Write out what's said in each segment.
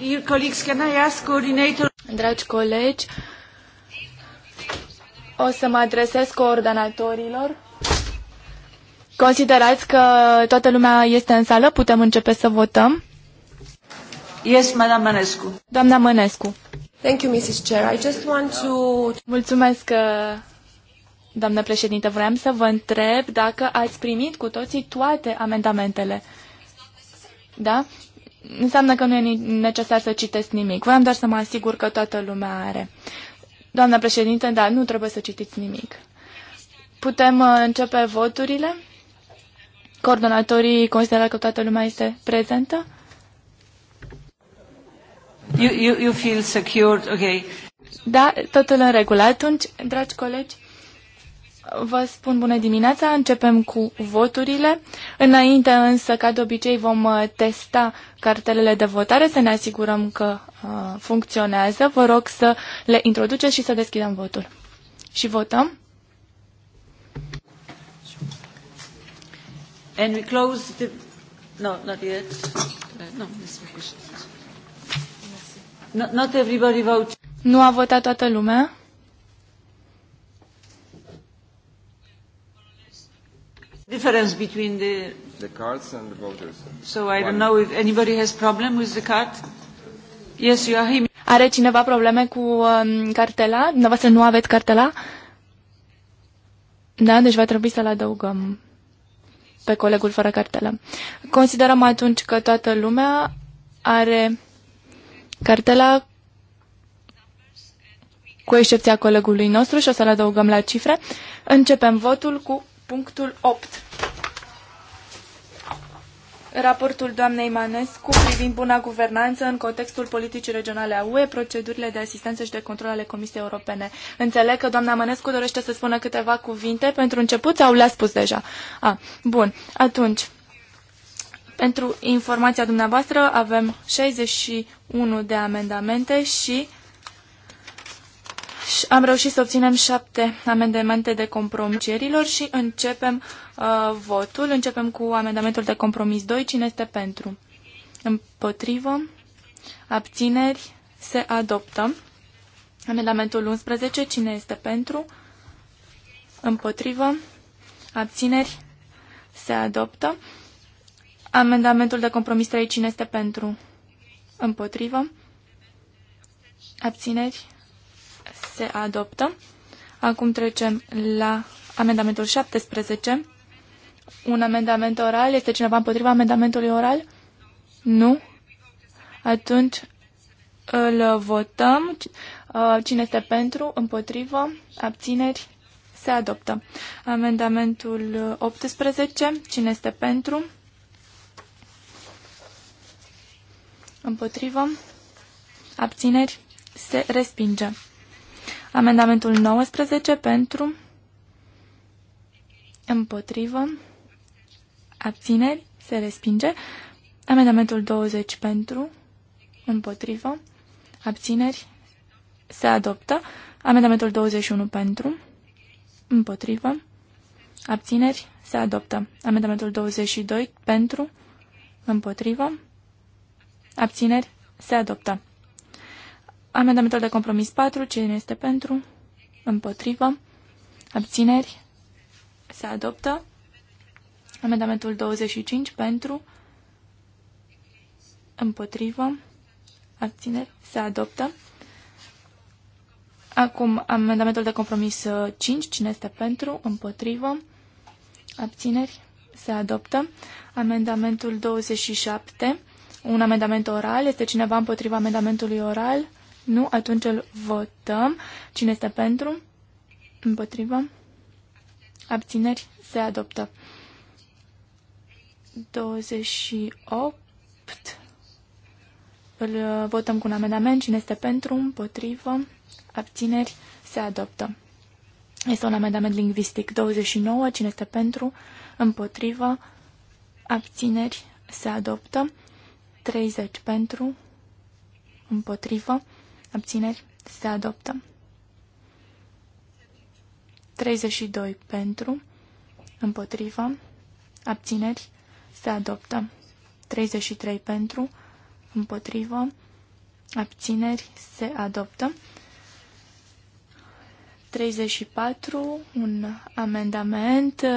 Dear colleagues, can I ask coordinator... Dragi colegi, o să mă adresez coordonatorilor. Considerați că toată lumea este în sală? Putem începe să votăm? Yes, Madame Mănescu. Doamna Mănescu. Thank you, Mrs. Chair. I just want to... Mulțumesc, uh, doamnă președinte. Vreau să vă întreb dacă ați primit cu toții toate amendamentele. Da? înseamnă că nu e necesar să citesc nimic. Vreau doar să mă asigur că toată lumea are. Doamna președinte, da, nu trebuie să citiți nimic. Putem uh, începe voturile? Coordonatorii consideră că toată lumea este prezentă? You, you, you feel secured, okay. Da, totul în regulă. Atunci, dragi colegi, Vă spun bună dimineața, începem cu voturile. Înainte însă, ca de obicei, vom uh, testa cartelele de votare să ne asigurăm că uh, funcționează. Vă rog să le introduceți și să deschidem votul. Și votăm. And we close the... No, not yet. Uh, no, not, not everybody votes. Nu a votat toată lumea. Difference between the the cards and the voters. So I don't know if anybody has problem with the card. Yes, you are Are cineva probleme cu um, cartela? Dumneavoastră nu aveți cartela? Da, deci va trebui să-l adăugăm pe colegul fără cartelă. Considerăm atunci că toată lumea are cartela cu excepția colegului nostru și o să-l adăugăm la cifre. Începem votul cu punctul 8. Raportul doamnei Manescu privind buna guvernanță în contextul politicii regionale a UE, procedurile de asistență și de control ale Comisiei Europene. Înțeleg că doamna Manescu dorește să spună câteva cuvinte pentru început sau le-a spus deja? A, bun. Atunci, pentru informația dumneavoastră avem 61 de amendamente și am reușit să obținem șapte amendamente de compromicerilor și începem uh, votul. Începem cu amendamentul de compromis 2. Cine este pentru? Împotrivă? Abțineri? Se adoptă. Amendamentul 11. Cine este pentru? Împotrivă? Abțineri? Se adoptă. Amendamentul de compromis 3. Cine este pentru? Împotrivă? Abțineri? se adoptă. Acum trecem la amendamentul 17. Un amendament oral. Este cineva împotriva amendamentului oral? Nu? Atunci îl votăm. Uh, cine este pentru, împotrivă, abțineri, se adoptă. Amendamentul 18. Cine este pentru? Împotrivă, abțineri, se respinge. Amendamentul 19 pentru, împotrivă, abțineri, se respinge. Amendamentul 20 pentru, împotrivă, abțineri, se adoptă. Amendamentul 21 pentru, împotrivă, abțineri, se adoptă. Amendamentul 22 pentru, împotrivă, abțineri, se adoptă. Amendamentul de compromis 4. Cine este pentru? Împotrivă. Abțineri. Se adoptă. Amendamentul 25 pentru. Împotrivă. Abțineri. Se adoptă. Acum, amendamentul de compromis 5. Uh, cine este pentru? Împotrivă. Abțineri. Se adoptă. Amendamentul 27. Un amendament oral. Este cineva împotriva amendamentului oral? Nu? Atunci îl votăm. Cine este pentru? Împotrivă? Abțineri? Se adoptă. 28. Îl uh, votăm cu un amendament. Cine este pentru? Împotrivă? Abțineri? Se adoptă. Este un amendament lingvistic. 29. Cine este pentru? Împotrivă? Abțineri? Se adoptă. 30 pentru? Împotrivă? abțineri, se adoptă. 32 pentru, împotrivă, abțineri, se adoptă. 33 pentru, împotrivă, abțineri, se adoptă. 34, un amendament uh,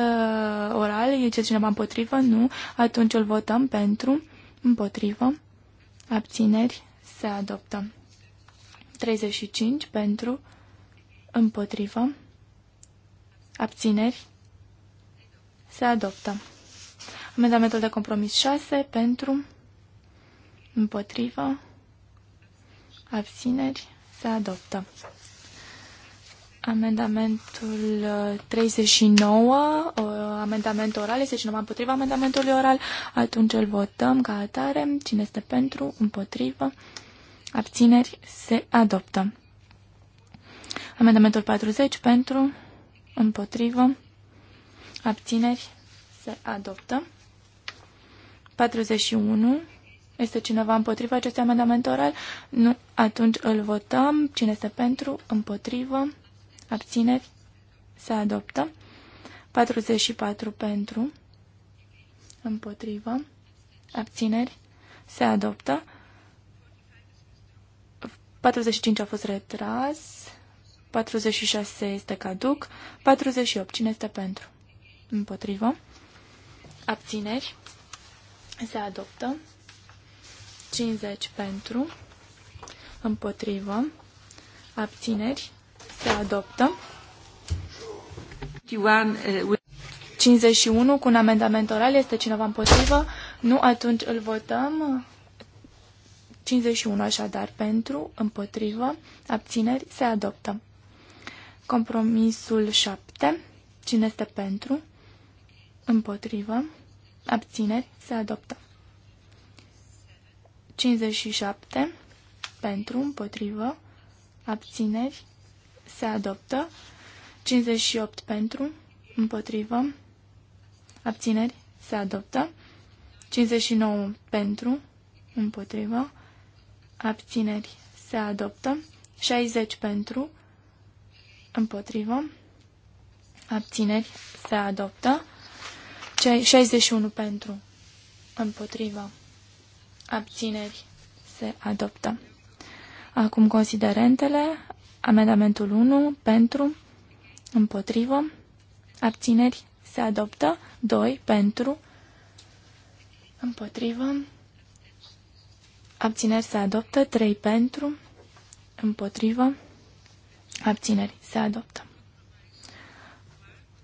oral, e ce cineva împotrivă? Nu. Atunci îl votăm pentru, împotrivă, abțineri, se adoptă. 35 pentru, împotrivă, abțineri, se adoptă. Amendamentul de compromis 6 pentru, împotrivă, abțineri, se adoptă. Amendamentul 39, uh, uh, amendament oral, este cineva împotriva amendamentului oral, atunci îl votăm ca atare. Cine este pentru, împotrivă, abțineri, se adoptă. Amendamentul 40 pentru, împotrivă, abțineri, se adoptă. 41. Este cineva împotriva acestui amendament oral? Nu. Atunci îl votăm. Cine este pentru? Împotrivă. Abțineri. Se adoptă. 44 pentru. Împotrivă. Abțineri. Se adoptă. 45 a fost retras. 46 este caduc. 48. Cine este pentru? Împotrivă. Abțineri. Se adoptă. 50 pentru. Împotrivă. Abțineri. Se adoptă. 51 cu un amendament oral. Este cineva împotrivă? Nu, atunci îl votăm. 51 așadar pentru, împotrivă, abțineri, se adoptă. Compromisul 7. Cine este pentru? Împotrivă. Abțineri. Se adoptă. 57. Pentru. Împotrivă. Abțineri. Se adoptă. 58. Pentru. Împotrivă. Abțineri. Se adoptă. 59. Pentru. Împotrivă abțineri se adoptă, 60 pentru, împotrivă, abțineri se adoptă, 61 pentru, împotrivă, abțineri se adoptă. Acum considerentele, amendamentul 1 pentru, împotrivă, abțineri se adoptă, 2 pentru, împotrivă, Abțineri se adoptă. 3 pentru. Împotrivă. Abțineri se adoptă.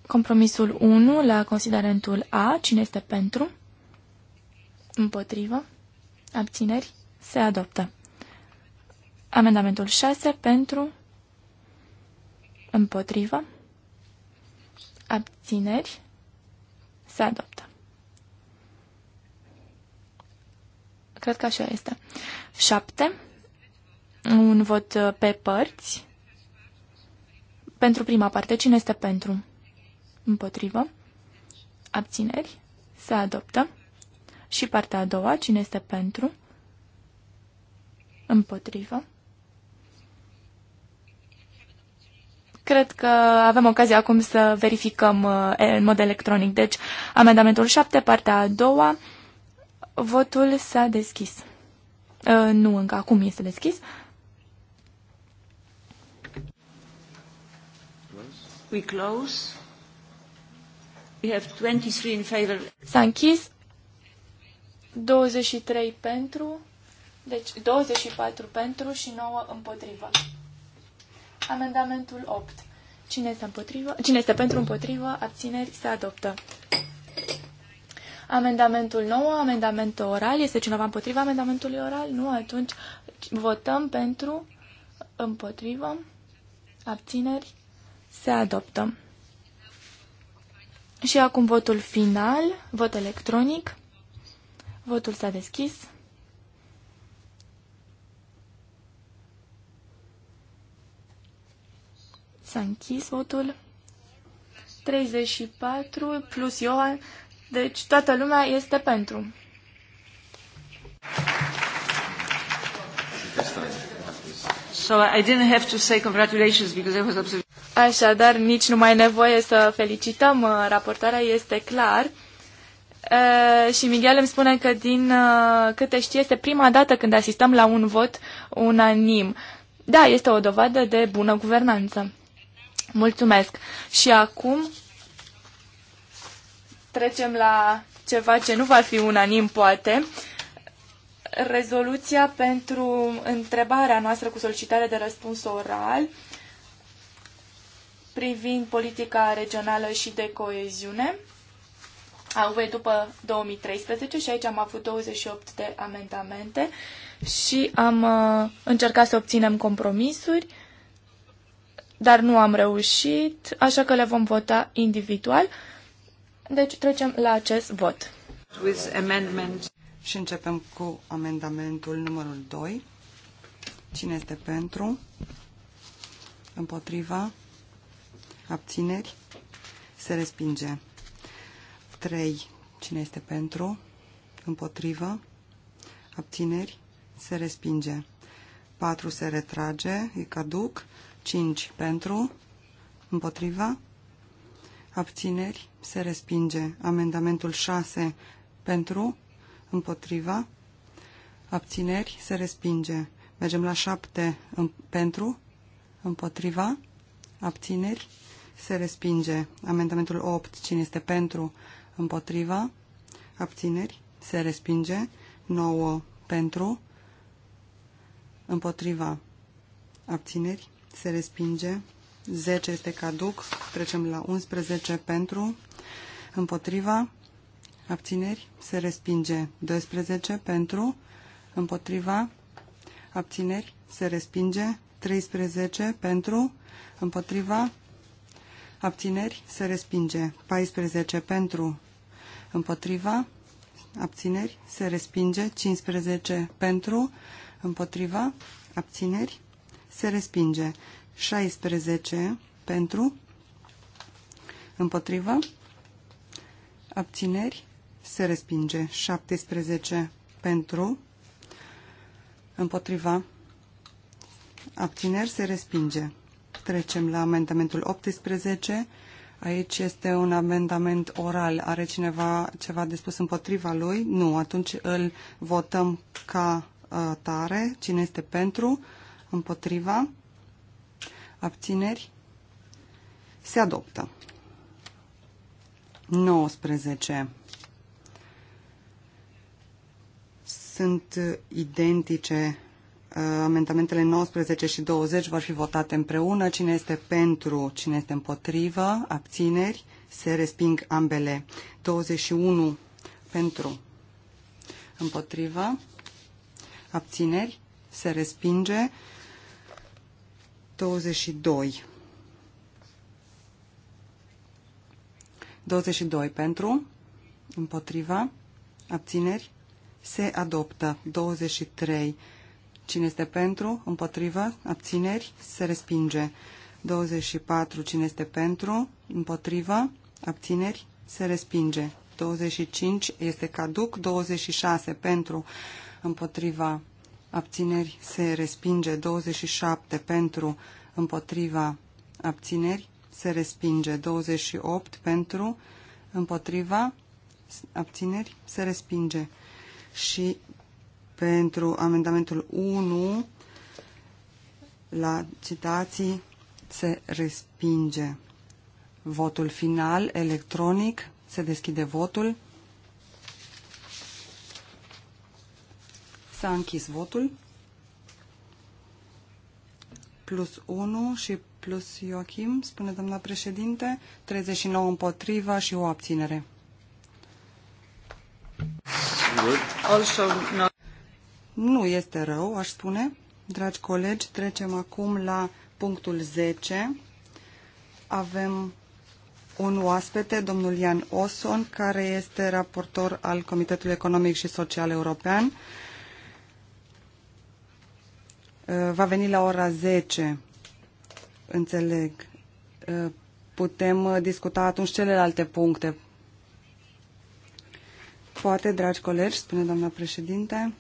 Compromisul 1 la considerentul A. Cine este pentru? Împotrivă. Abțineri se adoptă. Amendamentul 6 pentru. Împotrivă. Abțineri se adoptă. Cred că așa este. 7. Un vot uh, pe părți. Pentru prima parte, cine este pentru? Împotrivă. Abțineri. Se adoptă. Și partea a doua, cine este pentru? Împotrivă. Cred că avem ocazia acum să verificăm uh, în mod electronic. Deci, amendamentul 7, partea a doua. Votul s-a deschis. Uh, nu încă, acum este deschis. We close. We have 23 in favor. S-a închis. 23 pentru, deci 24 pentru și 9 împotriva. Amendamentul 8. Cine este, împotrivă? Cine este pentru împotrivă, abțineri, se adoptă. Amendamentul 9, amendamentul oral, este cineva împotriva amendamentului oral? Nu, atunci votăm pentru, împotrivă, abțineri, se adoptă. Și acum votul final, vot electronic. Votul s-a deschis. S-a închis votul. 34 plus Ioan, deci toată lumea este pentru. So I didn't have to say congratulations because I was observing. Așadar, nici nu mai nevoie să felicităm uh, raportarea, este clar. Uh, și Miguel îmi spune că din uh, câte știe este prima dată când asistăm la un vot unanim. Da, este o dovadă de bună guvernanță. Mulțumesc. Și acum trecem la ceva ce nu va fi unanim, poate. Rezoluția pentru întrebarea noastră cu solicitare de răspuns oral privind politica regională și de coeziune a UE după 2013 și aici am avut 28 de amendamente și am uh, încercat să obținem compromisuri, dar nu am reușit, așa că le vom vota individual. Uh, deci trecem la acest vot. With amendment. Și începem cu amendamentul numărul 2. Cine este pentru? Împotriva? Abțineri? Se respinge. 3. Cine este pentru? Împotriva? Abțineri? Se respinge. 4. Se retrage? E caduc. 5. Pentru? Împotriva? abțineri, se respinge. Amendamentul 6 pentru, împotriva, abțineri, se respinge. Mergem la 7 în, pentru, împotriva, abțineri, se respinge. Amendamentul 8, cine este pentru, împotriva, abțineri, se respinge. 9 pentru, împotriva, abțineri, se respinge. 10 este caduc. Trecem la 11 pentru. Împotriva. Abțineri. Se respinge. 12 pentru. Împotriva. Abțineri. Se respinge. 13 pentru. Împotriva. Abțineri. Se respinge. 14 pentru. Împotriva. Abțineri. Se respinge. 15 pentru. Împotriva. Abțineri. Se respinge. 16 pentru, împotrivă, abțineri, se respinge. 17 pentru, împotriva, abțineri, se respinge. Trecem la amendamentul 18. Aici este un amendament oral. Are cineva ceva de spus împotriva lui? Nu. Atunci îl votăm ca uh, tare. Cine este pentru? Împotriva? abțineri, se adoptă. 19. Sunt identice uh, amendamentele 19 și 20 vor fi votate împreună. Cine este pentru, cine este împotrivă, abțineri, se resping ambele. 21 pentru, împotrivă, abțineri, se respinge. 22. 22 pentru, împotriva, abțineri, se adoptă. 23. Cine este pentru, împotriva, abțineri, se respinge. 24. Cine este pentru, împotriva, abțineri, se respinge. 25 este caduc, 26 pentru, împotriva, abțineri se respinge 27 pentru împotriva abțineri se respinge 28 pentru împotriva abțineri se respinge și pentru amendamentul 1 la citații se respinge votul final electronic se deschide votul S-a închis votul. Plus 1 și plus Joachim, spune doamna președinte, 39 împotriva și o abținere. Also, Nu este rău, aș spune. Dragi colegi, trecem acum la punctul 10. Avem un oaspete, domnul Ian Oson, care este raportor al Comitetului Economic și Social European Eh, va veni la ora 10. Înțeleg. Eh, putem eh, discuta atunci celelalte puncte. Poate, dragi colegi, spune doamna președinte,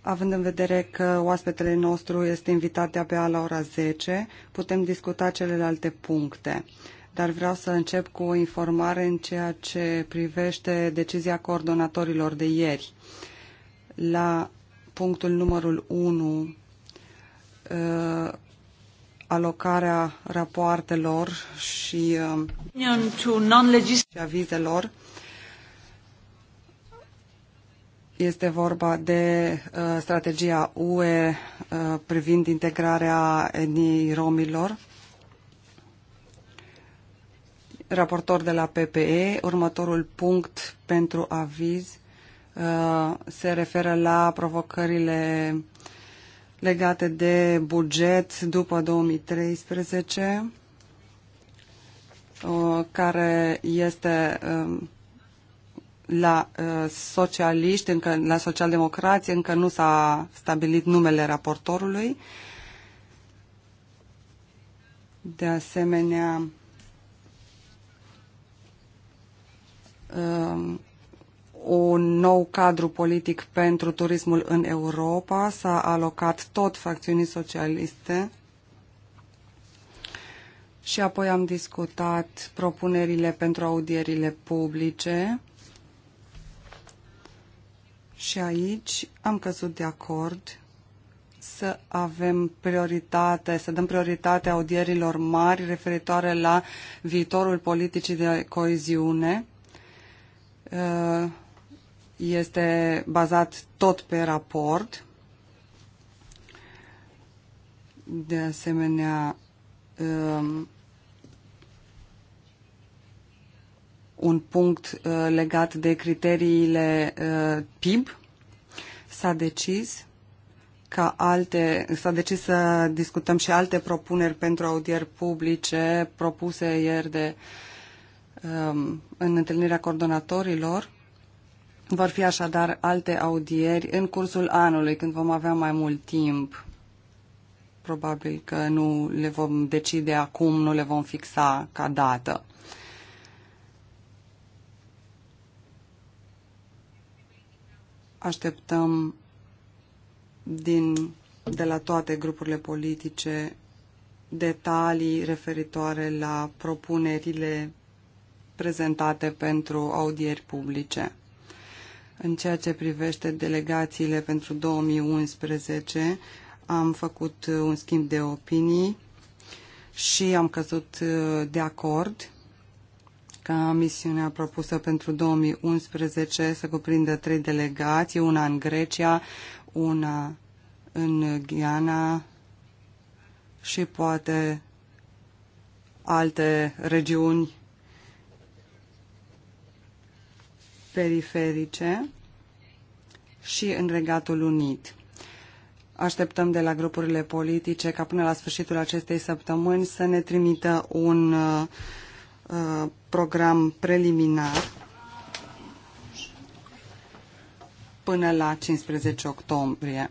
având în vedere că oaspetele nostru este invitat de-abia la ora 10, putem discuta celelalte puncte. Dar vreau să încep cu o informare în ceea ce privește decizia coordonatorilor de ieri. La punctul numărul 1, uh, alocarea rapoartelor și, uh, și avizelor. Este vorba de uh, strategia UE uh, privind integrarea etniei romilor. Raportor de la PPE, următorul punct pentru aviz Uh, se referă la provocările legate de buget după 2013, uh, care este um, la uh, socialiști, încă, la socialdemocrație, încă nu s-a stabilit numele raportorului. De asemenea, um, un nou cadru politic pentru turismul în Europa. S-a alocat tot fracțiunii socialiste. Și apoi am discutat propunerile pentru audierile publice. Și aici am căzut de acord să avem prioritate, să dăm prioritate audierilor mari referitoare la viitorul politicii de coeziune. Uh, este bazat tot pe raport. De asemenea, um, un punct uh, legat de criteriile uh, PIB, s-a decis ca alte, s-a decis să discutăm și alte propuneri pentru audieri publice propuse ieri de um, în întâlnirea coordonatorilor vor fi așadar alte audieri în cursul anului, când vom avea mai mult timp. Probabil că nu le vom decide acum, nu le vom fixa ca dată. Așteptăm din, de la toate grupurile politice detalii referitoare la propunerile prezentate pentru audieri publice. În ceea ce privește delegațiile pentru 2011, am făcut uh, un schimb de opinii și am căzut uh, de acord ca misiunea propusă pentru 2011 să cuprindă trei delegații, una în Grecia, una în Ghiana și poate alte regiuni periferice și în Regatul Unit. Așteptăm de la grupurile politice ca până la sfârșitul acestei săptămâni să ne trimită un uh, uh program preliminar până la 15 octombrie,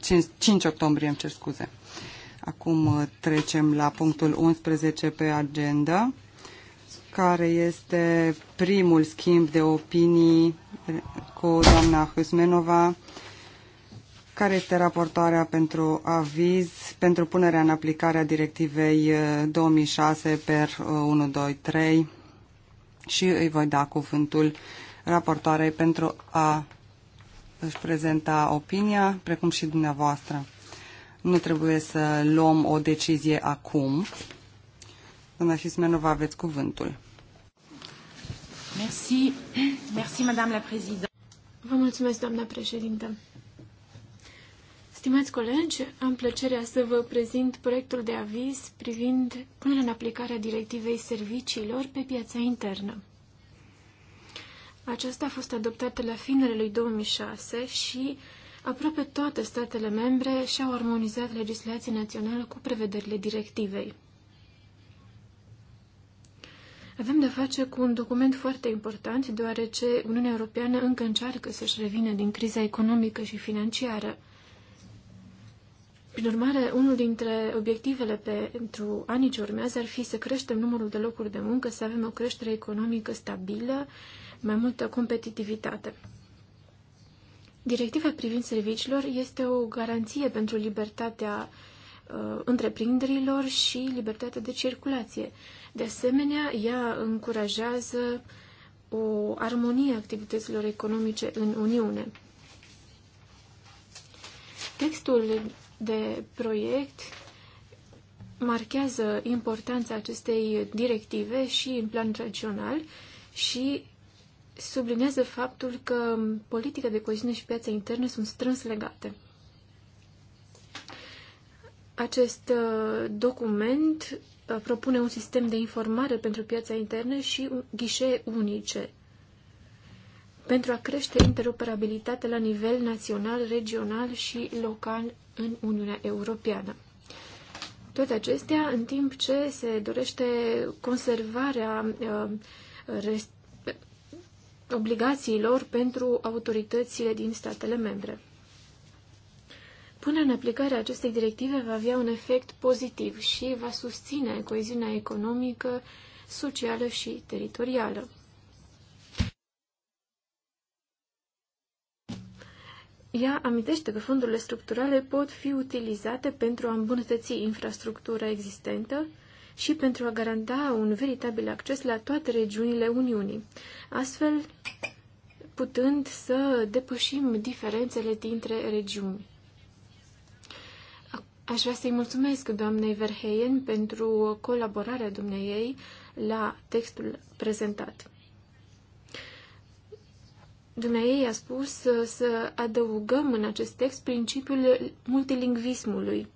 5, 5 octombrie, îmi cer scuze. Acum uh, trecem la punctul 11 pe agenda care este primul schimb de opinii cu doamna Husmenova, care este raportoarea pentru aviz pentru punerea în aplicare a directivei 2006 uh, per 123 uh, și îi voi da cuvântul raportoarei pentru a își prezenta opinia, precum și dumneavoastră. Nu trebuie să luăm o decizie acum. Doamna Fismenova, aveți cuvântul. Merci. Merci, Madame la Présidente. Vă mulțumesc, doamna președintă. Stimați colegi, am plăcerea să vă prezint proiectul de aviz privind punerea în aplicare a directivei serviciilor pe piața internă. Aceasta a fost adoptată la finele lui 2006 și aproape toate statele membre și-au armonizat legislația națională cu prevederile directivei. Avem de face cu un document foarte important, deoarece Uniunea Europeană încă încearcă să-și revină din criza economică și financiară. Prin urmare, unul dintre obiectivele pentru anii ce urmează ar fi să creștem numărul de locuri de muncă, să avem o creștere economică stabilă, mai multă competitivitate. Directiva privind serviciilor este o garanție pentru libertatea Uh, întreprinderilor și libertatea de circulație. De asemenea, ea încurajează o armonie a activităților economice în Uniune. Textul de proiect marchează importanța acestei directive și în plan tradițional și sublinează faptul că politica de coeziune și piața internă sunt strâns legate. Acest uh, document uh, propune un sistem de informare pentru piața internă și ghișee unice pentru a crește interoperabilitatea la nivel național, regional și local în Uniunea Europeană. Toate acestea, în timp ce se dorește conservarea uh, obligațiilor pentru autoritățile din statele membre. Până în aplicarea acestei directive va avea un efect pozitiv și va susține coeziunea economică, socială și teritorială. Ea amintește că fondurile structurale pot fi utilizate pentru a îmbunătăți infrastructura existentă și pentru a garanta un veritabil acces la toate regiunile Uniunii, astfel putând să depășim diferențele dintre regiuni. Aș vrea să-i mulțumesc doamnei Verheyen pentru colaborarea dumneiei la textul prezentat. Dumneiei a spus să adăugăm în acest text principiul multilingvismului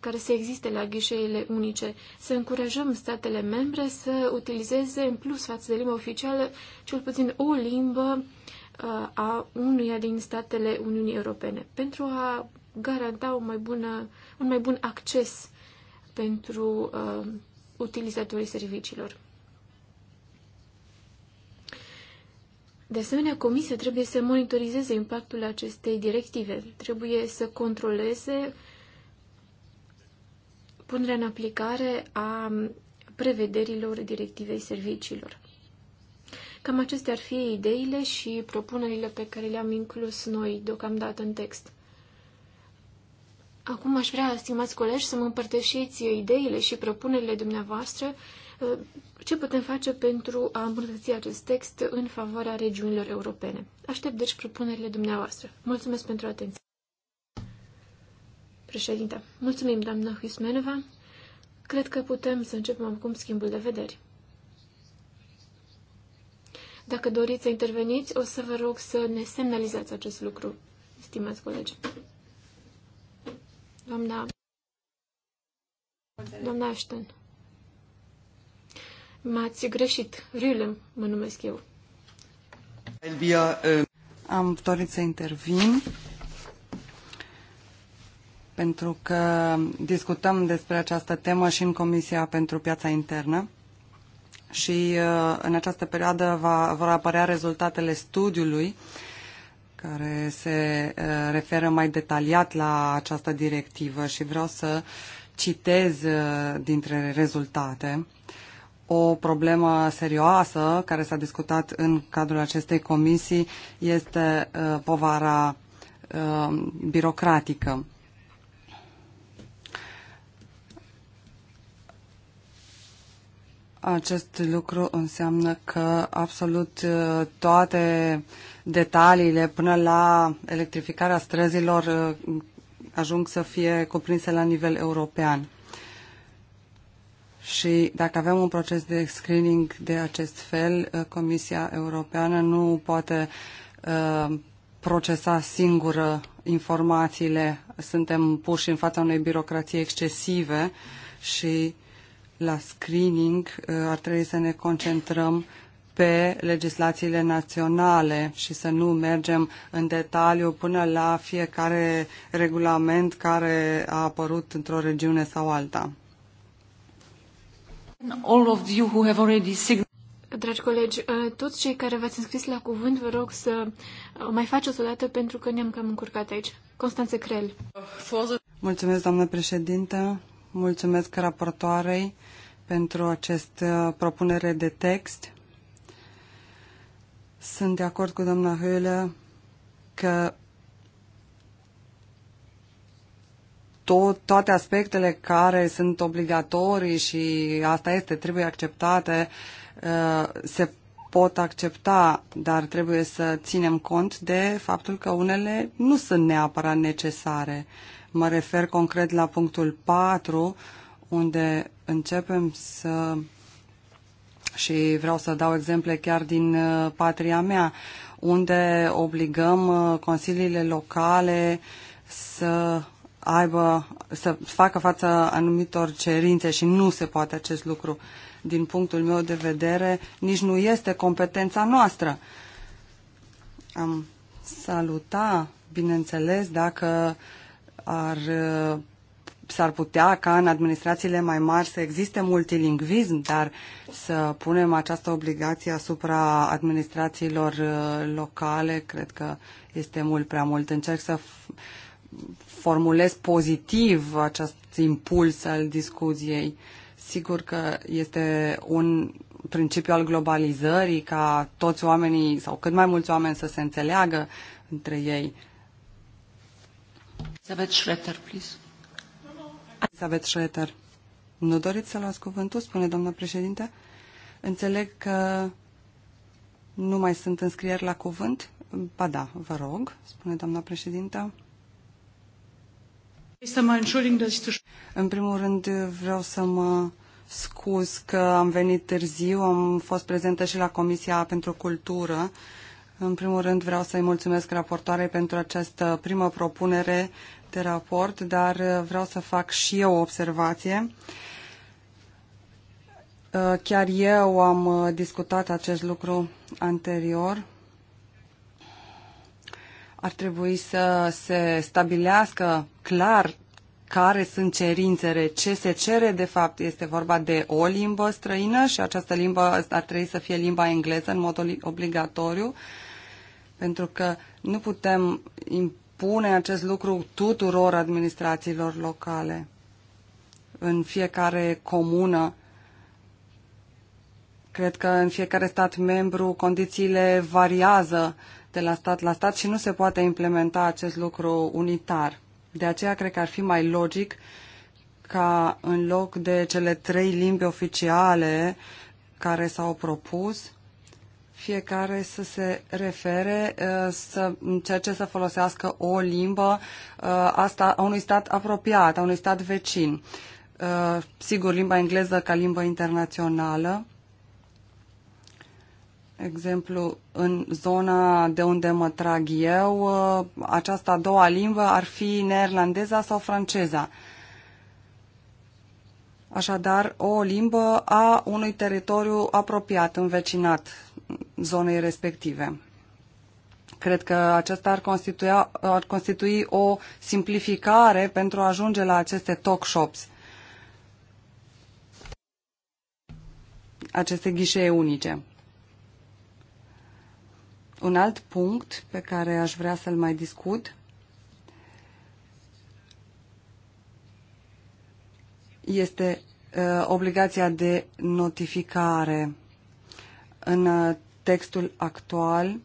care să existe la ghișeile unice, să încurajăm statele membre să utilizeze în plus față de limba oficială cel puțin o limbă uh, a unuia din statele Uniunii Europene pentru a garanta o mai bună, un mai bun acces pentru uh, utilizatorii serviciilor. De asemenea, Comisia trebuie să monitorizeze impactul acestei directive. Trebuie să controleze punerea în aplicare a prevederilor directivei serviciilor. Cam acestea ar fi ideile și propunerile pe care le-am inclus noi deocamdată în text. Acum aș vrea, stimați colegi, să mă împărtășiți ideile și propunerile dumneavoastră uh, ce putem face pentru a îmbunătăți acest text în favoarea regiunilor europene. Aștept deci propunerile dumneavoastră. Mulțumesc pentru atenție. Președinte, mulțumim, doamna Huismenova. Cred că putem să începem acum schimbul de vederi. Dacă doriți să interveniți, o să vă rog să ne semnalizați acest lucru, stimați colegi. Doamna... Doamna Ashton. M-ați greșit. Rilem, mă numesc eu. Elvia, uh... Am dorit să intervin pentru că discutăm despre această temă și în Comisia pentru Piața Internă și uh, în această perioadă va, vor apărea rezultatele studiului uh, care se uh, referă mai detaliat la această directivă și vreau să citez uh, dintre rezultate o problemă serioasă care s-a discutat în cadrul acestei comisii este uh, povara birocratică. Acest lucru înseamnă că absolut toate uh, detaliile până la electrificarea străzilor uh, ajung să fie cuprinse la nivel european. Și dacă avem un proces de screening de acest fel, uh, Comisia Europeană nu poate uh, procesa singură informațiile. Suntem puși în fața unei birocrații excesive și la screening ar trebui să ne concentrăm pe legislațiile naționale și să nu mergem în detaliu până la fiecare regulament care a apărut într-o regiune sau alta. All of you who have already Dragi colegi, uh, toți cei care v-ați înscris la cuvânt, vă rog să uh, mai faceți o dată pentru că ne-am cam încurcat aici. Constanțe Crel. Mulțumesc, doamnă președintă. Mulțumesc raportoarei pentru acest uh, propunere de text sunt de acord cu doamna Hölă că tot, toate aspectele care sunt obligatorii și asta este, trebuie acceptate, uh, se pot accepta, dar trebuie să ținem cont de faptul că unele nu sunt neapărat necesare. Mă refer concret la punctul 4, unde începem să și vreau să dau exemple chiar din uh, patria mea, unde obligăm uh, consiliile locale să aibă, să facă față anumitor cerințe și nu se poate acest lucru. Din punctul meu de vedere, nici nu este competența noastră. Am saluta, bineînțeles, dacă ar uh, s-ar putea ca în administrațiile mai mari să existe multilingvism, dar să punem această obligație asupra administrațiilor uh, locale, cred că este mult prea mult. Încerc să formulez pozitiv acest impuls al discuției. Sigur că este un principiu al globalizării, ca toți oamenii sau cât mai mulți oameni să se înțeleagă între ei. Să Elizabeth Schroeter, please. Elisabeth Schroeter. Nu doriți să luați cuvântul, spune doamna președinte? Înțeleg că nu mai sunt înscrieri la cuvânt. Ba da, vă rog, spune doamna președinte. În primul rând vreau să mă scuz că am venit târziu, am fost prezentă și la Comisia pentru Cultură. În primul rând vreau să-i mulțumesc raportoarei pentru această primă propunere de raport, dar uh, vreau să fac și eu o observație. Uh, chiar eu am uh, discutat acest lucru anterior. Ar trebui să se stabilească clar care sunt cerințele, ce se cere de fapt. Este vorba de o limbă străină și această limbă ar trebui să fie limba engleză în mod obligatoriu, pentru că nu putem impune acest lucru tuturor administrațiilor locale în fiecare comună. Cred că în fiecare stat membru condițiile variază de la stat la stat și nu se poate implementa acest lucru unitar. De aceea cred că ar fi mai logic ca în loc de cele trei limbi oficiale care s-au propus, fiecare să se refere, uh, să încerce să folosească o limbă uh, a unui stat apropiat, a unui stat vecin. Uh, sigur, limba engleză ca limbă internațională. Exemplu, în zona de unde mă trag eu, această a doua limbă ar fi neerlandeza sau franceza. Așadar, o limbă a unui teritoriu apropiat, învecinat, zonei respective. Cred că aceasta ar, ar constitui o simplificare pentru a ajunge la aceste talk shops, aceste ghișee unice. Un alt punct pe care aș vrea să-l mai discut este uh, obligația de notificare. În uh, textul actual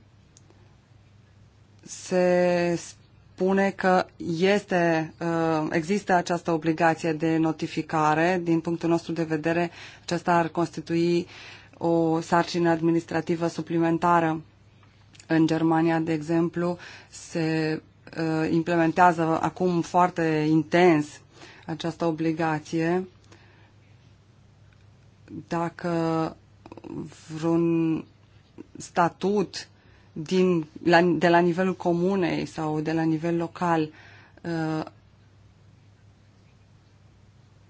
se spune că este, uh, există această obligație de notificare. Din punctul nostru de vedere, aceasta ar constitui o sarcină administrativă suplimentară. În Germania, de exemplu, se uh, implementează acum foarte intens această obligație. Dacă vreun statut din, la, de la nivelul comunei sau de la nivel local uh,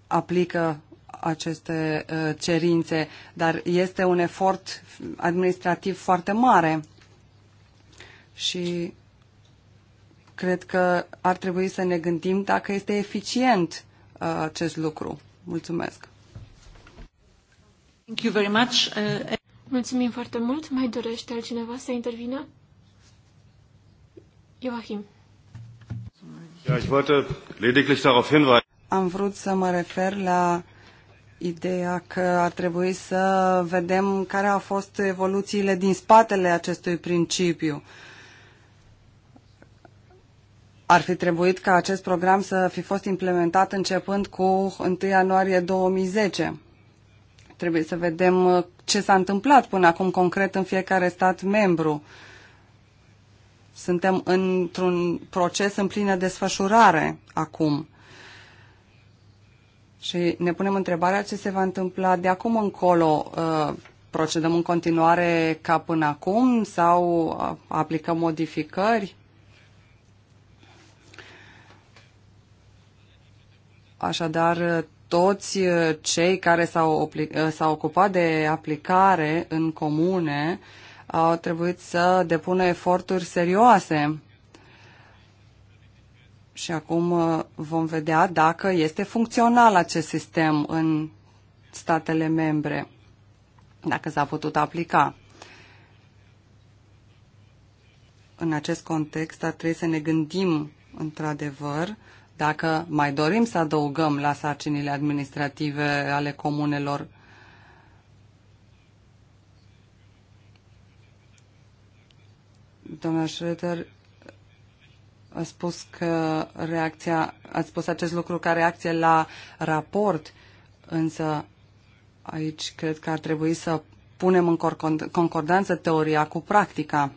aplică aceste uh, cerințe, dar este un efort administrativ foarte mare și cred că ar trebui să ne gândim dacă este eficient uh, acest lucru. Mulțumesc! Thank you very much. Uh, Mulțumim foarte mult. Mai dorește altcineva să intervină? Joachim. Am vrut să mă refer la ideea că ar trebui să vedem care au fost evoluțiile din spatele acestui principiu. Ar fi trebuit ca acest program să fi fost implementat începând cu 1 ianuarie 2010. Trebuie să vedem uh, ce s-a întâmplat până acum concret în fiecare stat membru. Suntem într-un proces în plină desfășurare acum. Și ne punem întrebarea ce se va întâmpla de acum încolo. Uh, procedăm în continuare ca până acum sau uh, aplicăm modificări? Așadar, toți uh, cei care uh, s-au ocupat de aplicare în comune au trebuit să depună eforturi serioase. Și acum uh, vom vedea dacă este funcțional acest sistem în statele membre, dacă s-a putut aplica. În acest context ar trebui să ne gândim într-adevăr dacă mai dorim să adăugăm la sarcinile administrative ale comunelor Domnul Schroeder a spus că reacția, a spus acest lucru ca reacție la raport, însă aici cred că ar trebui să punem în concordanță teoria cu practica.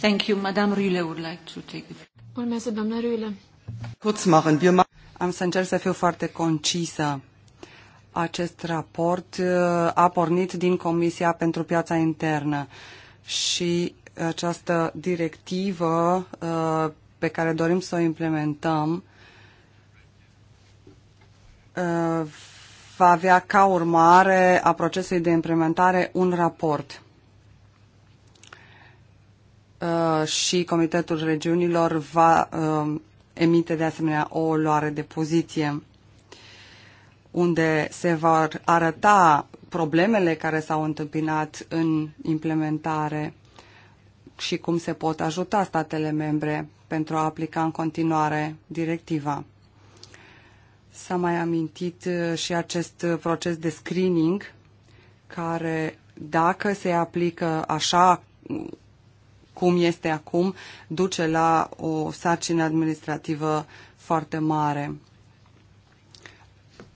Thank you. Madame Rühle would like to take it. Urmează doamna Ruile. Am să încerc să fiu foarte concisă. Acest raport uh, a pornit din Comisia pentru Piața Internă și această directivă uh, pe care dorim să o implementăm uh, va avea ca urmare a procesului de implementare un raport. Uh, și Comitetul Regiunilor va uh, emite de asemenea o luare de poziție unde se vor arăta problemele care s-au întâmpinat în implementare și cum se pot ajuta statele membre pentru a aplica în continuare directiva. S-a mai amintit uh, și acest proces de screening care, dacă se aplică așa cum este acum, duce la o sarcină administrativă foarte mare,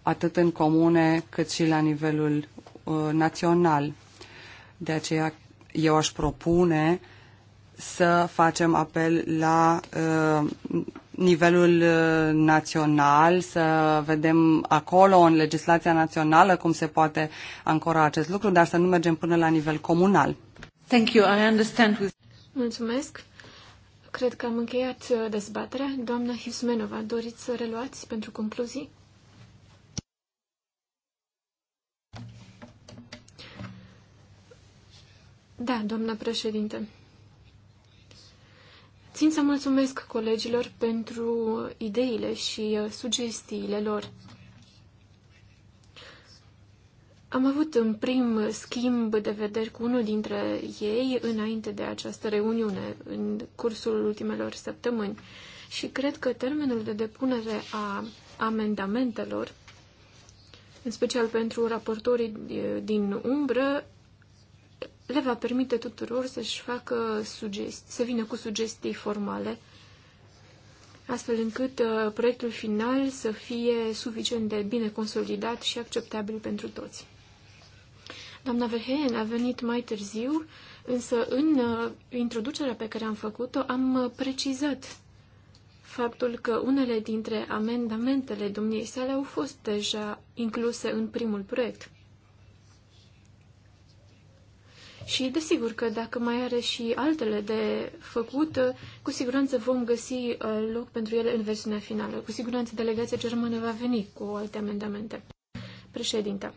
atât în comune cât și la nivelul uh, național. De aceea eu aș propune să facem apel la uh, nivelul uh, național, să vedem acolo, în legislația națională, cum se poate ancora acest lucru, dar să nu mergem până la nivel comunal. Thank you. I understand with... Mulțumesc. Cred că am încheiat uh, dezbaterea. Doamna Hismenova, doriți să reluați pentru concluzii? Da, doamna președinte. Țin să mulțumesc colegilor pentru ideile și uh, sugestiile lor. Am avut un prim schimb de vederi cu unul dintre ei înainte de această reuniune, în cursul ultimelor săptămâni. Și cred că termenul de depunere a amendamentelor, în special pentru raportorii din umbră, le va permite tuturor să-și facă sugestii, să vină cu sugestii formale, astfel încât uh, proiectul final să fie suficient de bine consolidat și acceptabil pentru toți. Doamna Verheyen a venit mai târziu, însă în uh, introducerea pe care am făcut-o am uh, precizat faptul că unele dintre amendamentele domniei sale au fost deja incluse în primul proiect. Și desigur că dacă mai are și altele de făcut, uh, cu siguranță vom găsi loc pentru ele în versiunea finală. Cu siguranță delegația germană va veni cu alte amendamente. Președinte,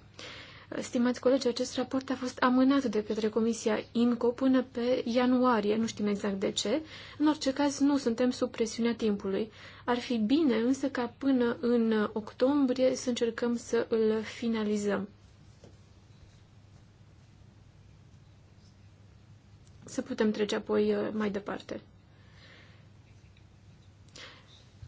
Stimați colegi, acest raport a fost amânat de către Comisia INCO până pe ianuarie, nu știm exact de ce. În orice caz, nu suntem sub presiunea timpului. Ar fi bine însă ca până în octombrie să încercăm să îl finalizăm. Să putem trece apoi uh, mai departe.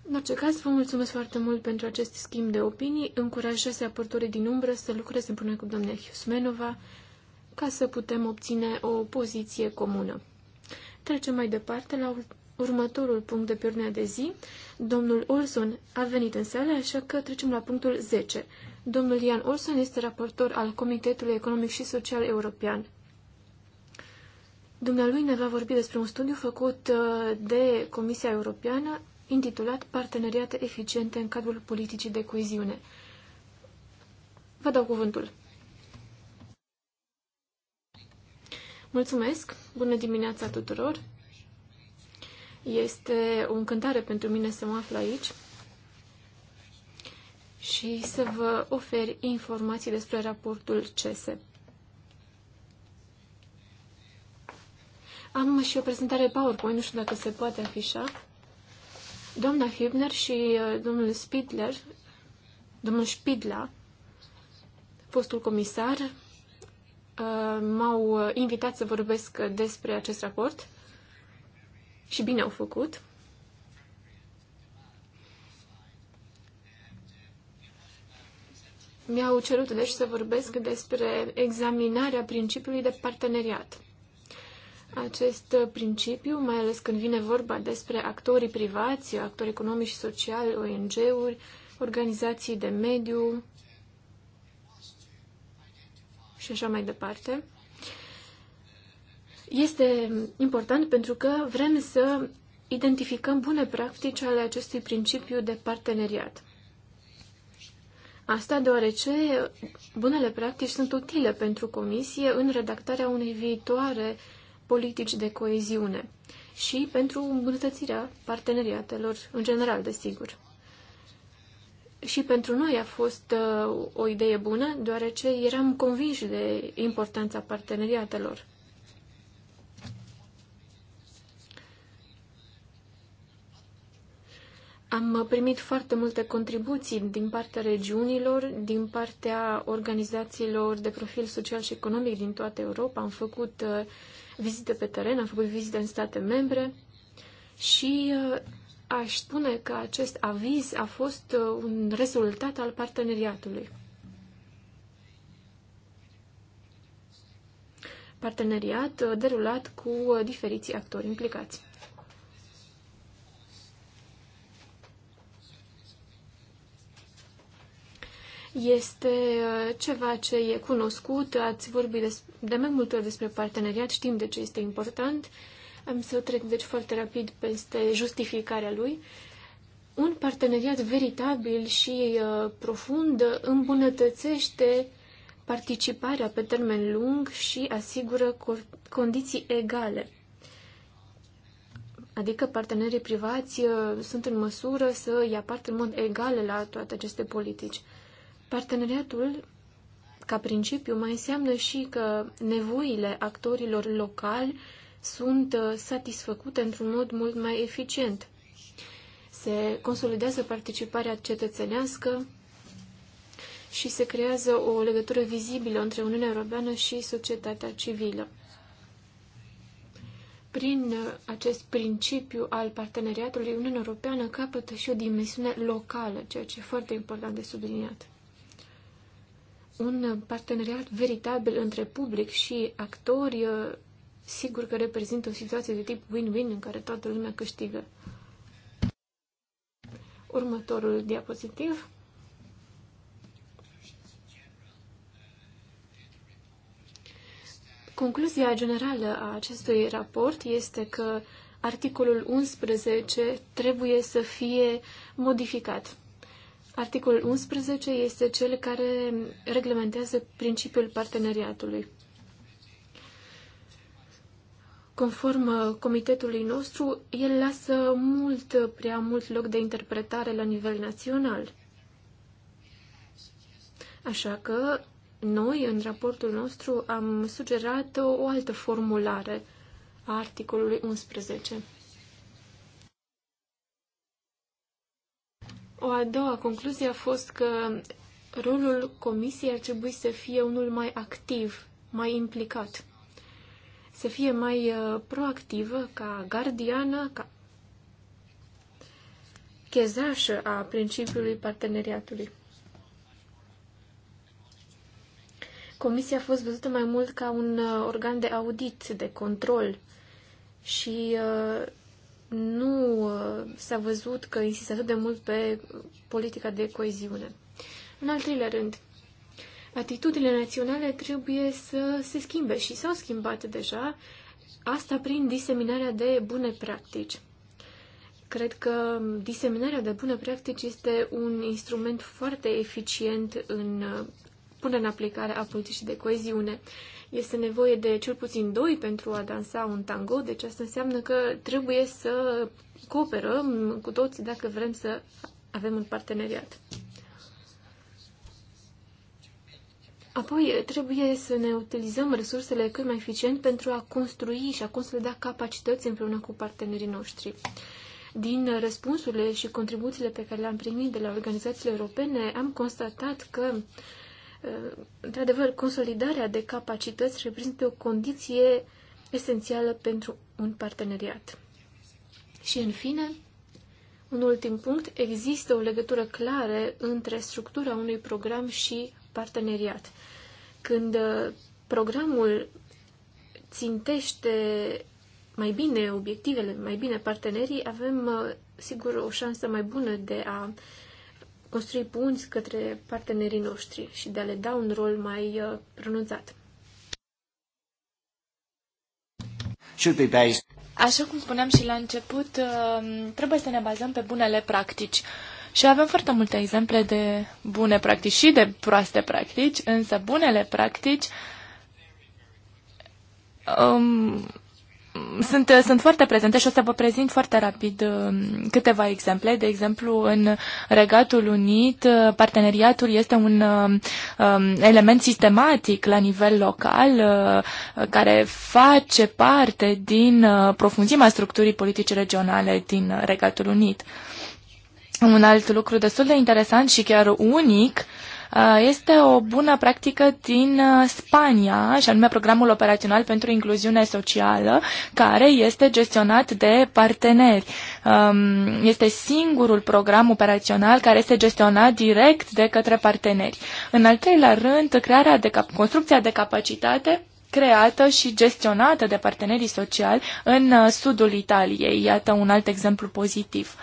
În orice caz, vă mulțumesc foarte mult pentru acest schimb de opinii. Încurajez raportorii din umbră să lucreze împreună cu doamna Hiusmenova ca să putem obține o poziție comună. Trecem mai departe la următorul punct de pe de zi. Domnul Olson a venit în sală, așa că trecem la punctul 10. Domnul Ian Olson este raportor al Comitetului Economic și Social European. Dumnealui ne va vorbi despre un studiu făcut uh, de Comisia Europeană intitulat Parteneriate eficiente în cadrul politicii de coeziune. Vă dau cuvântul. Mulțumesc! Bună dimineața tuturor! Este o încântare pentru mine să mă aflu aici și să vă ofer informații despre raportul CESE. Am și o prezentare PowerPoint, nu știu dacă se poate afișa. Doamna Hübner și uh, domnul Spidler, domnul Spidla, fostul comisar, uh, m-au uh, invitat să vorbesc despre acest raport și bine au făcut. Mi-au cerut deci să vorbesc despre examinarea principiului de parteneriat acest principiu, mai ales când vine vorba despre actorii privați, actori economici și sociali, ONG-uri, organizații de mediu și așa mai departe. Este important pentru că vrem să identificăm bune practici ale acestui principiu de parteneriat. Asta deoarece bunele practici sunt utile pentru Comisie în redactarea unei viitoare uh, politici de coeziune și pentru îmbunătățirea parteneriatelor în general, desigur. Și pentru noi a fost uh, o idee bună, deoarece eram convinși de importanța parteneriatelor. Am primit foarte multe contribuții din partea regiunilor, din partea organizațiilor de profil social și economic din toată Europa. Am făcut uh, vizite pe teren, am făcut vizite în state membre și uh, aș spune că acest aviz a fost uh, un rezultat al parteneriatului. Parteneriat uh, derulat cu diferiți actori implicați. este ceva ce e cunoscut, ați vorbit despre de mai multe ori despre parteneriat, știm de ce este important. Am să trec deci foarte rapid peste justificarea lui. Un parteneriat veritabil și uh, profund îmbunătățește participarea pe termen lung și asigură condiții egale. Adică partenerii privați uh, sunt în măsură să ia parte în mod egal la toate aceste politici. Parteneriatul ca principiu mai înseamnă și că nevoile actorilor locali sunt uh, satisfăcute într-un mod mult mai eficient. Se consolidează participarea cetățenească și se creează o legătură vizibilă între Uniunea Europeană și societatea civilă. Prin uh, acest principiu al parteneriatului, Uniunea Europeană capătă și o dimensiune locală, ceea ce e foarte important de subliniat un parteneriat veritabil între public și actori, uh, sigur că reprezintă o situație de tip win-win în care toată lumea câștigă. Următorul diapozitiv. Concluzia generală a acestui raport este că articolul 11 trebuie să fie modificat. Articolul 11 este cel care reglementează principiul parteneriatului. Conform uh, comitetului nostru, el lasă mult prea mult loc de interpretare la nivel național. Așa că noi, în raportul nostru, am sugerat o altă formulare a articolului 11. O a doua concluzie a fost că rolul comisiei ar trebui să fie unul mai activ, mai implicat, să fie mai uh, proactivă ca gardiană, ca chezașă a principiului parteneriatului. Comisia a fost văzută mai mult ca un uh, organ de audit, de control și uh, nu uh, s-a văzut că insistă atât de mult pe politica de coeziune. În al treilea rând, atitudinile naționale trebuie să se schimbe și s-au schimbat deja, asta prin diseminarea de bune practici. Cred că diseminarea de bune practici este un instrument foarte eficient în uh, punere în aplicare a politicii de coeziune. Este nevoie de cel puțin doi pentru a dansa un tango, deci asta înseamnă că trebuie să cooperăm cu toți dacă vrem să avem un parteneriat. Apoi trebuie să ne utilizăm resursele cât mai eficient pentru a construi și a consolida capacități împreună cu partenerii noștri. Din răspunsurile și contribuțiile pe care le-am primit de la organizațiile europene, am constatat că într-adevăr, consolidarea de capacități reprezintă o condiție esențială pentru un parteneriat. Și, în fine, un ultim punct, există o legătură clară între structura unui program și parteneriat. Când uh, programul țintește mai bine obiectivele, mai bine partenerii, avem, uh, sigur, o șansă mai bună de a construi punți către partenerii noștri și de a le da un rol mai uh, pronunțat. Așa cum spuneam și la început, um, trebuie să ne bazăm pe bunele practici. Și avem foarte multe exemple de bune practici și de proaste practici, însă bunele practici um, sunt, uh, sunt foarte prezente și o să vă prezint foarte rapid uh, câteva exemple. De exemplu, în Regatul Unit, uh, parteneriatul este un um, element sistematic la nivel local care face parte din profunzimea structurii politice regionale din Regatul Unit. Un alt lucru destul de interesant și chiar unic uh, Uh, este o bună practică din uh, Spania, și anume programul operațional pentru incluziune socială, care este gestionat de parteneri. Um, este singurul program operațional care este gestionat direct de către parteneri. În al treilea rând, crearea de cap- construcția de capacitate creată și gestionată de partenerii sociali în uh, sudul Italiei. Iată un alt exemplu pozitiv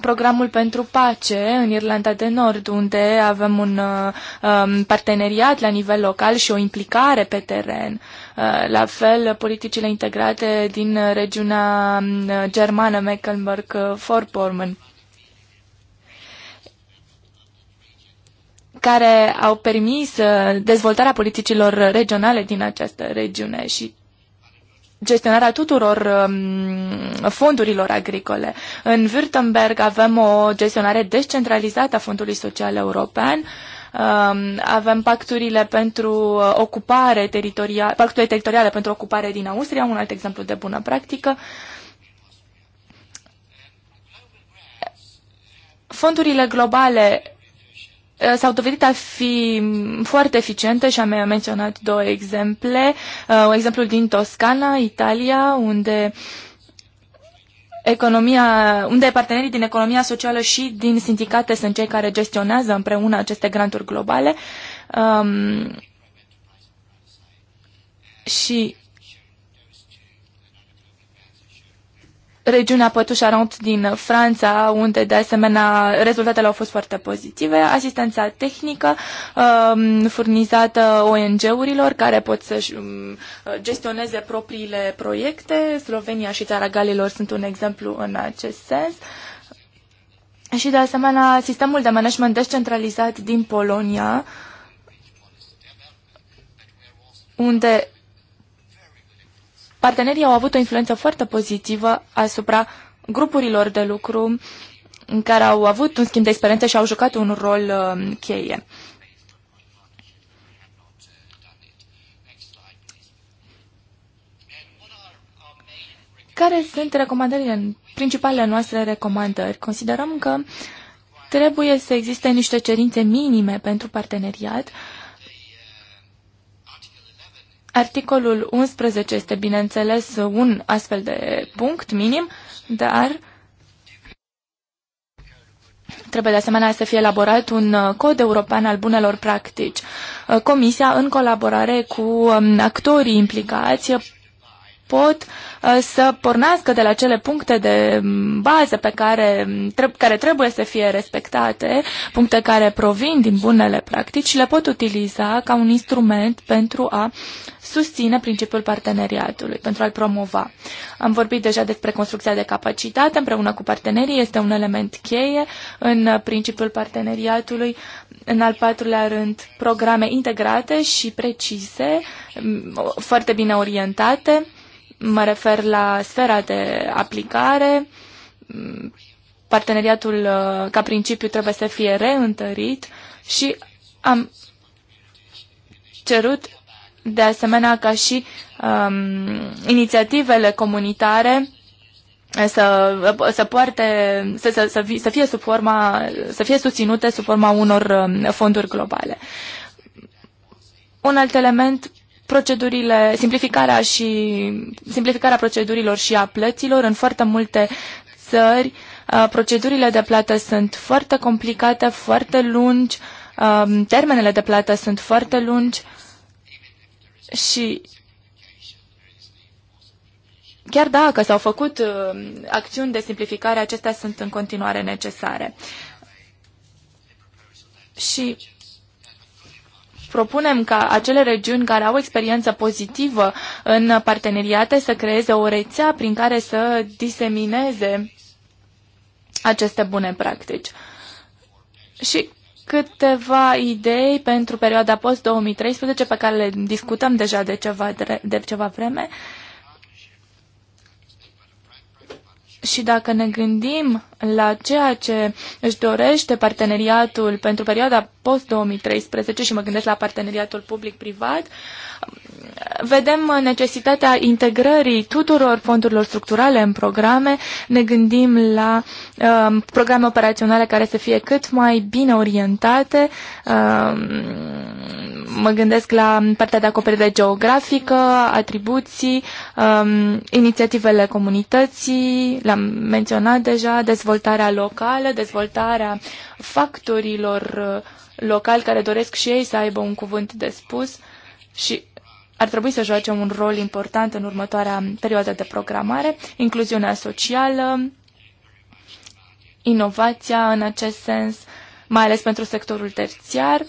programul pentru pace în Irlanda de Nord, unde avem un uh, um, parteneriat la nivel local și o implicare pe teren. Uh, la fel, politicile integrate din regiunea um, germană Mecklenburg-Vorpommern. care au permis uh, dezvoltarea politicilor regionale din această regiune și gestionarea tuturor um, fondurilor agricole. În Württemberg avem o gestionare descentralizată a Fondului Social European, um, avem pacturile pentru uh, ocupare teritorială, pacturile teritoriale pentru ocupare din Austria, un alt exemplu de bună practică. Fondurile globale Eh, s-au dovedit a fi foarte eficiente și am mai menționat două exemple. Uh, eh, exemplu din Toscana, Italia, unde economia, unde partenerii din economia socială și din sindicate sunt cei care gestionează împreună aceste granturi globale. Um, și regiunea Pătușarant din Franța, unde de asemenea rezultatele au fost foarte pozitive, asistența tehnică um, furnizată ONG-urilor care pot să um, gestioneze propriile proiecte. Slovenia și Țara Galilor sunt un exemplu în acest sens. Și de asemenea sistemul de management descentralizat din Polonia, unde partenerii au avut o influență foarte pozitivă asupra grupurilor de lucru în care au avut un schimb de experiență și au jucat un rol uh, cheie. Care sunt recomandările, principalele noastre recomandări? Considerăm că trebuie să existe niște cerințe minime pentru parteneriat Articolul 11 este, bineînțeles, un astfel de punct minim, dar trebuie de asemenea să fie elaborat un uh, cod european al bunelor practici. Uh, Comisia, în colaborare cu um, actorii implicați, pot uh, să pornească de la cele puncte de um, bază pe care, um, care trebuie să fie respectate, puncte care provin din bunele practici și le pot utiliza ca un instrument pentru a uh, susține principiul parteneriatului pentru a-l promova. Am vorbit deja despre construcția de capacitate împreună cu partenerii, este un element cheie în principiul parteneriatului. În al patrulea rând, programe integrate și precise, foarte bine orientate. Mă refer la sfera de aplicare, parteneriatul uh, ca principiu trebuie să fie reîntărit și am cerut de asemenea ca și um, inițiativele comunitare eh, să, eh, să poarte, să, să, să, fie, să fie sub forma, să fie susținute sub forma unor um, fonduri globale. Un alt element procedurile, simplificarea și simplificarea procedurilor și a plăților în foarte multe țări. Eh, procedurile de plată sunt foarte complicate, foarte lungi, termenele de plată sunt foarte lungi. Și chiar dacă s-au făcut uh, acțiuni de simplificare, acestea sunt în continuare necesare. Și propunem ca acele regiuni care au experiență pozitivă în parteneriate să creeze o rețea prin care să disemineze aceste bune practici. Și câteva idei pentru perioada post-2013 pe care le discutăm deja de ceva, de ceva vreme. Și dacă ne gândim la ceea ce își dorește parteneriatul pentru perioada post-2013 și mă gândesc la parteneriatul public-privat, vedem necesitatea integrării tuturor fondurilor structurale în programe, ne gândim la uh, programe operaționale care să fie cât mai bine orientate, uh, mă gândesc la partea de acoperire geografică, atribuții, um, inițiativele comunității, l-am menționat deja, dezvoltarea locală, dezvoltarea factorilor uh, locali care doresc și ei să aibă un cuvânt de spus și ar trebui să joace un rol important în următoarea perioadă de programare, incluziunea socială, inovația în acest sens, mai ales pentru sectorul terțiar,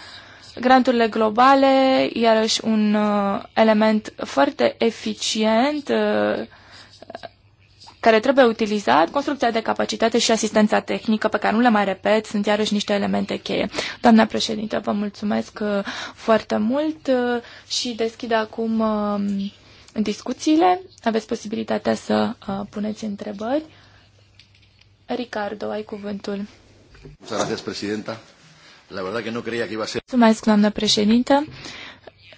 granturile globale, iarăși un uh, element foarte eficient uh, care trebuie utilizat, construcția de capacitate și asistența tehnică, pe care nu le mai repet, sunt iarăși niște elemente cheie. Doamna președintă, vă mulțumesc uh, foarte mult uh, și deschid acum uh, discuțiile. Aveți posibilitatea să puneți întrebări. Ricardo, ai cuvântul. Mulțumesc, doamnă președintă.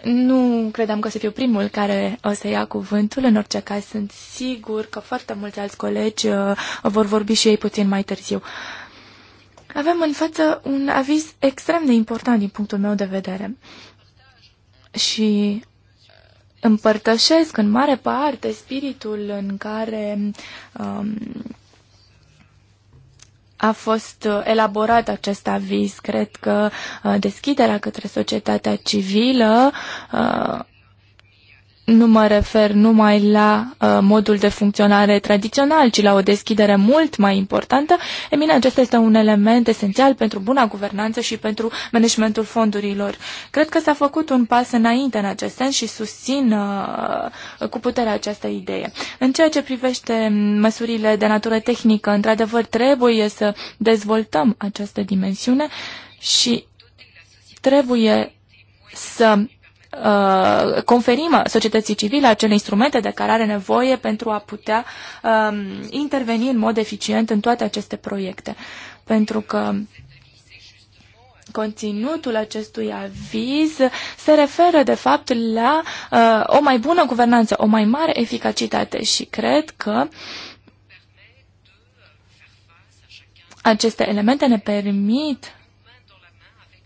Nu credeam că să fiu primul care o uh, să ia cuvântul. În orice caz, sunt sigur că foarte mulți alți colegi uh, vor vorbi și ei puțin mai târziu. Avem în față un aviz extrem de important din punctul meu de vedere. Și împărtășesc în mare parte spiritul în care um, a fost uh, elaborat acest aviz. Cred că uh, deschiderea către societatea civilă uh, nu mă refer numai la uh, modul de funcționare tradițional, ci la o deschidere mult mai importantă, e bine, acesta este un element esențial pentru buna guvernanță și pentru managementul fondurilor. Cred că s-a făcut un pas înainte în acest sens și susțin uh, cu putere această idee. În ceea ce privește măsurile de natură tehnică, într-adevăr trebuie să dezvoltăm această dimensiune și trebuie să Uh, conferim societății civile acele instrumente de care are nevoie pentru a putea um, interveni în mod eficient în toate aceste proiecte. Pentru că conținutul acestui aviz se referă, de fapt, la uh, o mai bună guvernanță, o mai mare eficacitate și cred că aceste elemente ne permit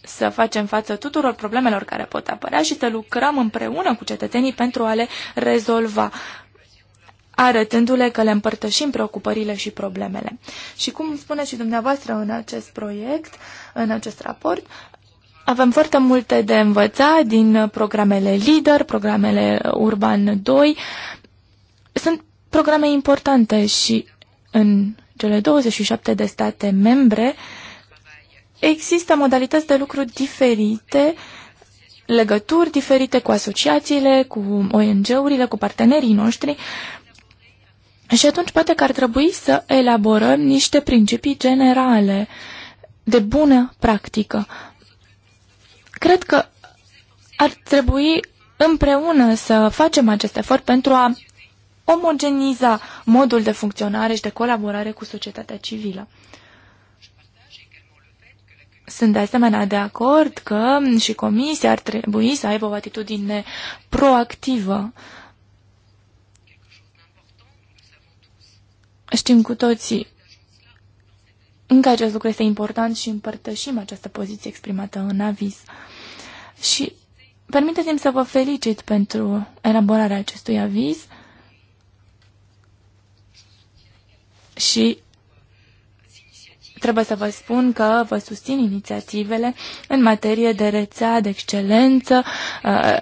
să facem față tuturor problemelor care pot apărea și să lucrăm împreună cu cetățenii pentru a le rezolva, arătându-le că le împărtășim preocupările și problemele. Și cum spuneți și dumneavoastră în acest proiect, în acest raport, avem foarte multe de învățat din programele LEADER, programele Urban 2. Sunt programe importante și în cele 27 de state membre uh, există modalități de lucru diferite, legături diferite cu asociațiile, cu ONG-urile, cu partenerii noștri. Și atunci poate că ar trebui să elaborăm niște principii generale de bună practică. Cred că ar trebui împreună să facem acest efort pentru a omogeniza modul de funcționare și de colaborare cu societatea civilă. Sunt de asemenea de acord că și comisia ar trebui să aibă o atitudine proactivă. Știm cu toții încă acest lucru este important și împărtășim această poziție exprimată în aviz. Și permiteți-mi să vă felicit pentru elaborarea acestui aviz și Trebuie să vă spun că vă susțin inițiativele în materie de rețea de excelență, uh,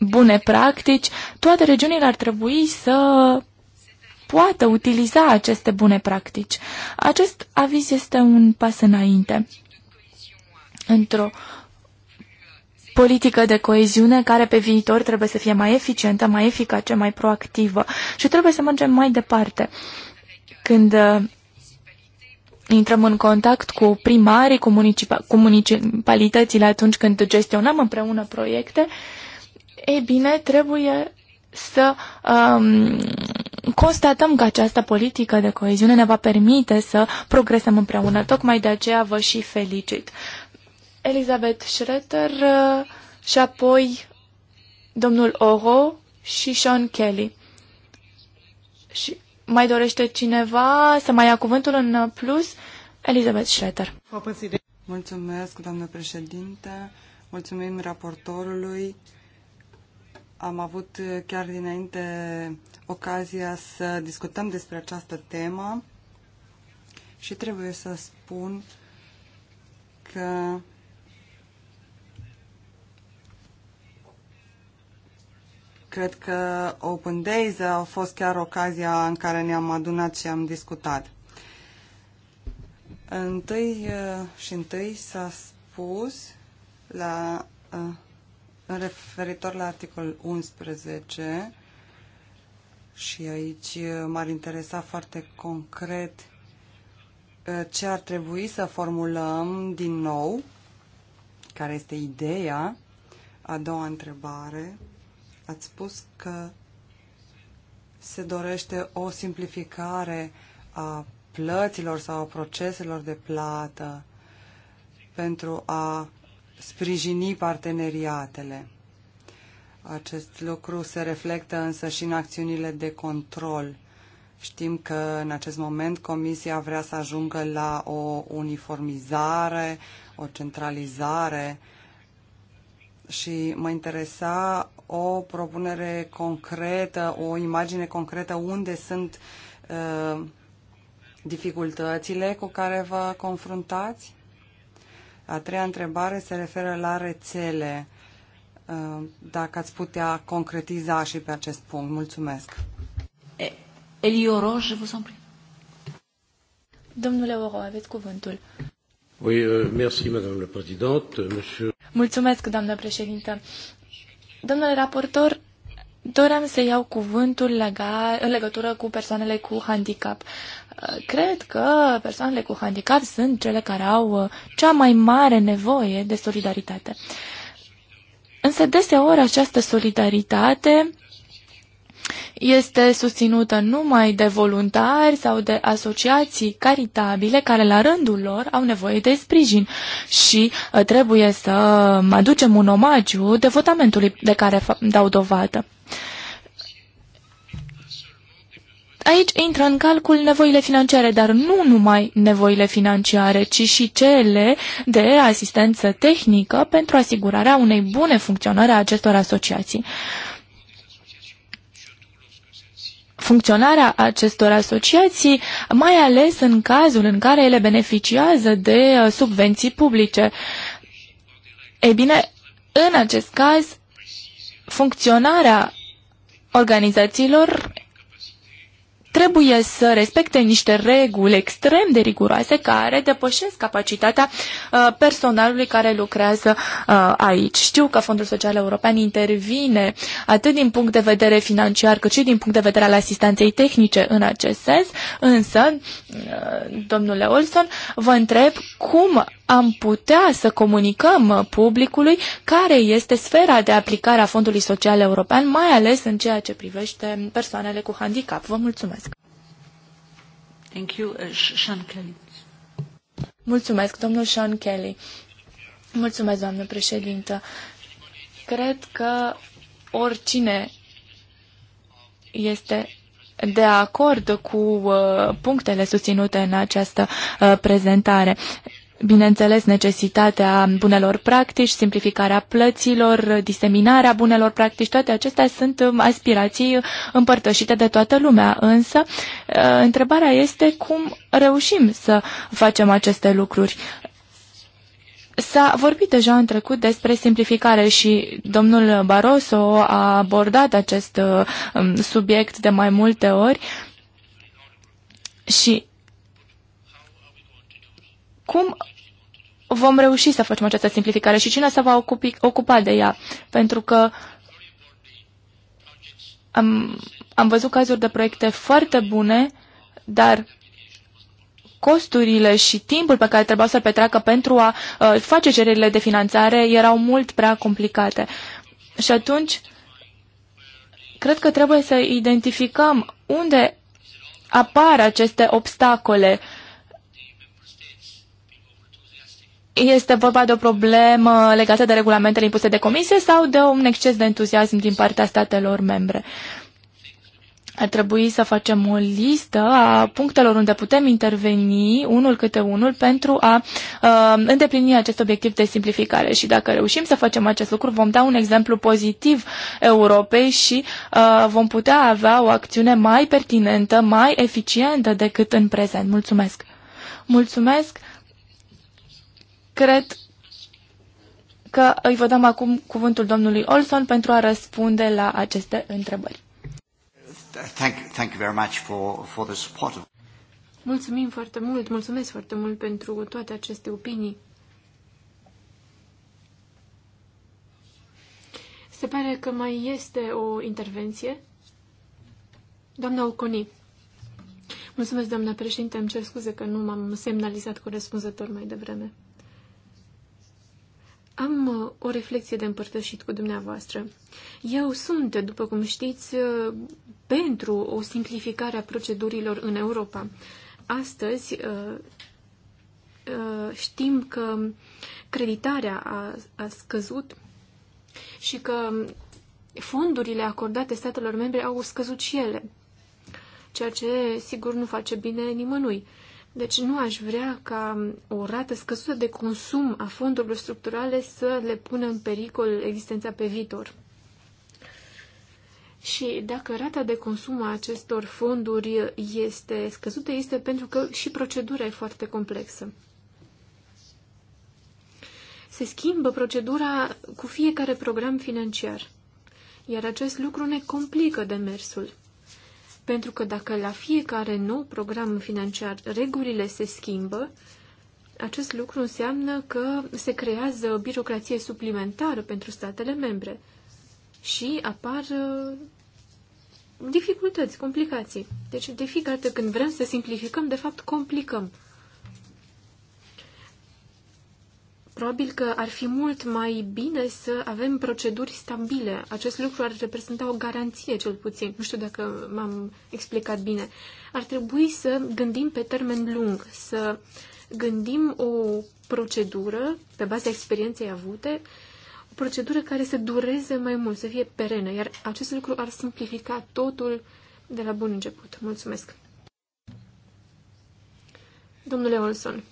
bune practici. Toate regiunile ar trebui să poată utiliza aceste bune practici. Acest aviz este un pas înainte într-o politică de coeziune care pe viitor trebuie să fie mai eficientă, mai eficace, mai proactivă și trebuie să mergem mai departe. Când uh, intrăm în contact cu primarii, cu, municipa- cu municipalitățile atunci când gestionăm împreună proiecte, e bine, trebuie să um, constatăm că această politică de coeziune ne va permite să progresăm împreună. Tocmai de aceea vă și felicit. Elizabeth Schroeter uh, și apoi domnul Oro și Sean Kelly. Și mai dorește cineva să mai ia cuvântul în plus? Elizabeth Schroeder. Mulțumesc, doamnă președinte. Mulțumim raportorului. Am avut chiar dinainte ocazia să discutăm despre această temă și trebuie să spun că Cred că Open Days a fost chiar ocazia în care ne-am adunat și am discutat. Întâi uh, și întâi s-a spus la, uh, în referitor la articolul 11 și aici uh, m-ar interesa foarte concret ce ar trebui să formulăm din nou, care este ideea, a doua întrebare, Ați spus că se dorește o simplificare a plăților sau a proceselor de plată pentru a sprijini parteneriatele. Acest lucru se reflectă însă și în acțiunile de control. Știm că în acest moment Comisia vrea să ajungă la o uniformizare, o centralizare și mă interesa o propunere concretă, o imagine concretă unde sunt uh, dificultățile cu care vă confruntați. A treia întrebare se referă la rețele. Uh, dacă ați putea concretiza și pe acest punct. Mulțumesc. Elio Roș, vă sunt Domnule Oro, aveți cuvântul. Oui, euh, merci, Madame la Présidente. Monsieur... Mulțumesc, doamnă președintă. Domnule raportor, doream să iau cuvântul lega- în legătură cu persoanele cu handicap. Cred că persoanele cu handicap sunt cele care au uh, cea mai mare nevoie de solidaritate. Însă deseori această solidaritate este susținută numai de voluntari sau de asociații caritabile care la rândul lor au nevoie de sprijin și uh, trebuie să aducem un omagiu devotamentului de care dau dovadă. Aici intră în calcul nevoile financiare, dar nu numai nevoile financiare, ci și cele de asistență tehnică pentru asigurarea unei bune funcționări a acestor asociații. Uh, funcționarea acestor asociații, mai ales în cazul în care ele beneficiază de uh, subvenții publice. Ei bine, în acest caz, funcționarea organizațiilor trebuie să respecte niște reguli extrem de riguroase care depășesc capacitatea uh, personalului care lucrează uh, aici. Știu că Fondul Social European intervine atât din punct de vedere financiar cât și din punct de vedere al asistenței tehnice în acest sens, însă, uh, domnule Olson, vă întreb cum am putea să comunicăm publicului care este sfera de aplicare a Fondului Social European, mai ales în ceea ce privește persoanele cu handicap. Vă mulțumesc! Thank you, uh, Sean Kelly. Mulțumesc, domnul Sean Kelly. Mulțumesc, doamnă președintă. Cred că oricine este de acord cu uh, punctele susținute în această uh, prezentare bineînțeles, necesitatea bunelor practici, simplificarea plăților, diseminarea bunelor practici, toate acestea sunt um, aspirații împărtășite de toată lumea. Însă, uh, întrebarea este cum reușim să facem aceste lucruri. S-a vorbit deja în trecut despre simplificare și domnul Barroso a abordat acest uh, um, subiect de mai multe ori și cum vom reuși să facem această simplificare și cine se va ocupi, ocupa de ea? Pentru că am, am văzut cazuri de proiecte foarte bune, dar costurile și timpul pe care trebuia să-l petreacă pentru a uh, face cererile de finanțare erau mult prea complicate. Și atunci, cred că trebuie să identificăm unde apar aceste obstacole Este vorba de o problemă legată de regulamentele impuse de comisie sau de un exces de entuziasm din partea statelor membre? Ar trebui să facem o listă a punctelor unde putem interveni unul câte unul pentru a uh, îndeplini acest obiectiv de simplificare și dacă reușim să facem acest lucru vom da un exemplu pozitiv Europei și uh, vom putea avea o acțiune mai pertinentă, mai eficientă decât în prezent. Mulțumesc! Mulțumesc! Cred că îi vă dăm acum cuvântul domnului Olson pentru a răspunde la aceste întrebări. Thank, thank you very much for, for the support. Mulțumim foarte mult, mulțumesc foarte mult pentru toate aceste opinii. Se pare că mai este o intervenție. Doamna Oconi. Mulțumesc, doamna președinte, îmi cer scuze că nu m-am semnalizat corespunzător mai devreme reflexie de împărtășit cu dumneavoastră. Eu sunt, după cum știți, pentru o simplificare a procedurilor în Europa. Astăzi uh, uh, știm că creditarea a, a scăzut și că fondurile acordate statelor membre au scăzut și ele, ceea ce sigur nu face bine nimănui. Deci nu aș vrea ca o rată scăzută de consum a fondurilor structurale să le pună în pericol existența pe viitor. Și dacă rata de consum a acestor fonduri este scăzută, este pentru că și procedura e foarte complexă. Se schimbă procedura cu fiecare program financiar, iar acest lucru ne complică demersul. Pentru că dacă la fiecare nou program financiar regulile se schimbă, acest lucru înseamnă că se creează o birocrație suplimentară pentru statele membre și apar uh, dificultăți, complicații. Deci, de fiecare dată când vrem să simplificăm, de fapt, complicăm. Probabil că ar fi mult mai bine să avem proceduri stabile. Acest lucru ar reprezenta o garanție, cel puțin. Nu știu dacă m-am explicat bine. Ar trebui să gândim pe termen lung, să gândim o procedură pe baza experienței avute, o procedură care să dureze mai mult, să fie perenă, iar acest lucru ar simplifica totul de la bun început. Mulțumesc! Domnule Olson,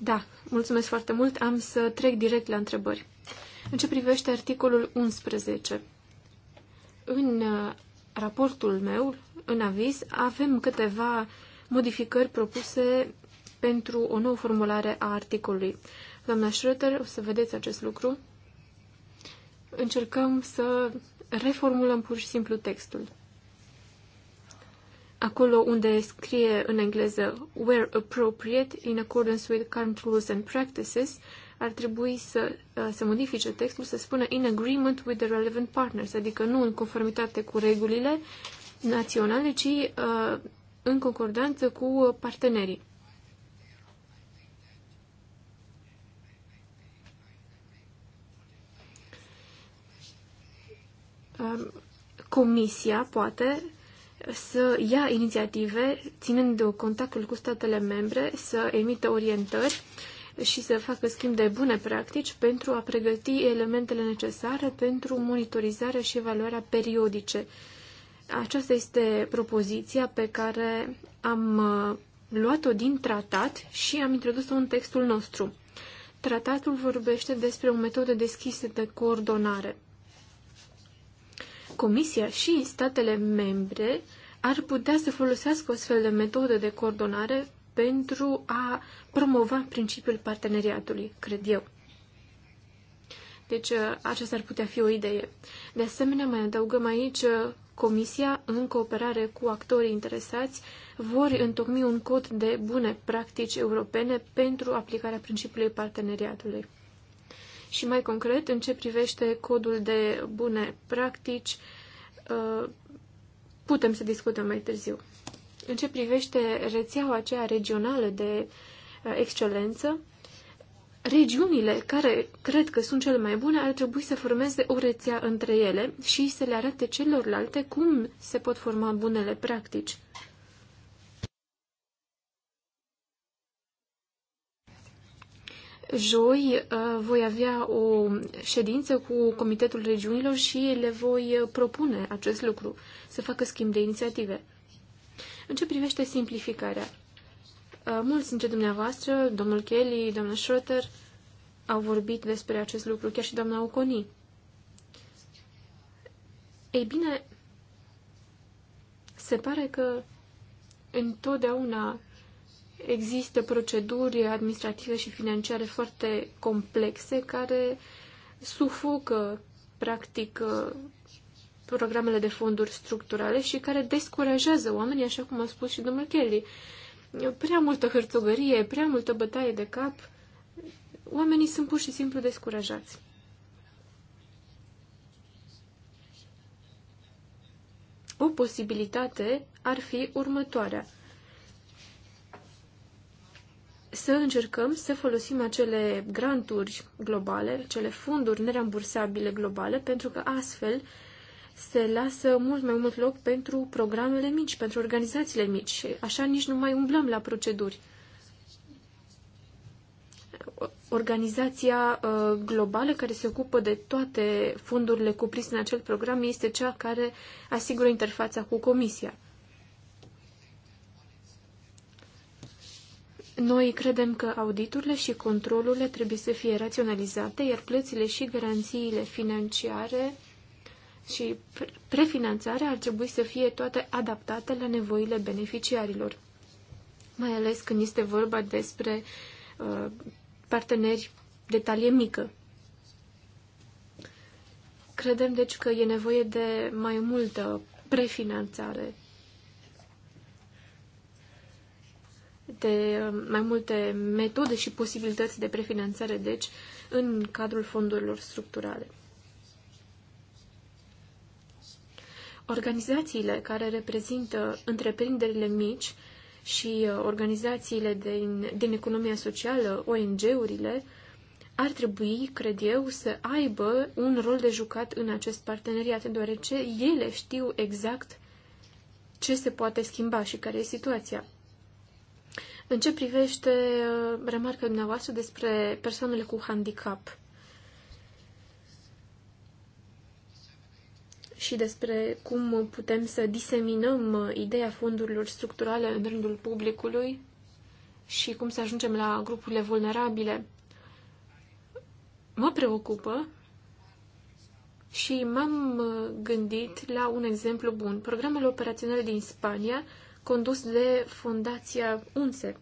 da, mulțumesc foarte mult. Am să trec direct la întrebări. În ce privește articolul 11, în uh, raportul meu, în aviz, avem câteva modificări propuse pentru o nouă formulare a articolului. Doamna Schröter, o să vedeți acest lucru. Încercăm să reformulăm pur și simplu textul acolo unde scrie în engleză where appropriate, in accordance with current rules and practices, ar trebui să uh, se modifice textul, să spună in agreement with the relevant partners, adică nu în conformitate cu regulile naționale, ci uh, în concordanță cu partenerii. Um, comisia poate să ia inițiative, ținând contactul cu statele membre, să emită orientări și să facă schimb de bune practici pentru a pregăti elementele necesare pentru monitorizarea și evaluarea periodice. Aceasta este propoziția pe care am uh, luat-o din tratat și am introdus-o în textul nostru. Tratatul vorbește despre o metodă deschisă de coordonare. Comisia și statele membre ar putea să folosească o astfel de metodă de coordonare pentru a promova principiul parteneriatului, cred eu. Deci, aceasta ar putea fi o idee. De asemenea, mai adăugăm aici, Comisia, în cooperare cu actorii interesați, vor întocmi un cod de bune practici europene pentru aplicarea principiului parteneriatului. Și mai concret, în ce privește codul de bune practici, uh, putem să discutăm mai târziu. În ce privește rețeaua aceea regională de uh, excelență, regiunile care cred că sunt cele mai bune ar trebui să formeze o rețea între ele și să le arate celorlalte cum se pot forma bunele practici. Joi uh, voi avea o ședință cu Comitetul Regiunilor și le voi uh, propune acest lucru, să facă schimb de inițiative. În ce privește simplificarea? Uh, mulți dintre dumneavoastră, domnul Kelly, doamna Schroeter, au vorbit despre acest lucru, chiar și doamna Oconi. Ei bine, se pare că întotdeauna Există proceduri administrative și financiare foarte complexe care sufocă, practic, programele de fonduri structurale și care descurajează oamenii, așa cum a spus și domnul Kelly. Prea multă hârțogărie, prea multă bătaie de cap, oamenii sunt pur și simplu descurajați. O posibilitate ar fi următoarea – să încercăm să folosim acele granturi globale, cele fonduri nerambursabile globale, pentru că astfel se lasă mult mai mult loc pentru programele mici, pentru organizațiile mici. Așa nici nu mai umblăm la proceduri. Organizația uh, globală care se ocupă de toate fondurile cuprinse în acel program este cea care asigură interfața cu Comisia. Noi credem că auditurile și controlurile trebuie să fie raționalizate, iar plățile și garanțiile financiare și prefinanțarea ar trebui să fie toate adaptate la nevoile beneficiarilor, mai ales când este vorba despre uh, parteneri de talie mică. Credem, deci, că e nevoie de mai multă prefinanțare multe, mai multe metode și posibilități de prefinanțare, deci, în cadrul fondurilor structurale. Organizațiile care reprezintă întreprinderile mici și uh, organizațiile din, din economia socială, ONG-urile, ar trebui, cred eu, să aibă un rol de jucat în acest parteneriat, deoarece ele știu exact ce se poate schimba și care e situația. În ce privește uh, remarca dumneavoastră despre persoanele cu handicap și despre cum putem să diseminăm uh, ideea fondurilor structurale în rândul publicului și cum să ajungem la grupurile vulnerabile, mă preocupă și m-am uh, gândit la un exemplu bun. Programele operaționale din Spania condus de Fundația UNSE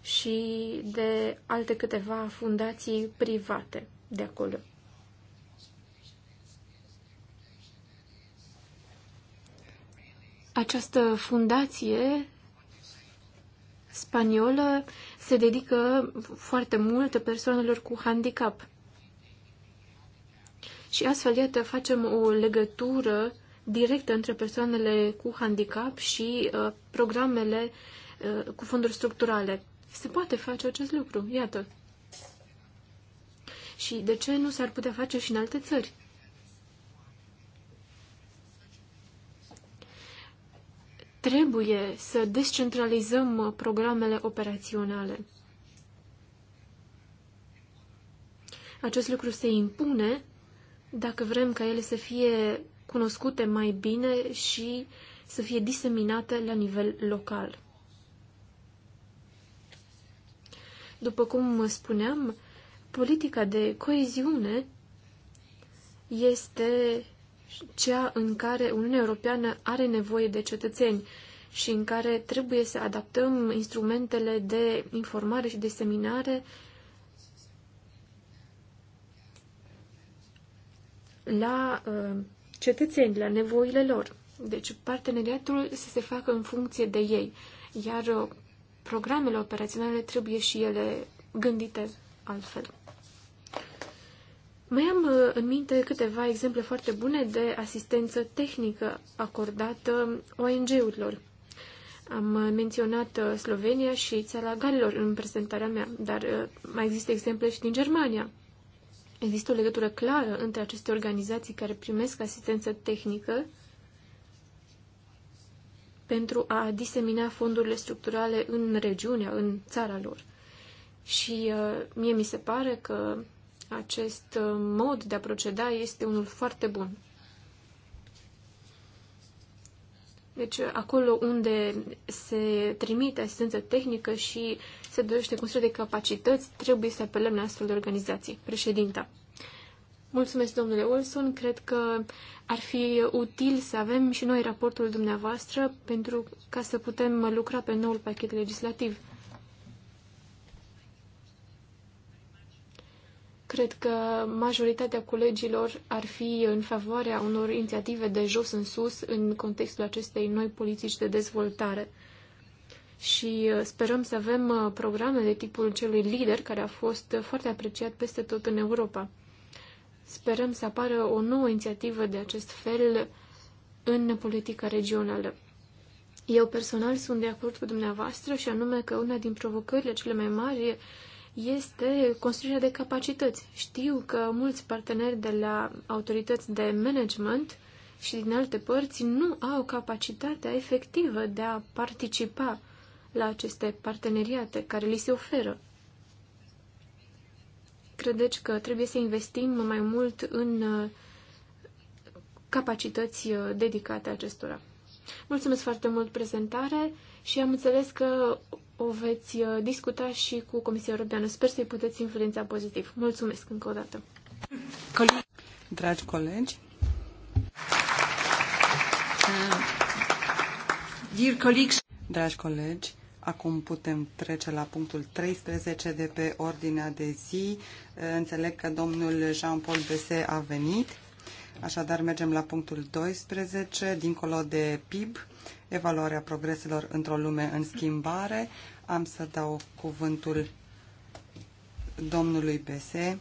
și de alte câteva fundații private de acolo. Această fundație spaniolă se dedică foarte mult persoanelor cu handicap. Și astfel, iată, facem o legătură directă între persoanele cu handicap și uh, programele uh, cu fonduri structurale. Se poate face acest lucru, iată. Și de ce nu s-ar putea face și în alte țări? Trebuie să descentralizăm uh, programele operaționale. Acest lucru se impune dacă vrem ca ele să fie cunoscute mai bine și să fie diseminate la nivel local. După cum spuneam, politica de coeziune este cea în care Uniunea Europeană are nevoie de cetățeni și în care trebuie să adaptăm instrumentele de informare și diseminare la uh, cetățeni, la nevoile lor. Deci parteneriatul să se facă în funcție de ei, iar uh, programele operaționale trebuie și ele gândite altfel. Mai am uh, în minte câteva exemple foarte bune de asistență tehnică acordată uh, ONG-urilor. Am menționat Slovenia și țara Galilor în prezentarea mea, dar mai există exemple și din Germania. Există o legătură clară între aceste organizații care primesc asistență tehnică pentru a disemina fondurile structurale în regiunea, în țara lor. Și uh, mie mi se pare că acest uh, mod de a proceda este unul foarte bun. Deci, acolo unde se trimite asistență tehnică și se dorește construire de capacități, trebuie să apelăm la astfel de organizații. Președinta. Mulțumesc, domnule Olson. Cred că ar fi util să avem și noi raportul dumneavoastră pentru ca să putem lucra pe noul pachet legislativ. Cred că majoritatea colegilor ar fi în favoarea unor inițiative de jos în sus în contextul acestei noi politici de dezvoltare și uh, sperăm să avem uh, programe de tipul celui lider care a fost uh, foarte apreciat peste tot în Europa. Sperăm să apară o nouă inițiativă de acest fel în politica regională. Eu personal sunt de acord cu dumneavoastră și anume că una din provocările cele mai mari este construirea de capacități. Știu că mulți parteneri de la autorități de management și din alte părți nu au capacitatea efectivă de a participa la aceste parteneriate care li se oferă. Credeți că trebuie să investim mai mult în uh, capacități uh, dedicate acestora. Mulțumesc foarte mult prezentare și am înțeles că o veți uh, discuta și cu Comisia Europeană. Sper să-i puteți influența pozitiv. Mulțumesc încă o dată. Dragi colegi, Dear colleagues, Dragi colegi, Acum putem trece la punctul 13 de pe ordinea de zi. Înțeleg că domnul Jean-Paul Bese a venit. Așadar, mergem la punctul 12, dincolo de PIB, evaluarea progreselor într-o lume în schimbare. Am să dau cuvântul domnului Bese,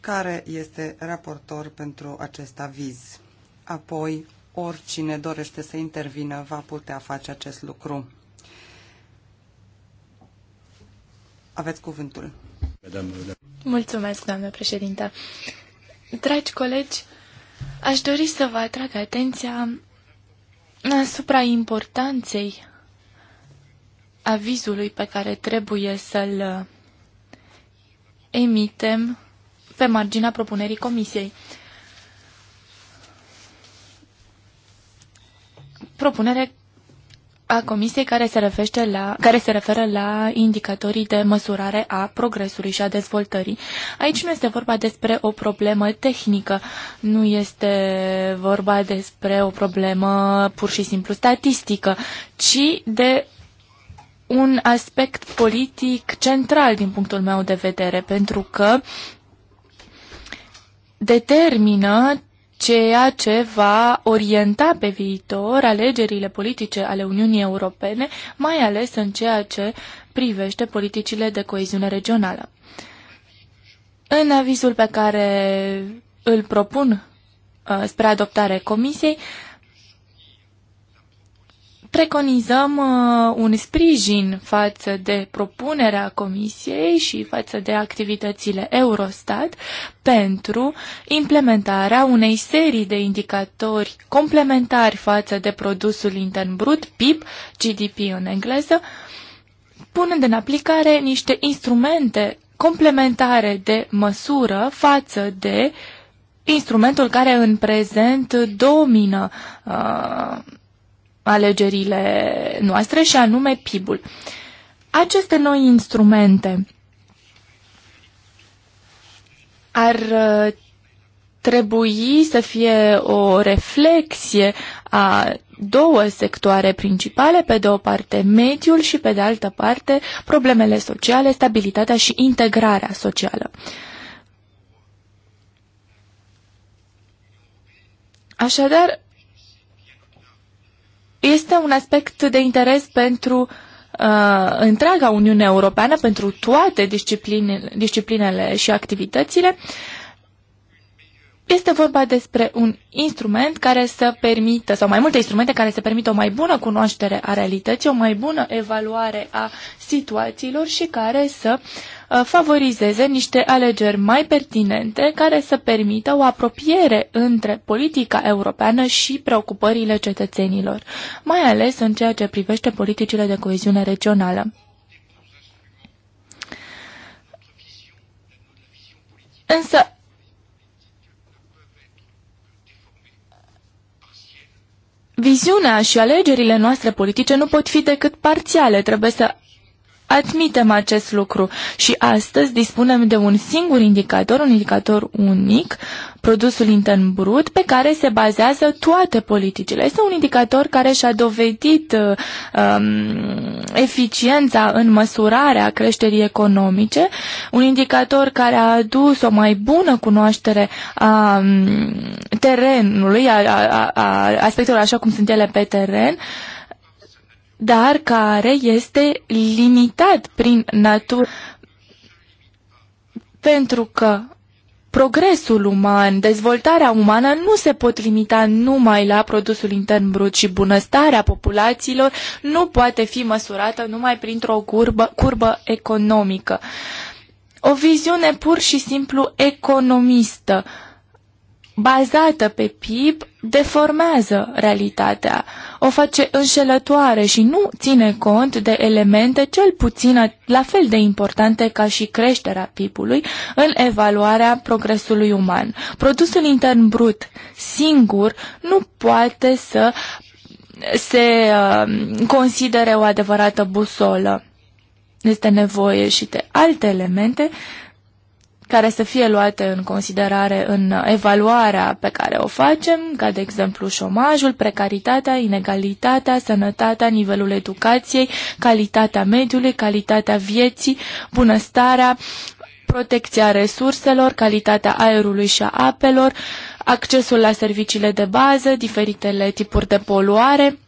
care este raportor pentru acest aviz. Apoi, oricine dorește să intervină va putea face acest lucru. Aveți cuvântul. Mulțumesc, doamnă președintă. Dragi colegi, aș dori să vă atrag atenția asupra importanței avizului pe care trebuie să-l emitem pe marginea propunerii comisiei. Propunere a comisiei care se, referște la, care se referă la indicatorii de măsurare a progresului și a dezvoltării. Aici nu este vorba despre o problemă tehnică, nu este vorba despre o problemă pur și simplu statistică, ci de un aspect politic central din punctul meu de vedere, pentru că determină ceea ce va orienta pe viitor alegerile politice ale Uniunii Europene, mai ales în ceea ce privește politicile de coeziune regională. În avizul pe care îl propun uh, spre adoptare Comisiei, preconizăm uh, un sprijin față de propunerea Comisiei și față de activitățile Eurostat pentru implementarea unei serii de indicatori complementari față de produsul intern brut, PIB, GDP în engleză, punând în aplicare niște instrumente complementare de măsură față de instrumentul care în prezent domină uh, alegerile noastre și anume PIB-ul. Aceste noi instrumente ar uh, trebui să fie o reflexie a două sectoare principale, pe de o parte mediul și pe de altă parte problemele sociale, stabilitatea și integrarea socială. Așadar, este un aspect de interes pentru uh, întreaga Uniune Europeană, pentru toate disciplinele, disciplinele și activitățile. Este vorba despre un instrument care să permită, sau mai multe instrumente care să permită o mai bună cunoaștere a realității, o mai bună evaluare a situațiilor și care să uh, Uh, favorizeze niște alegeri mai pertinente care să permită o apropiere între politica europeană și preocupările cetățenilor, mai ales în ceea ce privește politicile de coeziune regională. Însă, Viziunea și alegerile noastre politice nu pot fi decât parțiale, trebuie să admitem acest lucru și astăzi dispunem de un singur indicator, un indicator unic, produsul intern brut, pe care se bazează toate politicile. Este un indicator care și-a dovedit um, eficiența în măsurarea creșterii economice, un indicator care a adus o mai bună cunoaștere a um, terenului, a, a, a aspectelor așa cum sunt ele pe teren, uh, dar care este limitat prin natură, pentru că progresul uman, dezvoltarea umană nu se pot limita numai la produsul intern brut și bunăstarea populațiilor nu poate fi măsurată numai printr-o curbă, curbă economică. O viziune pur și simplu economistă bazată pe PIB deformează realitatea, o face înșelătoare și nu ține cont de elemente cel puțin la fel de importante ca și creșterea PIB-ului în evaluarea progresului uman. Produsul intern brut singur nu poate să se uh, considere o adevărată busolă. Este nevoie și de alte elemente care să fie luate în considerare în evaluarea pe care o facem, ca de exemplu șomajul, precaritatea, inegalitatea, sănătatea, nivelul educației, calitatea mediului, calitatea vieții, bunăstarea, protecția resurselor, calitatea aerului și a apelor, accesul la serviciile de bază, diferitele tipuri de poluare,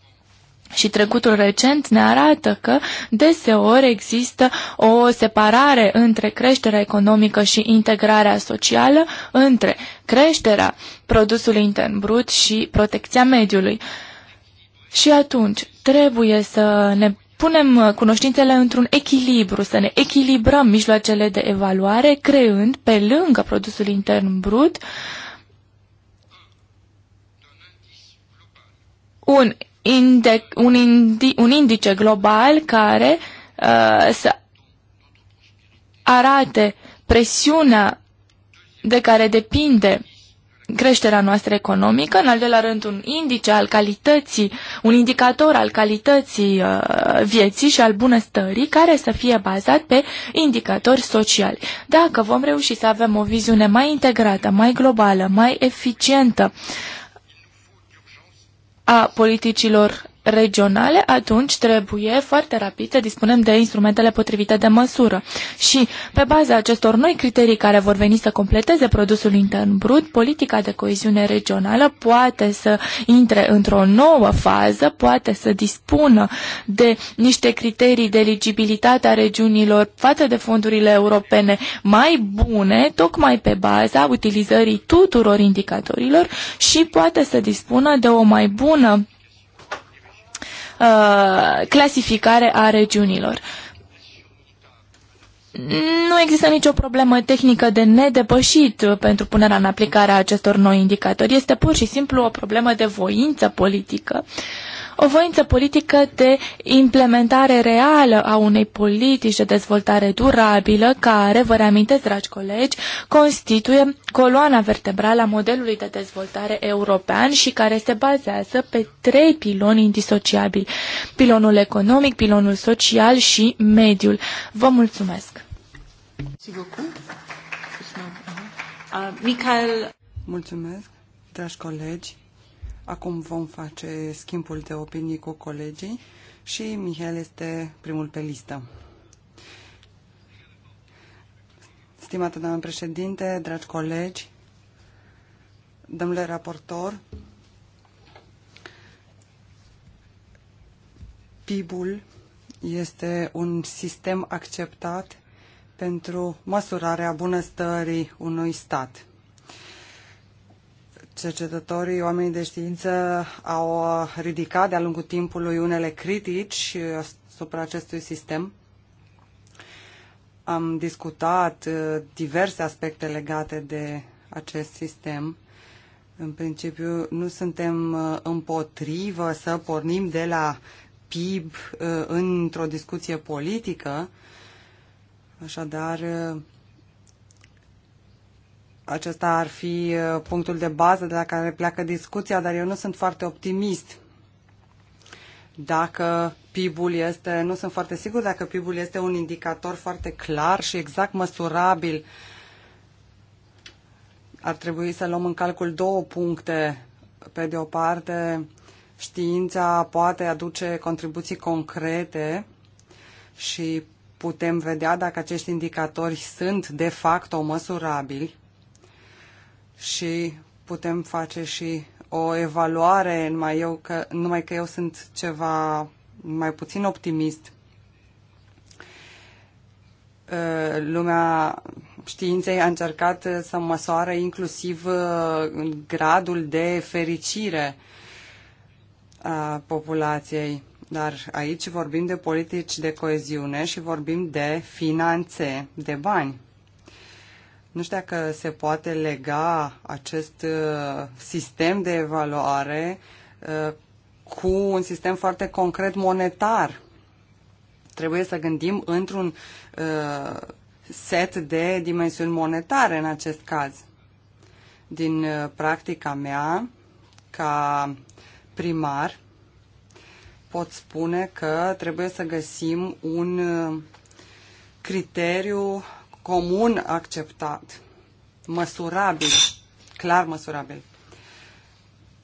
și trecutul recent ne arată că deseori există o separare între creșterea economică și integrarea socială, între creșterea produsului intern brut și protecția mediului. Și atunci trebuie să ne punem cunoștințele într-un echilibru, să ne echilibrăm mijloacele de evaluare, creând pe lângă produsul intern brut un inde- un, indi- un indice global care uh, să arate presiunea de care depinde creșterea noastră economică, în al doilea rând un indice al calității, un indicator al calității uh, vieții și al bunăstării care să fie bazat pe indicatori sociali. Dacă vom reuși să avem o viziune mai integrată, mai globală, mai eficientă, uh, a politicilor regionale, atunci trebuie foarte rapid să dispunem de instrumentele potrivite de măsură. Și pe baza acestor noi criterii care vor veni să completeze produsul intern brut, politica de coeziune regională poate să intre într-o nouă fază, poate să dispună de niște criterii de eligibilitate a regiunilor față de fondurile europene mai bune, tocmai pe baza utilizării tuturor indicatorilor și poate să dispună de o mai bună Uh, clasificare a regiunilor. Nu există nicio problemă tehnică de nedepășit pentru punerea în aplicare a acestor noi indicatori. Este pur și simplu o problemă de voință politică uh, o voință politică de implementare reală a unei politici de dezvoltare durabilă, care, vă reamintesc, dragi colegi, constituie coloana vertebrală a modelului de dezvoltare european și care se bazează pe trei piloni indisociabili, pilonul economic, pilonul social și mediul. Vă mulțumesc! Michael. Mulțumesc, dragi colegi. Acum vom face schimbul de opinii cu colegii și Mihail este primul pe listă. Stimată doamnă președinte, dragi colegi, domnule raportor, PIB-ul este un sistem acceptat pentru măsurarea bunăstării unui stat cercetătorii, oamenii de știință au uh, ridicat de-a lungul timpului unele critici uh, asupra acestui sistem. Am discutat uh, diverse aspecte legate de acest sistem. În principiu, nu suntem împotrivă să pornim de la PIB într-o discuție politică. Așadar, acesta ar fi uh, punctul de bază de la care pleacă discuția, dar eu nu sunt foarte optimist. Dacă PIB-ul este, nu sunt foarte sigur dacă PIB-ul este un indicator foarte clar și exact măsurabil. Ar trebui să luăm în calcul două puncte. Pe de o parte, știința poate aduce contribuții concrete și putem vedea dacă acești indicatori sunt de fapt o măsurabili și putem face și o evaluare, numai, eu că, numai că eu sunt ceva mai puțin optimist. Ă, lumea științei a încercat să măsoare inclusiv ă, gradul de fericire a populației. Dar aici vorbim de politici de coeziune și vorbim de finanțe, de bani. Nu știu dacă se poate lega acest uh, sistem de evaluare uh, cu un sistem foarte concret monetar. Trebuie să gândim într-un uh, set de dimensiuni monetare în acest caz. Din practica mea, ca primar, pot spune că trebuie să găsim un criteriu comun acceptat, măsurabil, clar măsurabil.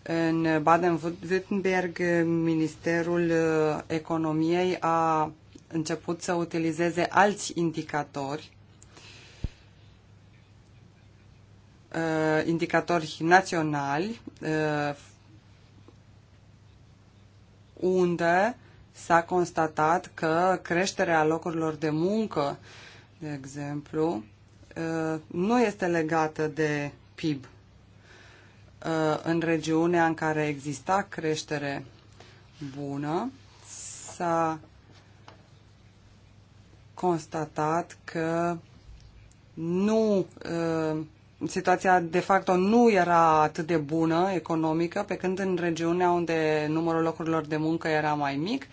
În Baden-Württemberg, Ministerul uh, Economiei a început să utilizeze alți indicatori, uh, indicatori naționali, uh, unde s-a constatat că creșterea locurilor de muncă uh, de exemplu, uh, nu este legată de PIB. Uh, în regiunea în care exista creștere bună, s-a constatat că nu uh, situația de facto nu era atât de bună economică, pe când în regiunea unde numărul locurilor de muncă era mai mic,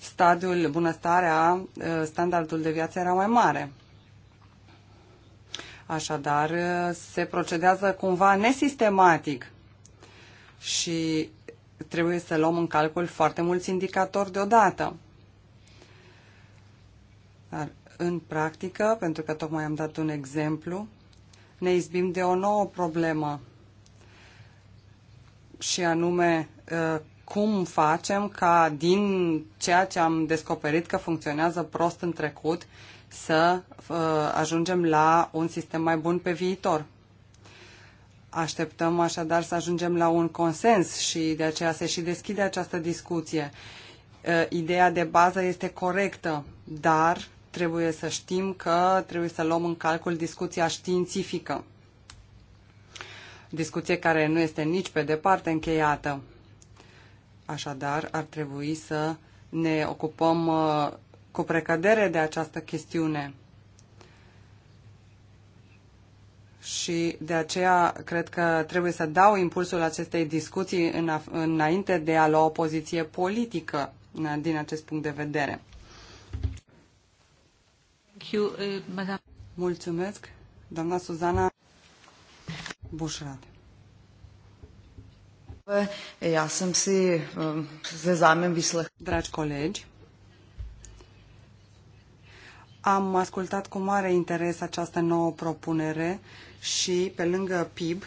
stadiul, bunăstarea, uh, standardul de viață era mai mare. Așadar, uh, se procedează cumva nesistematic și trebuie să luăm în calcul foarte mulți indicatori deodată. Dar, în practică, pentru că tocmai am dat un exemplu, ne izbim de o nouă problemă și anume uh, cum facem ca din ceea ce am descoperit că funcționează prost în trecut să uh, ajungem la un sistem mai bun pe viitor. Așteptăm așadar să ajungem la un consens și de aceea se și deschide această discuție. Uh, ideea de bază este corectă, dar trebuie să știm că trebuie să luăm în calcul discuția științifică. Discuție care nu este nici pe departe încheiată. Așadar, ar trebui să ne ocupăm uh, cu precădere de această chestiune. și de aceea cred că trebuie să dau impulsul acestei discuții înainte de a lua o poziție politică din acest punct de vedere. Uh, Mulțumesc, doamna Suzana Bușrat. Já jsem si ehm, se zájmem vyslech. Dragi colegi, am ascultat cu mare interes această nouă propunere și pe lângă PIB,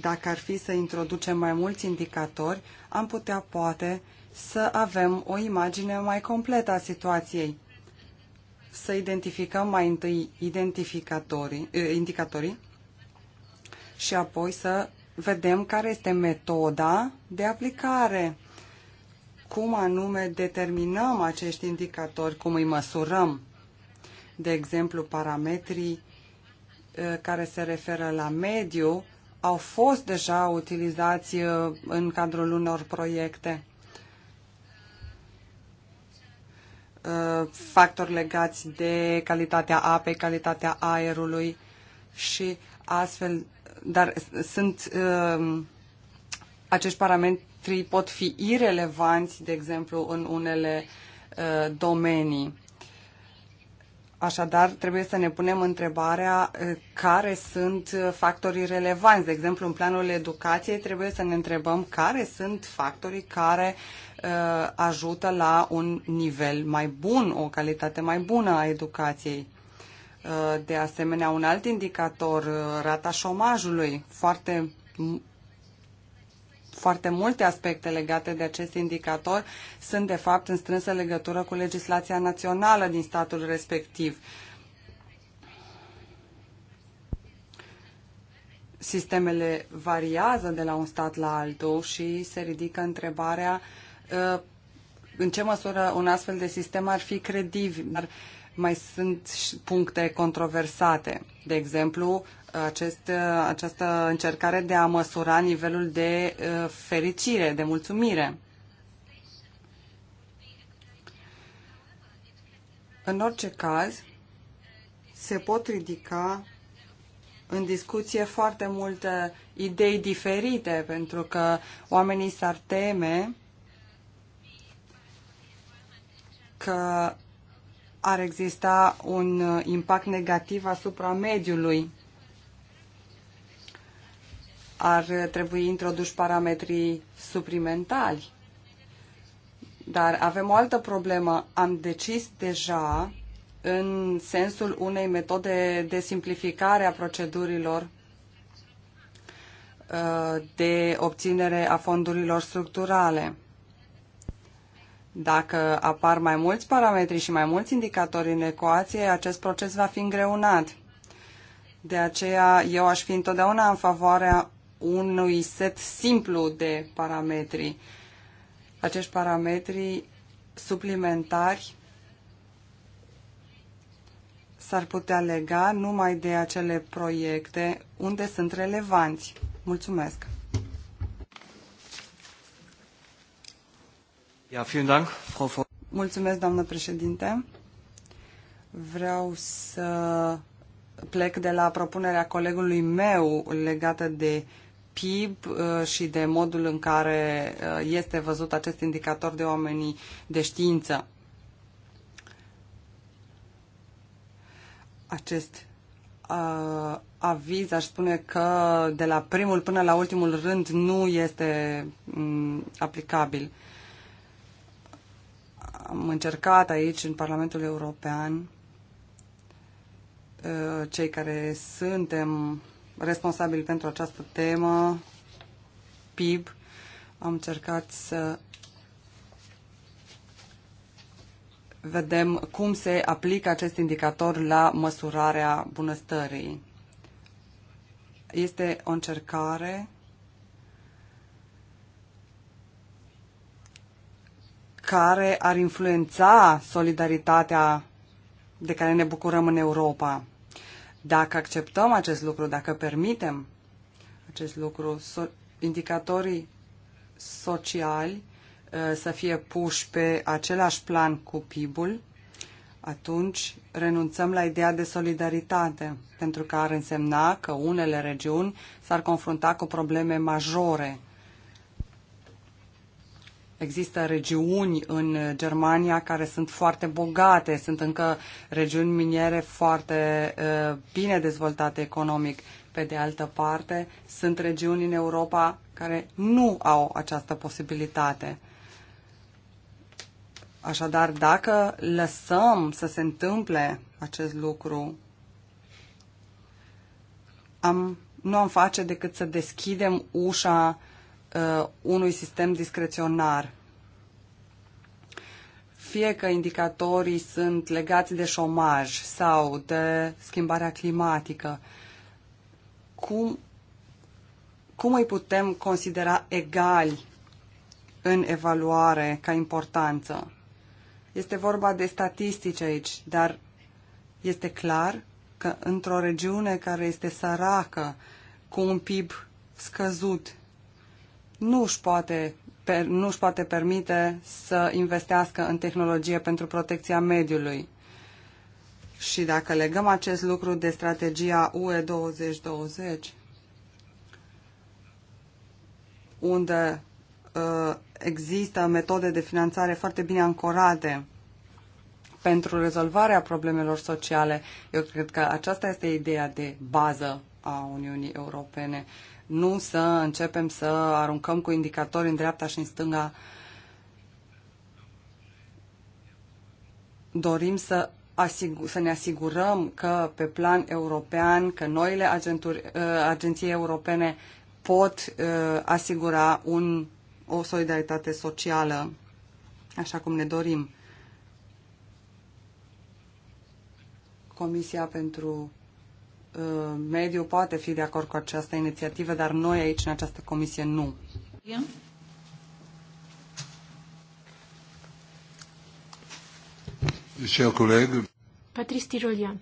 dacă ar fi să introducem mai mulți indicatori, am putea poate să avem o imagine mai completă a situației. Să identificăm mai întâi identificatorii, eh, indicatorii și apoi să vedem care este metoda de aplicare, cum anume determinăm acești indicatori, cum îi măsurăm. De exemplu, parametrii uh, care se referă la mediu au fost deja utilizați uh, în cadrul unor proiecte. Uh, factori legați de calitatea apei, calitatea aerului și astfel dar sunt um, acești parametri pot fi irelevanți, de exemplu, în unele uh, domenii. Așadar, trebuie să ne punem întrebarea uh, care sunt uh, factorii relevanți. De exemplu, în planul educației trebuie să ne întrebăm care sunt factorii care uh, ajută la un nivel mai bun, o calitate mai bună a educației. Uh, de asemenea, un alt indicator, uh, rata șomajului, foarte foarte multe aspecte legate de acest indicator sunt de fapt în strânsă legătură cu legislația națională din statul respectiv. Sistemele variază de la un stat la altul și se ridică întrebarea uh, în ce măsură un astfel de sistem ar fi credibil mai sunt puncte controversate. De exemplu, acest, această încercare de a măsura nivelul de uh, fericire, de mulțumire. În orice caz, se pot ridica în discuție foarte multe idei diferite, pentru că oamenii s-ar teme că ar exista un uh, impact negativ asupra mediului. Ar trebui introduși parametrii suplimentari. Dar avem o altă problemă. Am decis deja în sensul unei metode de simplificare a procedurilor uh, de obținere a fondurilor structurale. Dacă apar mai mulți parametri și mai mulți indicatori în ecuație, acest proces va fi îngreunat. De aceea eu aș fi întotdeauna în favoarea unui set simplu de parametri. Acești parametri suplimentari s-ar putea lega numai de acele proiecte unde sunt relevanți. Mulțumesc! Ja, vielen Dank, Frau Mulțumesc, doamnă președinte. Vreau să plec de la propunerea colegului meu legată de PIB uh, și de modul în care uh, este văzut acest indicator de oamenii de știință. Acest uh, aviz aș spune că de la primul până la ultimul rând nu este um, aplicabil. Uh, am încercat aici, în Parlamentul European, uh, cei care suntem responsabili pentru această temă, PIB, am încercat să vedem cum se aplică acest indicator la măsurarea bunăstării. Este o încercare care ar influența solidaritatea de care ne bucurăm în Europa. Dacă acceptăm acest lucru, dacă permitem acest lucru, so indicatorii sociali uh, să fie puși pe același plan cu PIB-ul, atunci renunțăm la ideea de solidaritate, pentru că ar însemna că unele regiuni s-ar confrunta cu probleme majore Există regiuni în Germania care sunt foarte bogate, sunt încă regiuni miniere foarte uh, bine dezvoltate economic. Pe de altă parte, sunt regiuni în Europa care nu au această posibilitate. Așadar, dacă lăsăm să se întâmple acest lucru, am, nu am face decât să deschidem ușa uh, unui sistem discreționar. Fie că indicatorii sunt legați de șomaj sau de schimbarea climatică, cum, cum îi putem considera egali în evaluare ca importanță? Este vorba de statistici aici, dar este clar că într-o regiune care este săracă, cu un PIB scăzut, nu își poate nu își poate permite să investească în tehnologie pentru protecția mediului. Și dacă legăm acest lucru de strategia UE 2020, unde uh, există metode de finanțare foarte bine ancorate pentru rezolvarea problemelor sociale, eu cred că aceasta este ideea de bază a Uniunii Europene nu să începem să aruncăm cu indicatori în dreapta și în stânga. Dorim să, asigur, să ne asigurăm că pe plan european, că noile agenturi, uh, agenții europene pot uh, asigura un, o solidaritate socială, așa cum ne dorim. Comisia pentru Uh, mediu poate fi de acord cu această inițiativă, dar noi aici, în această comisie, nu. Cher coleg. Patrice Tirolian.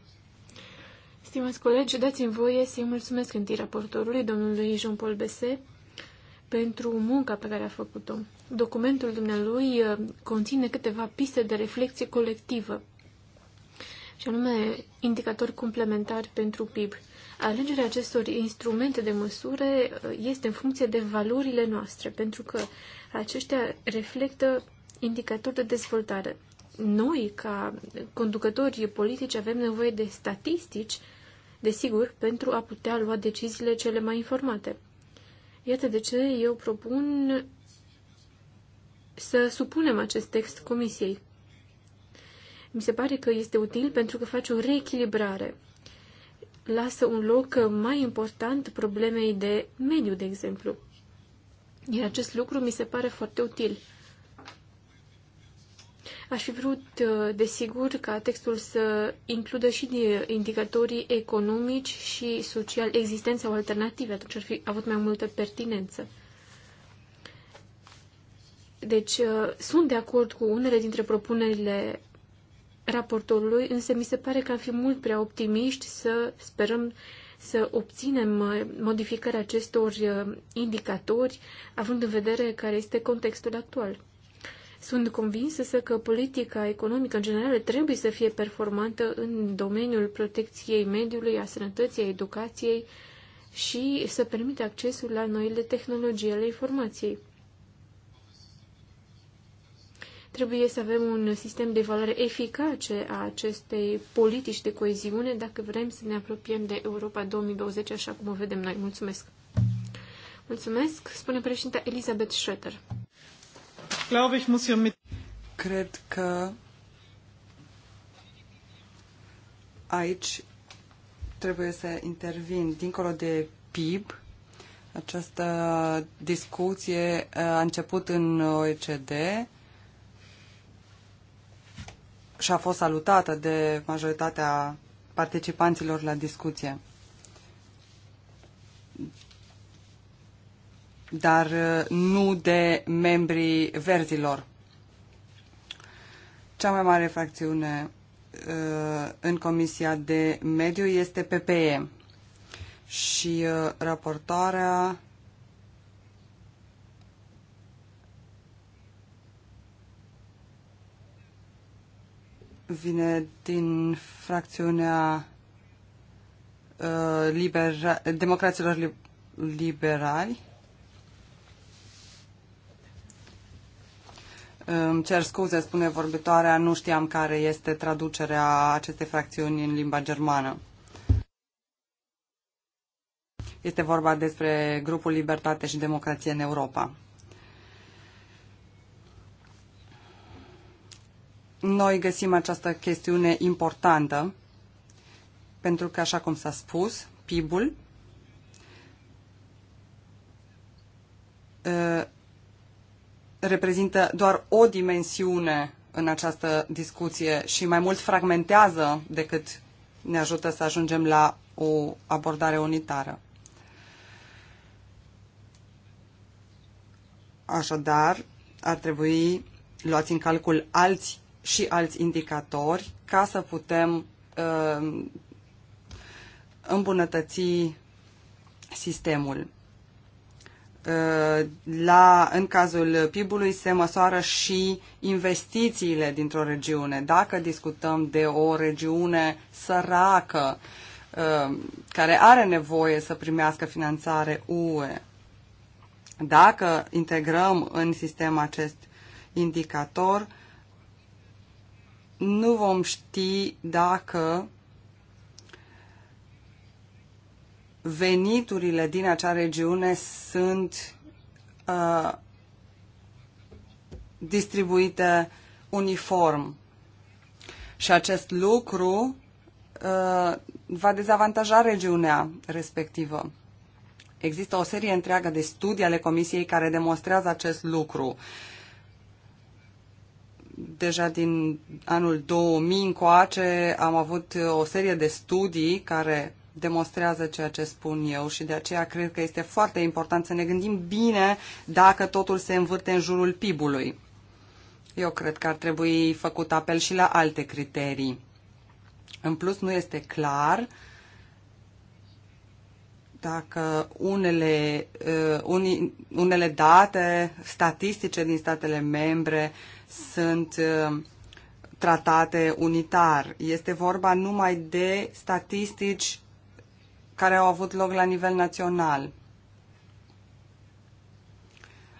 Stimați colegi, dați-mi voie să-i mulțumesc întâi raportorului, domnului Jean-Paul Besset, pentru munca pe care a făcut-o. Documentul dumnealui uh, conține câteva piste de reflexie colectivă și anume indicatori complementari pentru PIB. Alegerea acestor instrumente de măsură uh, este în funcție de valorile noastre, pentru că aceștia reflectă indicatori de dezvoltare. Noi, ca conducători politici, avem nevoie de statistici, desigur, pentru a putea lua deciziile cele mai informate. Iată de ce eu propun să supunem acest text comisiei. Mi se pare că este util pentru că face o reechilibrare. Lasă un loc mai important problemei de mediu, de exemplu. Iar acest lucru mi se pare foarte util. Aș fi vrut, desigur, ca textul să includă și de indicatorii economici și social existența sau alternative, atunci ar fi avut mai multă pertinență. Deci, uh, sunt de acord cu unele dintre propunerile raportorului, însă mi se pare că am fi mult prea optimiști să sperăm să obținem uh, modificarea acestor uh, indicatori, având în vedere care este contextul actual. Sunt convinsă să că politica economică în general trebuie să fie performantă în domeniul protecției mediului, a sănătății, a educației și să permite accesul la noile tehnologii ale informației. Trebuie să avem un sistem de valoare eficace a acestei politici de coeziune dacă vrem să ne apropiem de Europa 2020, așa cum o vedem noi. Mulțumesc! Mulțumesc, spune președinta Elizabeth Schroeder. Cred că aici trebuie să intervin dincolo de PIB. Această discuție uh, a început în OECD și a fost salutată de majoritatea participanților la discuție. Dar uh, nu de membrii verzilor. Cea mai mare fracțiune uh, în Comisia de Mediu este PPE și uh, raportoarea vine din fracțiunea uh, libera, democraților li, liberali. Îmi cer scuze, spune vorbitoarea, nu știam care este traducerea acestei fracțiuni în limba germană. Este vorba despre grupul Libertate și Democrație în Europa. noi găsim această chestiune importantă, pentru că, așa cum s-a spus, PIB-ul ă, reprezintă doar o dimensiune în această discuție și mai mult fragmentează decât ne ajută să ajungem la o abordare unitară. Așadar, ar trebui luați în calcul alți și alți indicatori ca să putem uh, îmbunătăți sistemul. Uh, la, în cazul PIB-ului se măsoară și investițiile dintr-o regiune. Dacă discutăm de o regiune săracă uh, care are nevoie să primească finanțare UE, dacă integrăm în sistem acest indicator, nu vom ști dacă veniturile din acea regiune sunt uh, distribuite uniform. Și acest lucru uh, va dezavantaja regiunea respectivă. Există o serie întreagă de studii ale Comisiei care demonstrează acest lucru. Uh, deja din anul 2000 încoace am avut o serie de studii care demonstrează ceea ce spun eu și de aceea cred că este foarte important să ne gândim bine dacă totul se învârte în jurul PIB-ului. Eu cred că ar trebui făcut apel și la alte criterii. În plus, nu este clar dacă unele, uh, unele date statistice din statele membre uh, sunt uh, tratate unitar. Este vorba numai de statistici care au avut loc la nivel național.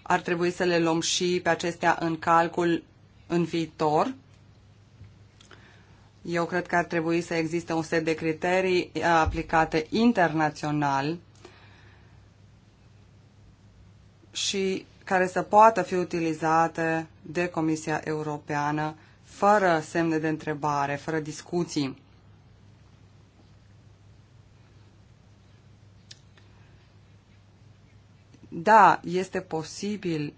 Ar trebui să le luăm și pe acestea în calcul în viitor. Eu cred că ar trebui să existe un set de criterii uh, aplicate internațional și care să poată fi utilizate de Comisia Europeană fără semne de întrebare, fără discuții. Da, este posibil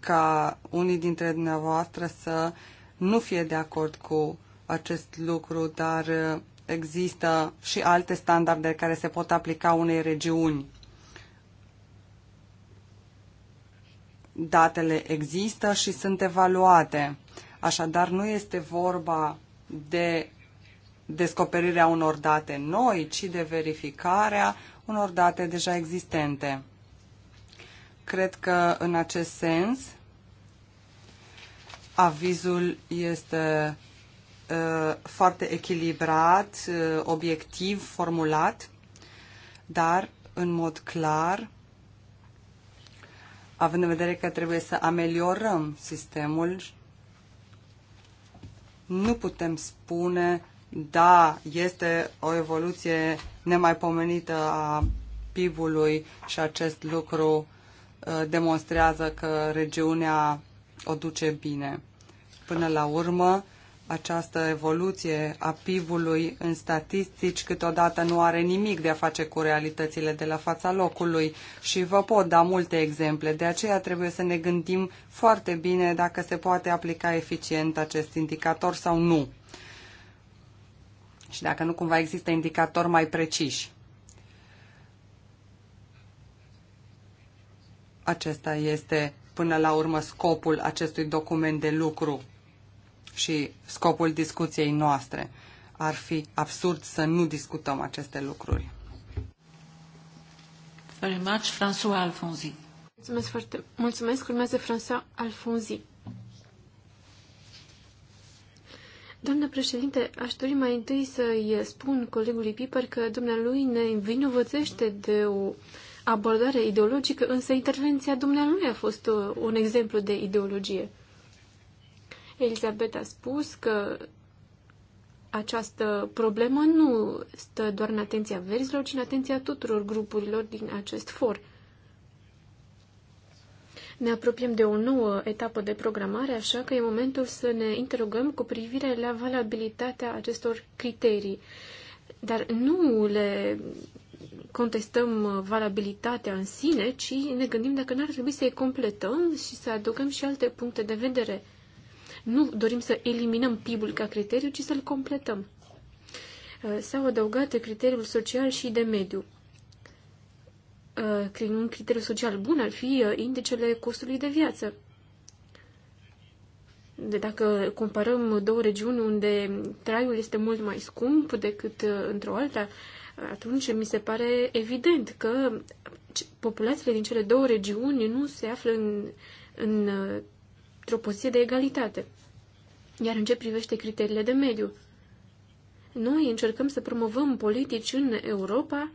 ca unii dintre dumneavoastră să nu fie de acord cu acest lucru, dar uh, există și alte standarde care se pot aplica unei regiuni. datele există și sunt evaluate. Așadar, nu este vorba de descoperirea unor date noi, ci de verificarea unor date deja existente. Cred că în acest sens avizul este uh, foarte echilibrat, uh, obiectiv, formulat, dar în mod clar având în vedere că trebuie să ameliorăm sistemul, nu putem spune, da, este o evoluție nemaipomenită a PIB-ului și acest lucru uh, demonstrează că regiunea o duce bine. Până la urmă, această evoluție a PIB-ului în statistici câteodată nu are nimic de a face cu realitățile de la fața locului și vă pot da multe exemple. De aceea trebuie să ne gândim foarte bine dacă se poate aplica eficient acest indicator sau nu. Și dacă nu, cumva există indicatori mai preciși. Acesta este până la urmă scopul acestui document de lucru și scopul discuției noastre. Ar fi absurd să nu discutăm aceste lucruri. François Mulțumesc foarte Mulțumesc. Urmează François Alfonzi. Doamnă președinte, aș dori mai întâi să-i spun colegului Piper că dumnealui ne învinovățește de o abordare ideologică, însă intervenția dumnealui a fost uh, un exemplu de ideologie. Elizabeth a spus că această problemă nu stă doar în atenția verzilor, ci în atenția tuturor grupurilor din acest for. Ne apropiem de o nouă etapă de programare, așa că e momentul să ne interogăm cu privire la valabilitatea acestor criterii. Dar nu le contestăm valabilitatea în sine, ci ne gândim dacă n-ar trebui să-i completăm și să adăugăm și alte puncte de vedere. Nu dorim să eliminăm PIB-ul ca criteriu, ci să-l completăm. Uh, s-au adăugat criteriul social și de mediu. Uh, un criteriu social bun ar fi uh, indicele costului de viață. De dacă comparăm două regiuni unde traiul este mult mai scump decât într-o alta, atunci mi se pare evident că populațiile din cele două regiuni nu se află în, în într-o poziție de egalitate. Iar în ce privește criteriile de mediu, noi încercăm să promovăm politici în Europa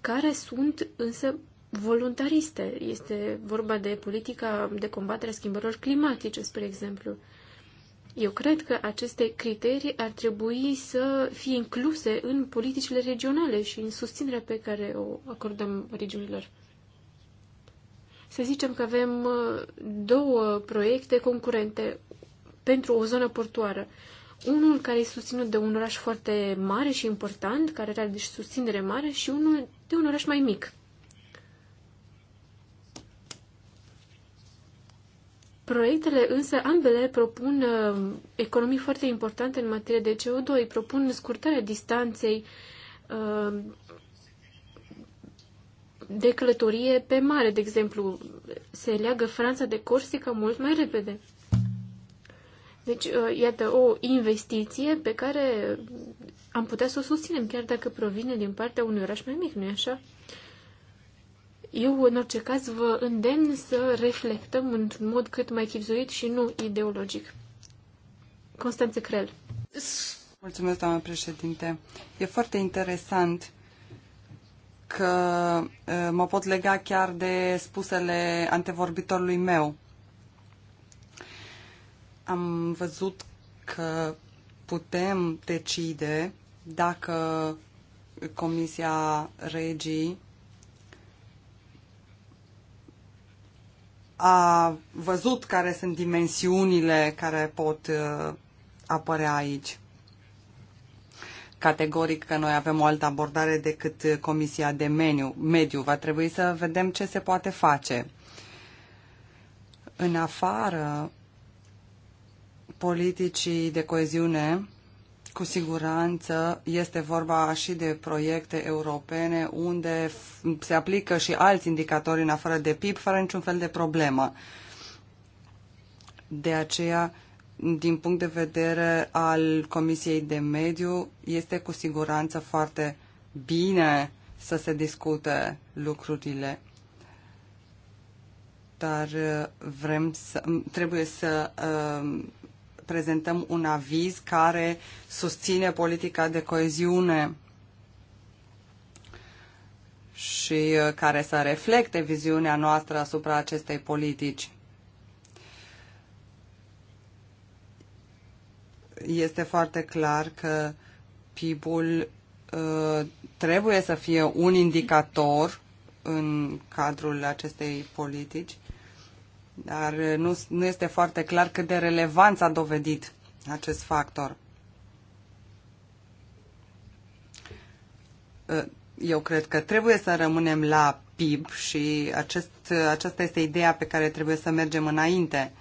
care sunt însă voluntariste. Este vorba de politica de combatere a schimbărilor climatice, spre exemplu. Eu cred că aceste criterii ar trebui să fie incluse în politicile regionale și în susținerea pe care o acordăm regiunilor. Să zicem că avem uh, două proiecte concurente pentru o zonă portoară. Unul care e susținut de un oraș foarte mare și important, care are deci susținere mare, și unul de un oraș mai mic. Proiectele însă ambele propun uh, economii foarte importante în materie de CO2, propun scurtarea distanței, uh, de călătorie pe mare, de exemplu. Se leagă Franța de Corsica mult mai repede. Deci, uh, iată, o investiție pe care am putea să o susținem, chiar dacă provine din partea unui oraș mai mic, nu-i așa? Eu, în orice caz, vă îndemn să reflectăm într-un mod cât mai chipzuit și nu ideologic. Constanțe Crel. Mulțumesc, doamnă președinte. E foarte interesant că mă pot lega chiar de spusele antevorbitorului meu. Am văzut că putem decide dacă Comisia Regii a văzut care sunt dimensiunile care pot apărea aici categoric că noi avem o altă abordare decât Comisia de Meniu, Mediu. Va trebui să vedem ce se poate face. În afară politicii de coeziune, cu siguranță este vorba și de proiecte europene unde se aplică și alți indicatori în afară de PIB, fără niciun fel de problemă. De aceea, din punct de vedere al Comisiei de Mediu, este cu siguranță foarte bine să se discute lucrurile. Dar uh, vrem să, trebuie să uh, prezentăm un aviz care susține politica de coeziune și uh, care să reflecte viziunea noastră asupra acestei politici. este foarte clar că PIB-ul uh, trebuie să fie un indicator în cadrul acestei politici, dar uh, nu, nu este foarte clar cât de relevant a dovedit acest factor. Uh, eu cred că trebuie să rămânem la PIB și acest, aceasta este ideea pe care trebuie să mergem înainte.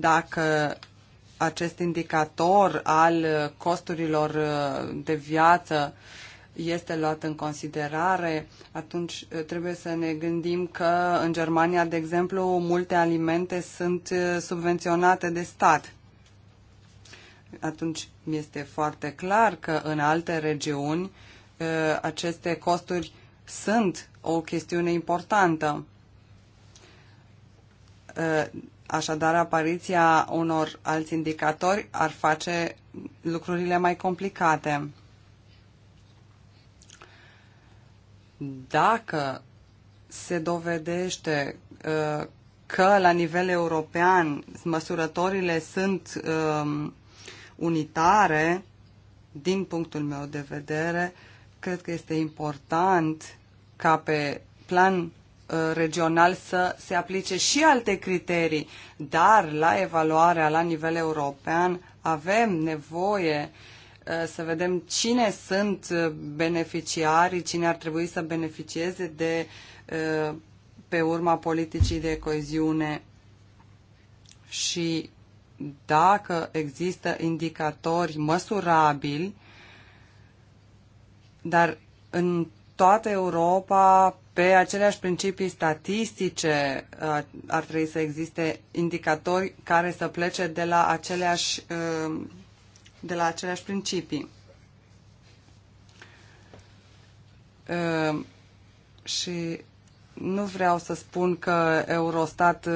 dacă acest indicator al costurilor uh, de viață este luat în considerare, atunci uh, trebuie să ne gândim că în Germania, de exemplu, multe alimente sunt uh, subvenționate de stat. Atunci este foarte clar că în alte regiuni aceste costuri sunt o chestiune importantă Așadar, apariția unor alți indicatori ar face lucrurile mai complicate. Dacă se dovedește uh, că la nivel european măsurătorile sunt um, unitare, din punctul meu de vedere, cred că este important ca pe plan Uh, regional să se aplice și alte criterii, dar la evaluarea la nivel european avem nevoie uh, să vedem cine sunt uh, beneficiarii, cine ar trebui să beneficieze de pe urma politicii de coeziune și dacă există indicatori măsurabili, dar în toată Europa pe aceleași principii statistice uh, ar trebui să existe indicatori care să plece de la aceleași, uh, de la aceleași principii. Uh, și nu vreau să spun că Eurostat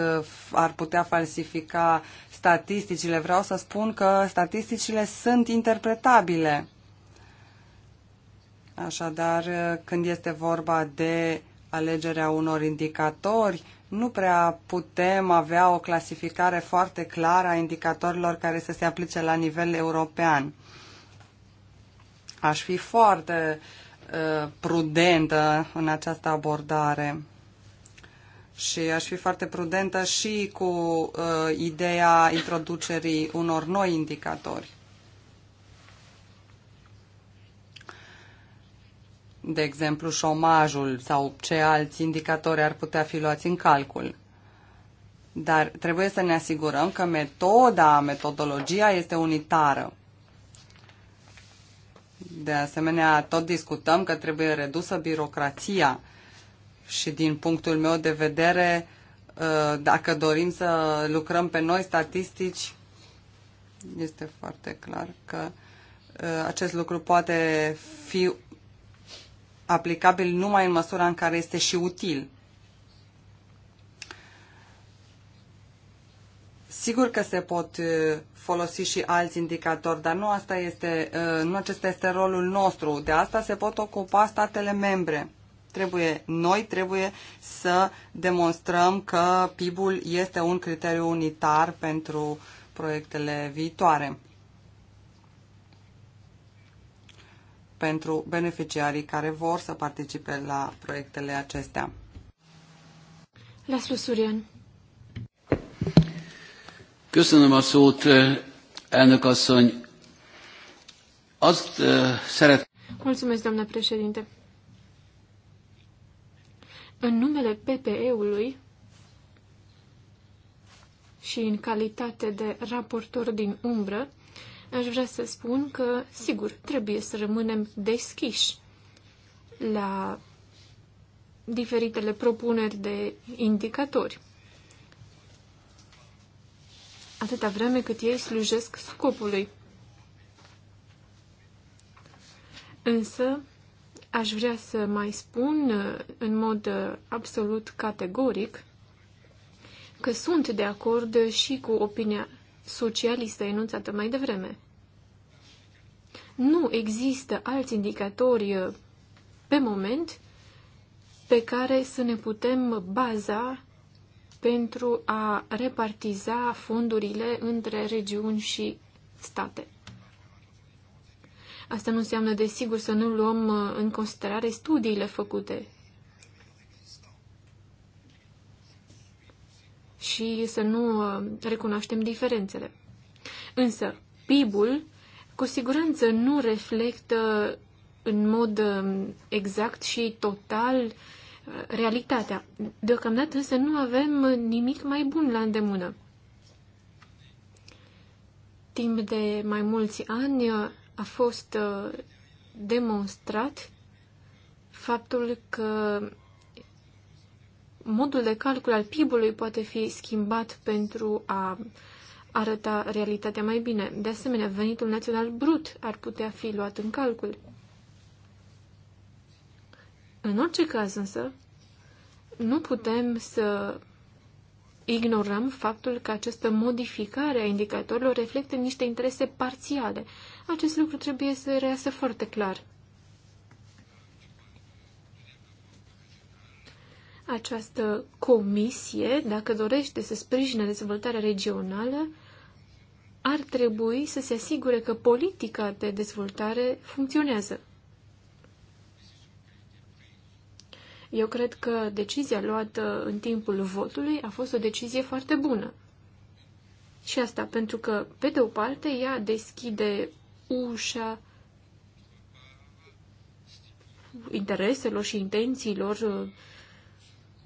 ar putea falsifica statisticile, vreau să spun că statisticile sunt interpretabile. Așadar, când este vorba de alegerea unor indicatori. Nu prea putem avea o clasificare foarte clară a indicatorilor care să se aplice la nivel european. Aș fi foarte uh, prudentă în această abordare și aș fi foarte prudentă și cu uh, ideea introducerii unor noi indicatori. de exemplu, șomajul sau ce alți indicatori ar putea fi luați în calcul. Dar trebuie să ne asigurăm că metoda, metodologia este unitară. De asemenea, tot discutăm că trebuie redusă birocrația și din punctul meu de vedere, ă, dacă dorim să lucrăm pe noi statistici, este foarte clar că ă, acest lucru poate fi aplicabil numai în măsura în care este și util. Sigur că se pot uh, folosi și alți indicatori, dar nu, asta este, uh, nu acesta este rolul nostru. De asta se pot ocupa statele membre. Trebuie, noi trebuie să demonstrăm că PIB-ul este un criteriu unitar pentru proiectele viitoare. pentru beneficiarii care vor să participe la proiectele acestea. László Szurian. Köszönöm a szót, eh, elnök asszony. Azt eh, szeret... Mulțumesc, doamnă președinte. În numele PPE-ului și în calitate de raportor din umbră, aș vrea să spun că, sigur, trebuie să rămânem deschiși la diferitele propuneri de indicatori. Atâta vreme cât ei slujesc scopului. Însă, aș vrea să mai spun uh, în mod uh, absolut categoric că sunt de acord și cu opinia socialistă enunțată mai devreme. Nu există alți indicatori uh, pe moment pe care să ne putem baza pentru a repartiza fondurile între regiuni și state. Asta nu înseamnă, desigur, să nu luăm uh, în considerare studiile făcute și să nu uh, recunoaștem diferențele. Însă, PIB-ul cu siguranță nu reflectă în mod um, exact și total uh, realitatea. Deocamdată însă nu avem nimic mai bun la îndemână. Timp de mai mulți ani uh, a fost demonstrat faptul că modul de calcul al PIB-ului poate fi schimbat pentru a arăta realitatea mai bine. De asemenea, venitul național brut ar putea fi luat în calcul. În orice caz însă, nu putem să ignorăm faptul că această modificare a indicatorilor reflectă niște interese parțiale. Acest lucru trebuie să reiasă foarte clar. Această comisie, dacă dorește să sprijine dezvoltarea regională, ar trebui să se asigure că politica de dezvoltare funcționează. Eu cred că decizia luată în timpul votului a fost o decizie foarte bună. Și asta pentru că, pe de o parte, ea deschide ușa intereselor și intențiilor uh,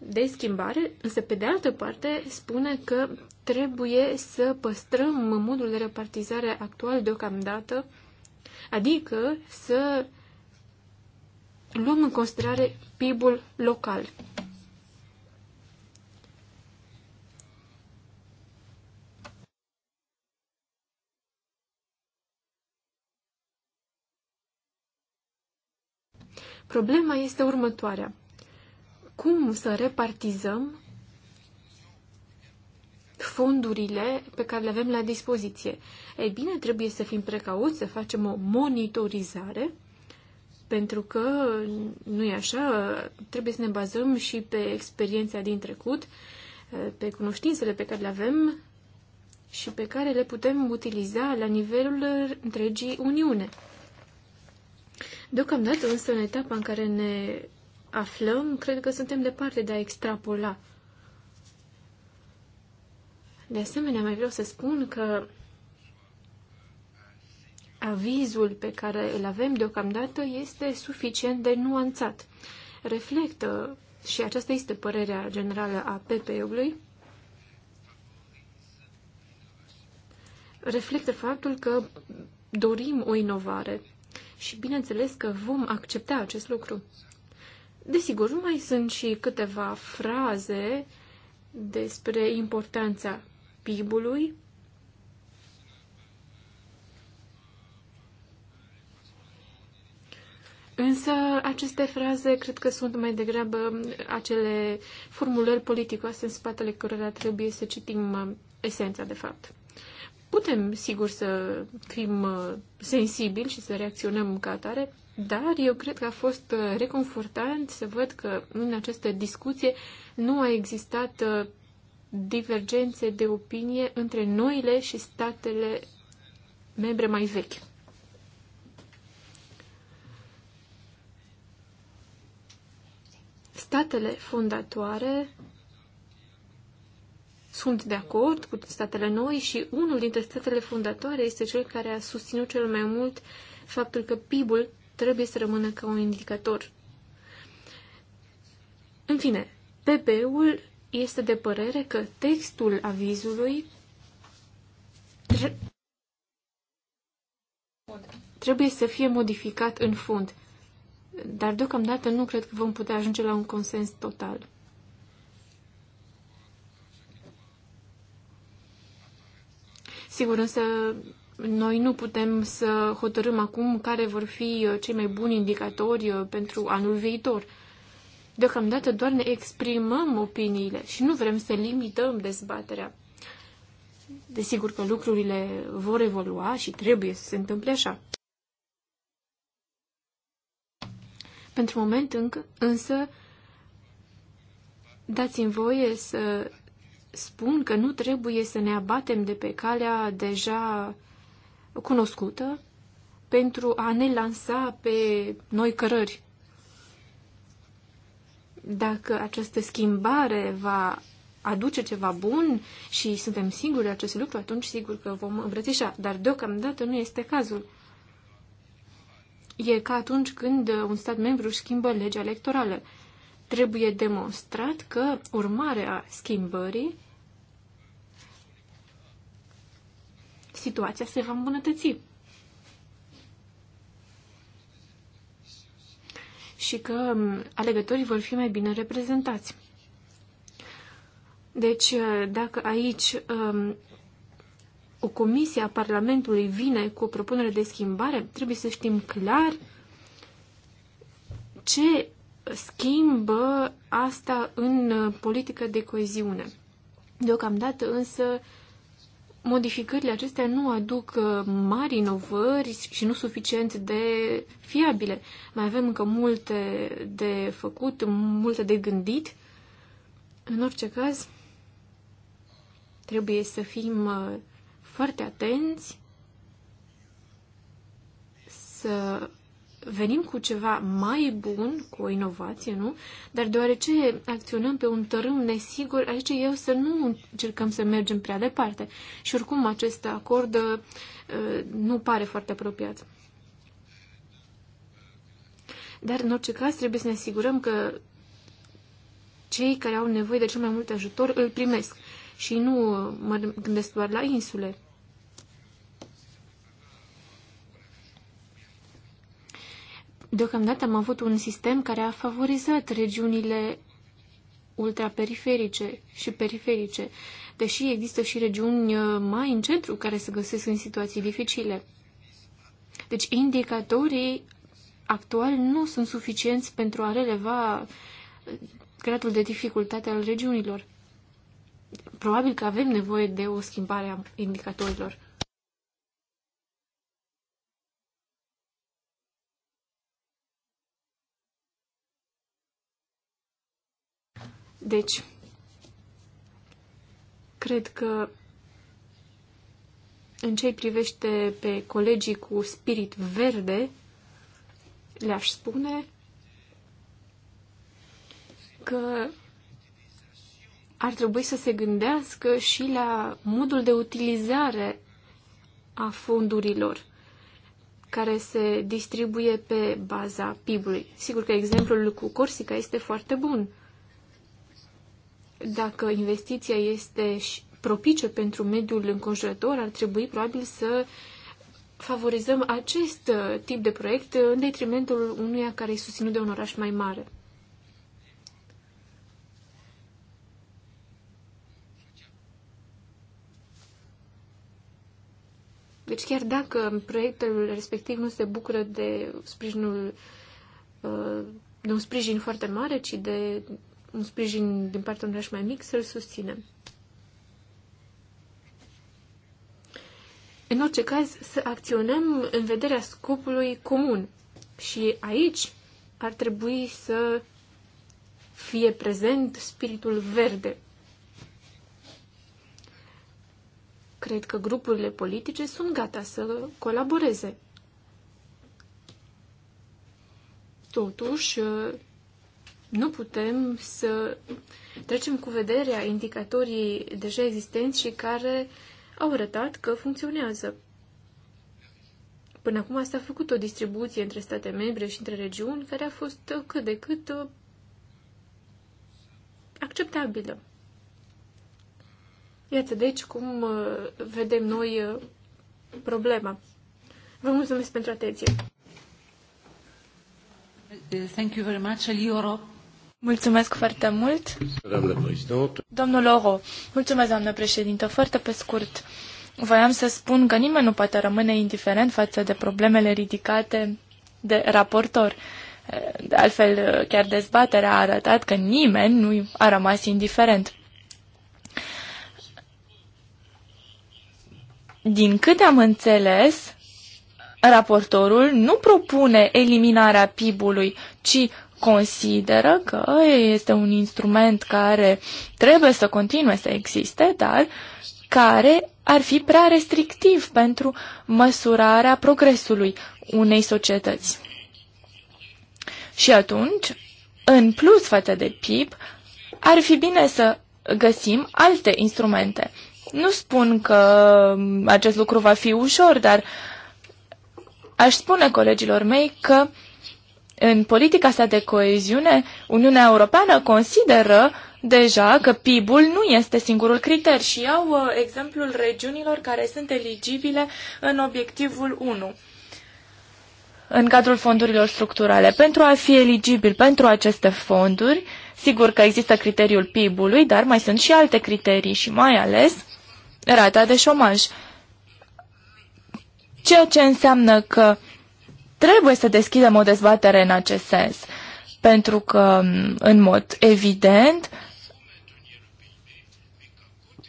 de schimbare, însă pe de altă parte spune că trebuie să păstrăm modul de repartizare actual deocamdată, adică să luăm în considerare PIB-ul local. Problema este următoarea cum să repartizăm fondurile pe care le avem la dispoziție. Ei bine, trebuie să fim precauți, să facem o monitorizare, pentru că, nu e așa, trebuie să ne bazăm și pe experiența din trecut, pe cunoștințele pe care le avem și pe care le putem utiliza la nivelul întregii Uniune. Deocamdată, însă, în etapa în care ne aflăm, cred că suntem departe de a extrapola. De asemenea, mai vreau să spun că avizul pe care îl avem deocamdată este suficient de nuanțat. Reflectă, și aceasta este părerea generală a PP-ului, reflectă faptul că dorim o inovare și bineînțeles că vom accepta acest lucru. Desigur, mai sunt și câteva fraze despre importanța PIB-ului. Însă aceste fraze cred că sunt mai degrabă acele formulări politicoase în spatele cărora trebuie să citim uh, esența, de fapt. Putem, sigur, să fim uh, sensibili și să reacționăm ca atare, dar eu cred că a fost uh, reconfortant să văd că în această discuție nu a existat uh, divergențe de opinie între noile și statele membre mai vechi. Statele fondatoare sunt de acord cu statele noi și unul dintre statele fundatoare este cel care a susținut cel mai mult faptul că PIB-ul trebuie să rămână ca un indicator. În fine, PP-ul este de părere că textul avizului trebuie să fie modificat în fund, dar deocamdată nu cred că vom putea ajunge la un consens total. Sigur, însă noi nu putem să hotărâm acum care vor fi uh, cei mai buni indicatori uh, pentru anul viitor. Deocamdată doar ne exprimăm opiniile și nu vrem să limităm dezbaterea. Desigur că lucrurile vor evolua și trebuie să se întâmple așa. Pentru moment încă, însă, dați-mi voie să spun că nu trebuie să ne abatem de pe calea deja cunoscută pentru a ne lansa pe noi cărări. Dacă această schimbare va aduce ceva bun și suntem siguri de acest lucru, atunci sigur că vom îmbrățișa. Dar deocamdată nu este cazul. E ca atunci când un stat membru își schimbă legea electorală. Trebuie demonstrat că urmarea schimbării situația se va îmbunătăți. Și că alegătorii vor fi mai bine reprezentați. Deci, dacă aici um, o comisie a Parlamentului vine cu o propunere de schimbare, trebuie să știm clar ce schimbă asta în politică de coeziune. Deocamdată însă modificările acestea nu aduc uh, mari inovări și nu suficient de fiabile. Mai avem încă multe de făcut, multe de gândit. În orice caz, trebuie să fim uh, foarte atenți, să venim cu ceva mai bun, cu o inovație, nu? Dar deoarece acționăm pe un tărâm nesigur, aici eu să nu încercăm să mergem prea departe. Și oricum acest acord uh, nu pare foarte apropiat. Dar, în orice caz, trebuie să ne asigurăm că cei care au nevoie de cel mai mult ajutor îl primesc și nu mă gândesc doar la insule. Deocamdată am avut un sistem care a favorizat regiunile ultraperiferice și periferice, deși există și regiuni uh, mai în centru care se găsesc în situații dificile. Deci indicatorii actuali nu sunt suficienți pentru a releva uh, gradul de dificultate al regiunilor. Probabil că avem nevoie de o schimbare a indicatorilor. Deci, cred că în ce privește pe colegii cu spirit verde, le-aș spune că ar trebui să se gândească și la modul de utilizare a fondurilor care se distribuie pe baza PIB-ului. Sigur că exemplul cu Corsica este foarte bun, dacă investiția este propice pentru mediul înconjurător, ar trebui probabil să favorizăm acest uh, tip de proiect în detrimentul unuia care e susținut de un oraș mai mare. Deci chiar dacă proiectul respectiv nu se bucură de sprijinul uh, de un sprijin foarte mare, ci de un sprijin din partea unui mai mic, să-l susținem. În orice caz, să acționăm în vederea scopului comun. Și aici ar trebui să fie prezent spiritul verde. Cred că grupurile politice sunt gata să colaboreze. Totuși, nu putem să trecem cu vederea indicatorii deja existenți și care au arătat că funcționează. Până acum s a făcut o distribuție între state membre și între regiuni care a fost cât de cât uh, acceptabilă. Iată deci cum uh, vedem noi uh, problema. Vă mulțumesc pentru atenție. Thank you very much. Europe Mulțumesc foarte mult. Domnul Oro, mulțumesc, doamnă președintă. Foarte pe scurt, voiam să spun că nimeni nu poate rămâne indiferent față de problemele ridicate de raportor. De altfel, chiar dezbaterea a arătat că nimeni nu a rămas indiferent. Din câte am înțeles, raportorul nu propune eliminarea PIB-ului, ci consideră că este un instrument care trebuie să continue să existe, dar care ar fi prea restrictiv pentru măsurarea progresului unei societăți. Și atunci, în plus față de PIB, ar fi bine să găsim alte instrumente. Nu spun că acest lucru va fi ușor, dar aș spune colegilor mei că uh, în politica sa de coeziune, Uniunea Europeană consideră deja că PIB-ul nu este singurul criteriu și iau uh, exemplul regiunilor care sunt eligibile în obiectivul 1 în cadrul fondurilor structurale. Pentru a fi eligibil pentru aceste fonduri, sigur că există criteriul PIB-ului, dar mai sunt și alte criterii și mai ales rata de șomaj. Ceea ce înseamnă că uh, Trebuie să deschidem o dezbatere în acest sens, pentru că, în mod evident,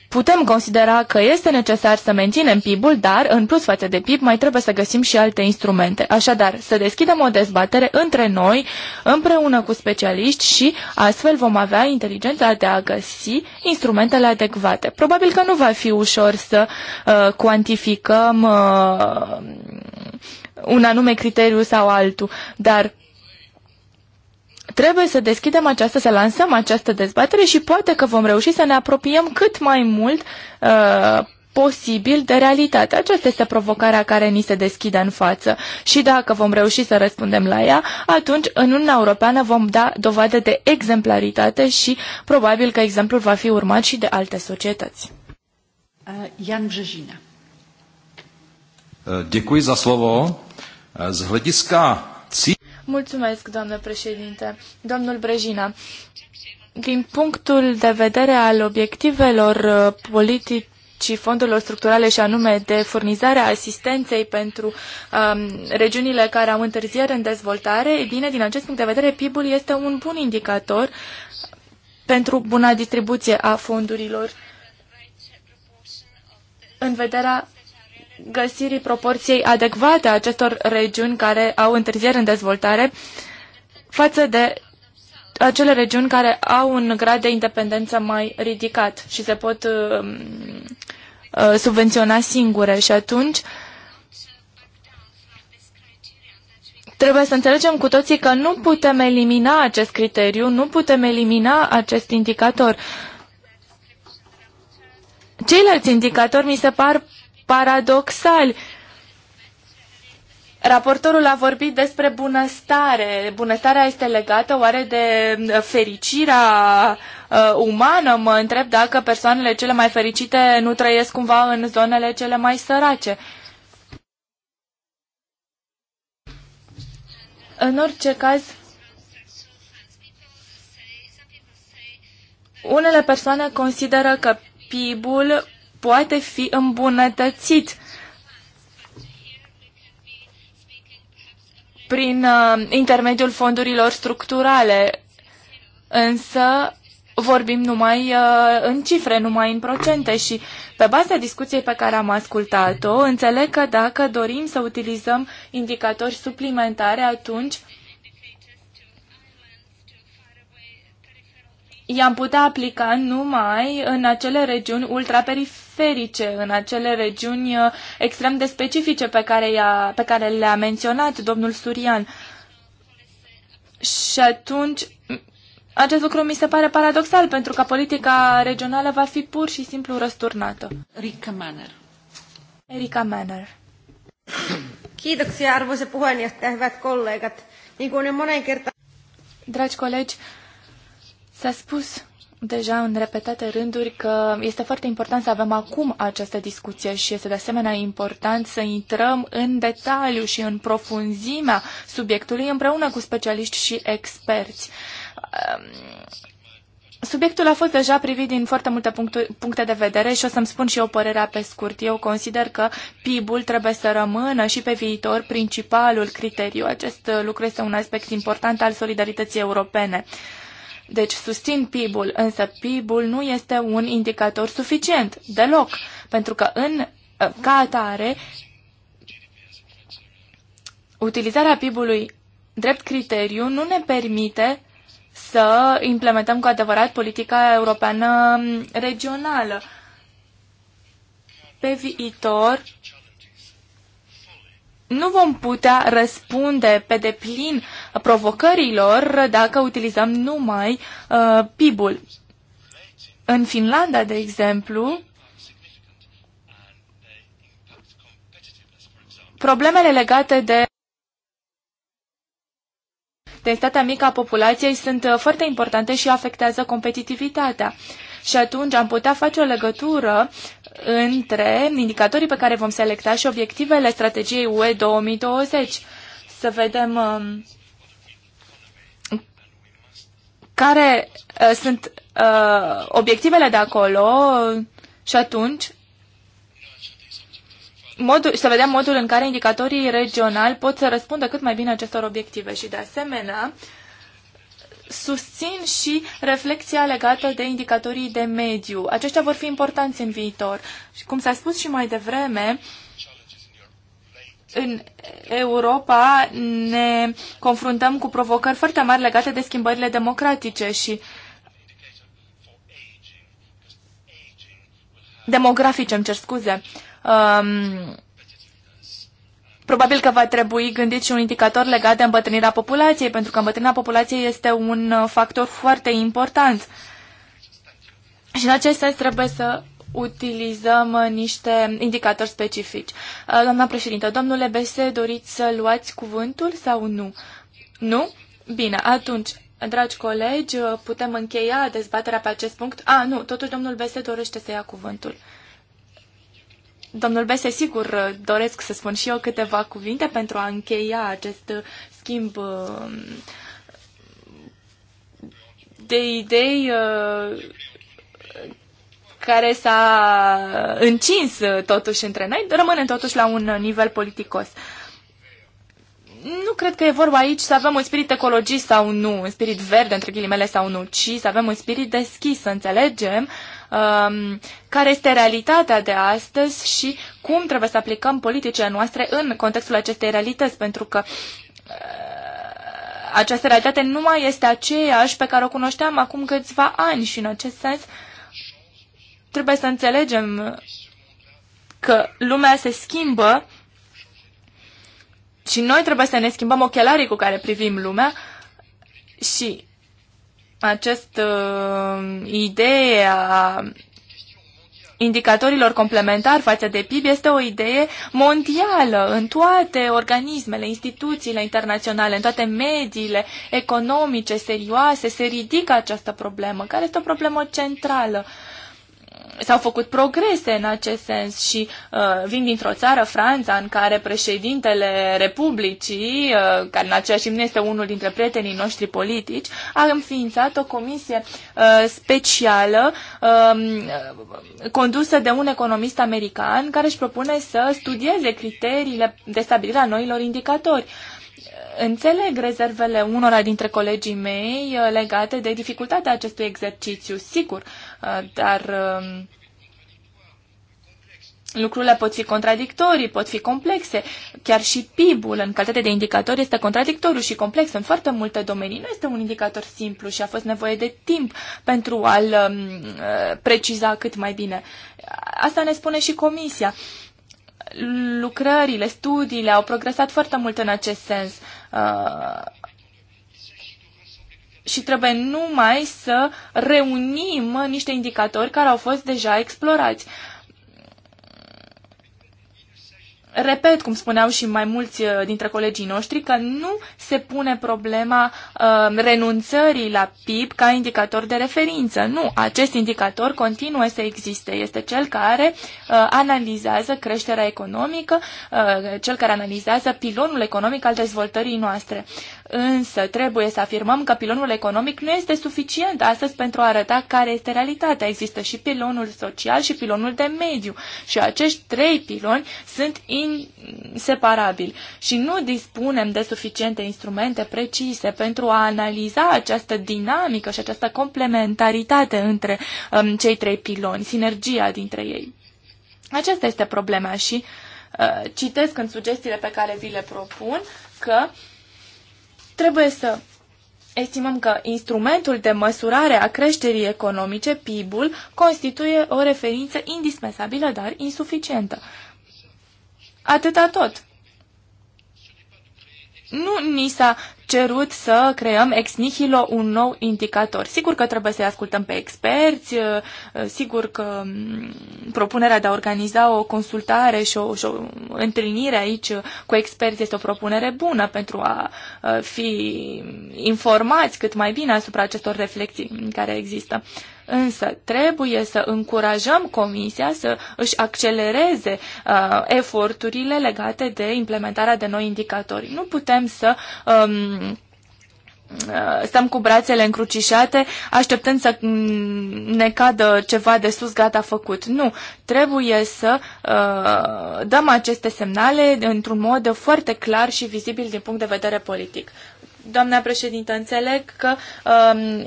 putem considera că este necesar să menținem PIB-ul, dar, în plus față de PIB, mai trebuie să găsim și alte instrumente. Așadar, să deschidem o dezbatere între noi, împreună cu specialiști și astfel vom avea inteligența de a găsi instrumentele adecvate. Probabil că nu va fi ușor să uh, cuantificăm uh, un anume criteriu sau altul, dar trebuie să deschidem această, să lansăm această dezbatere și poate că vom reuși să ne apropiem cât mai mult uh, posibil de realitate. Aceasta este provocarea care ni se deschide în față și dacă vom reuși să răspundem la ea, atunci în Uniunea Europeană vom da dovadă de exemplaritate și probabil că exemplul va fi urmat și de alte societăți. Jan uh, Brzezina. Uh, děkuji za slovo. Eh, z hlediska Mulțumesc, doamnă președinte. Domnul Brejina, din punctul de vedere al obiectivelor eh, politici și fondurilor structurale și anume de furnizarea asistenței pentru um, regiunile care au întârziere în dezvoltare, e bine, din acest punct de vedere, PIB-ul este un bun indicator pentru buna distribuție a fondurilor în vederea găsirii proporției adecvate a acestor regiuni care au întârzieri în dezvoltare față de acele regiuni care au un grad de independență mai ridicat și se pot um, uh, subvenționa singure și atunci trebuie să înțelegem cu toții că nu putem elimina acest criteriu, nu putem elimina acest indicator. Ceilalți indicatori mi se par paradoxal. Raportorul a vorbit despre bunăstare. Bunăstarea este legată oare de fericirea uh, umană? Mă întreb dacă persoanele cele mai fericite nu trăiesc cumva în zonele cele mai sărace. În orice caz, unele persoane consideră că PIB-ul poate fi îmbunătățit prin uh, intermediul fondurilor structurale, însă vorbim numai uh, în cifre, numai în procente și pe baza discuției pe care am ascultat-o, înțeleg că dacă dorim să utilizăm indicatori suplimentare, atunci i-am putea aplica numai în acele regiuni ultraperiferice periferice, în acele regiuni uh, extrem de specifice pe care, ea, pe care le-a menționat domnul Surian. Și atunci, acest lucru mi se pare paradoxal, pentru că politica regională va fi pur și simplu răsturnată. Rica Manner. Erika Manner. Kiitoksia, arvoisa puheenjohtaja, hyvät kollegat. Niin kuin monen kertaan... Dragi colegi, s-a spus deja în repetate rânduri că este foarte important să avem acum această discuție și este de asemenea important să intrăm în detaliu și în profunzimea subiectului împreună cu specialiști și experți. Ehm, subiectul a fost deja privit din foarte multe puncte de vedere și o să-mi spun și eu părerea pe scurt. Eu consider că PIB-ul trebuie să rămână și pe viitor principalul criteriu. Acest lucru este un aspect important al solidarității europene. Uh, deci susțin PIB-ul, însă PIB-ul nu este un indicator suficient deloc, pentru că în uh, ca atare utilizarea PIB-ului drept criteriu nu ne permite să implementăm cu adevărat politica europeană mm, regională. Pe viitor, nu vom putea răspunde pe deplin provocărilor dacă utilizăm numai uh, PIB-ul. În Finlanda, de exemplu, problemele legate de densitatea mică a populației sunt uh, foarte importante și afectează competitivitatea. Și atunci am putea face o legătură între indicatorii pe care vom selecta și obiectivele strategiei UE 2020. Să vedem um, care uh, sunt uh, obiectivele de acolo și atunci modul, să vedem modul în care indicatorii regionali pot să răspundă cât mai bine acestor obiective și de asemenea susțin și reflexia legată de indicatorii de mediu. Aceștia vor fi importanți în viitor. Și cum s-a spus și mai devreme, în Europa ne confruntăm cu provocări foarte mari legate de schimbările democratice și demografice, îmi cer scuze. Um, Probabil că va trebui gândit și un indicator legat de îmbătrânirea populației, pentru că îmbătrânirea populației este un uh, factor foarte important. Și în acest sens trebuie să utilizăm uh, niște indicatori specifici. Uh, doamna președintă, domnule Bese, doriți să luați cuvântul sau nu? Nu? Bine, atunci, dragi colegi, putem încheia dezbaterea pe acest punct. A, nu, totuși domnul Bese dorește să ia cuvântul. Domnul Bese, sigur, doresc să spun și eu câteva cuvinte pentru a încheia acest schimb um, de idei uh, care s-a încins totuși între noi, rămânem totuși la un nivel politicos. Nu cred că e vorba aici să avem un spirit ecologist sau nu, un spirit verde, între ghilimele, sau nu, ci să avem un spirit deschis, să înțelegem uh, um, care este realitatea de astăzi și cum trebuie să aplicăm politicile noastre în contextul acestei realități, pentru că uh, această realitate nu mai este aceeași pe care o cunoșteam acum câțiva ani și în acest sens trebuie să înțelegem că lumea se schimbă și noi trebuie să ne schimbăm ochelarii cu care privim lumea și această uh, idee a indicatorilor complementari față de PIB este o idee mondială în toate organismele, instituțiile internaționale, în toate mediile economice serioase se ridică această problemă, care este o problemă centrală. Uh, s-au făcut progrese în acest sens și uh, vin dintr-o țară, Franța, în care președintele Republicii, uh, care în același timp nu este unul dintre prietenii noștri politici, a înființat o comisie uh, specială uh, condusă de un economist american care își propune să studieze criteriile de stabilire a noilor indicatori. Înțeleg rezervele unora dintre colegii mei uh, legate de dificultatea acestui exercițiu, sigur, Uh, dar um, lucrurile pot fi contradictorii, pot fi complexe. Chiar și PIB-ul în calitate de indicator este contradictoriu și complex în foarte multe domenii. Nu este un indicator simplu și a fost nevoie de timp pentru a-l um, uh, preciza cât mai bine. Asta ne spune și Comisia. Lucrările, studiile au progresat foarte mult în acest sens. Uh, și trebuie numai să reunim niște indicatori care au fost deja explorați. Repet, cum spuneau și mai mulți uh, dintre colegii noștri, că nu se pune problema uh, renunțării la PIB ca indicator de referință. Nu, acest indicator continuă să existe. Este cel care uh, analizează creșterea economică, uh, cel care analizează pilonul economic al dezvoltării noastre. Uh, Însă trebuie să afirmăm că pilonul economic nu este suficient astăzi pentru a arăta care este realitatea. Există și pilonul social și pilonul de mediu și acești trei piloni sunt inseparabili și nu dispunem de suficiente instrumente precise pentru a analiza această dinamică și această complementaritate între um, cei trei piloni, sinergia dintre ei. Aceasta este problema și uh, citesc în sugestiile pe care vi le propun că uh, Trebuie să estimăm că instrumentul de măsurare a creșterii economice, PIB-ul, constituie o referință indispensabilă, dar insuficientă. Atâta tot nu ni s-a cerut să creăm ex nihilo un nou indicator. Sigur că trebuie să-i ascultăm pe experți, uh, uh, sigur că um, propunerea de a organiza o consultare și o, și o întâlnire aici cu experți este o propunere bună pentru a uh, fi informați cât mai bine asupra acestor reflexii care există. Însă trebuie să încurajăm Comisia să își accelereze uh, eforturile legate de implementarea de noi indicatori. Nu putem să um, uh, stăm cu brațele încrucișate, așteptând să mm, ne cadă ceva de sus, gata, făcut. Nu, trebuie să uh, dăm aceste semnale într-un mod foarte clar și vizibil din punct de vedere politic. Doamna președintă, înțeleg că um,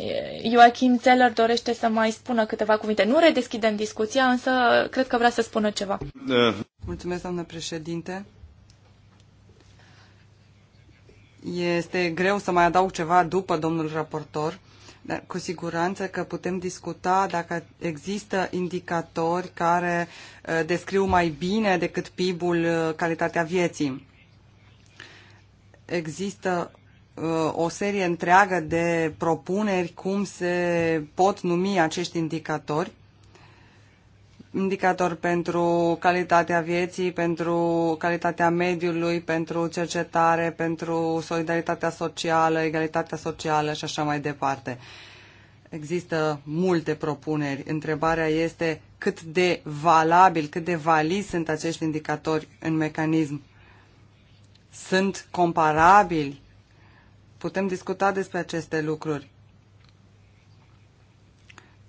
Joachim Zeller dorește să mai spună câteva cuvinte. Nu redeschidem discuția, însă cred că vrea să spună ceva. Da. Mulțumesc, doamnă președinte. Este greu să mai adaug ceva după domnul raportor, dar cu siguranță că putem discuta dacă există indicatori care uh, descriu mai bine decât PIB-ul uh, calitatea vieții. Există Uh, o serie întreagă de propuneri cum se pot numi acești indicatori. Indicator pentru calitatea vieții, pentru calitatea mediului, pentru cercetare, pentru solidaritatea socială, egalitatea socială și așa mai departe. Există multe propuneri. Întrebarea este cât de valabil, cât de valizi sunt acești indicatori în mecanism. Sunt comparabili putem discuta despre aceste lucruri.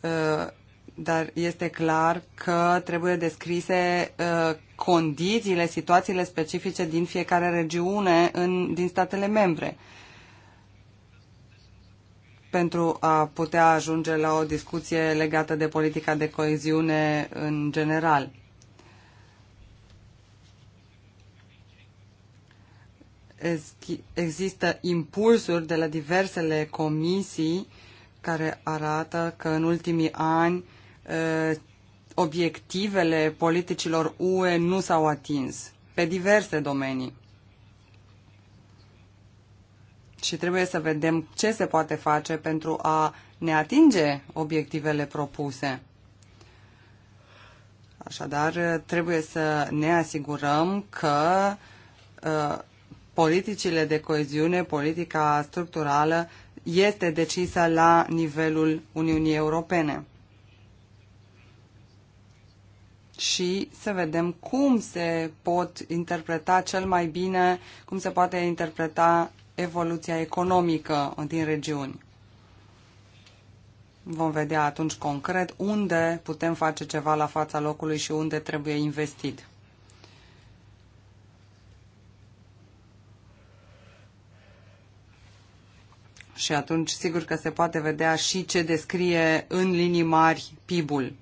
Uh, dar este clar că trebuie descrise uh, condițiile, situațiile specifice din fiecare regiune în, din statele membre pentru a putea ajunge la o discuție legată de politica de coeziune în general. există impulsuri de la diversele comisii care arată că în ultimii ani ă, obiectivele politicilor UE nu s-au atins pe diverse domenii. Și trebuie să vedem ce se poate face pentru a ne atinge obiectivele propuse. Așadar, trebuie să ne asigurăm că ă, politicile de coeziune, politica structurală, este decisă la nivelul Uniunii Europene. Și să vedem cum se pot interpreta cel mai bine, cum se poate interpreta evoluția economică din regiuni. Vom vedea atunci concret unde putem face ceva la fața locului și unde trebuie investit. și atunci sigur că se poate vedea și ce descrie în linii mari PIB-ul.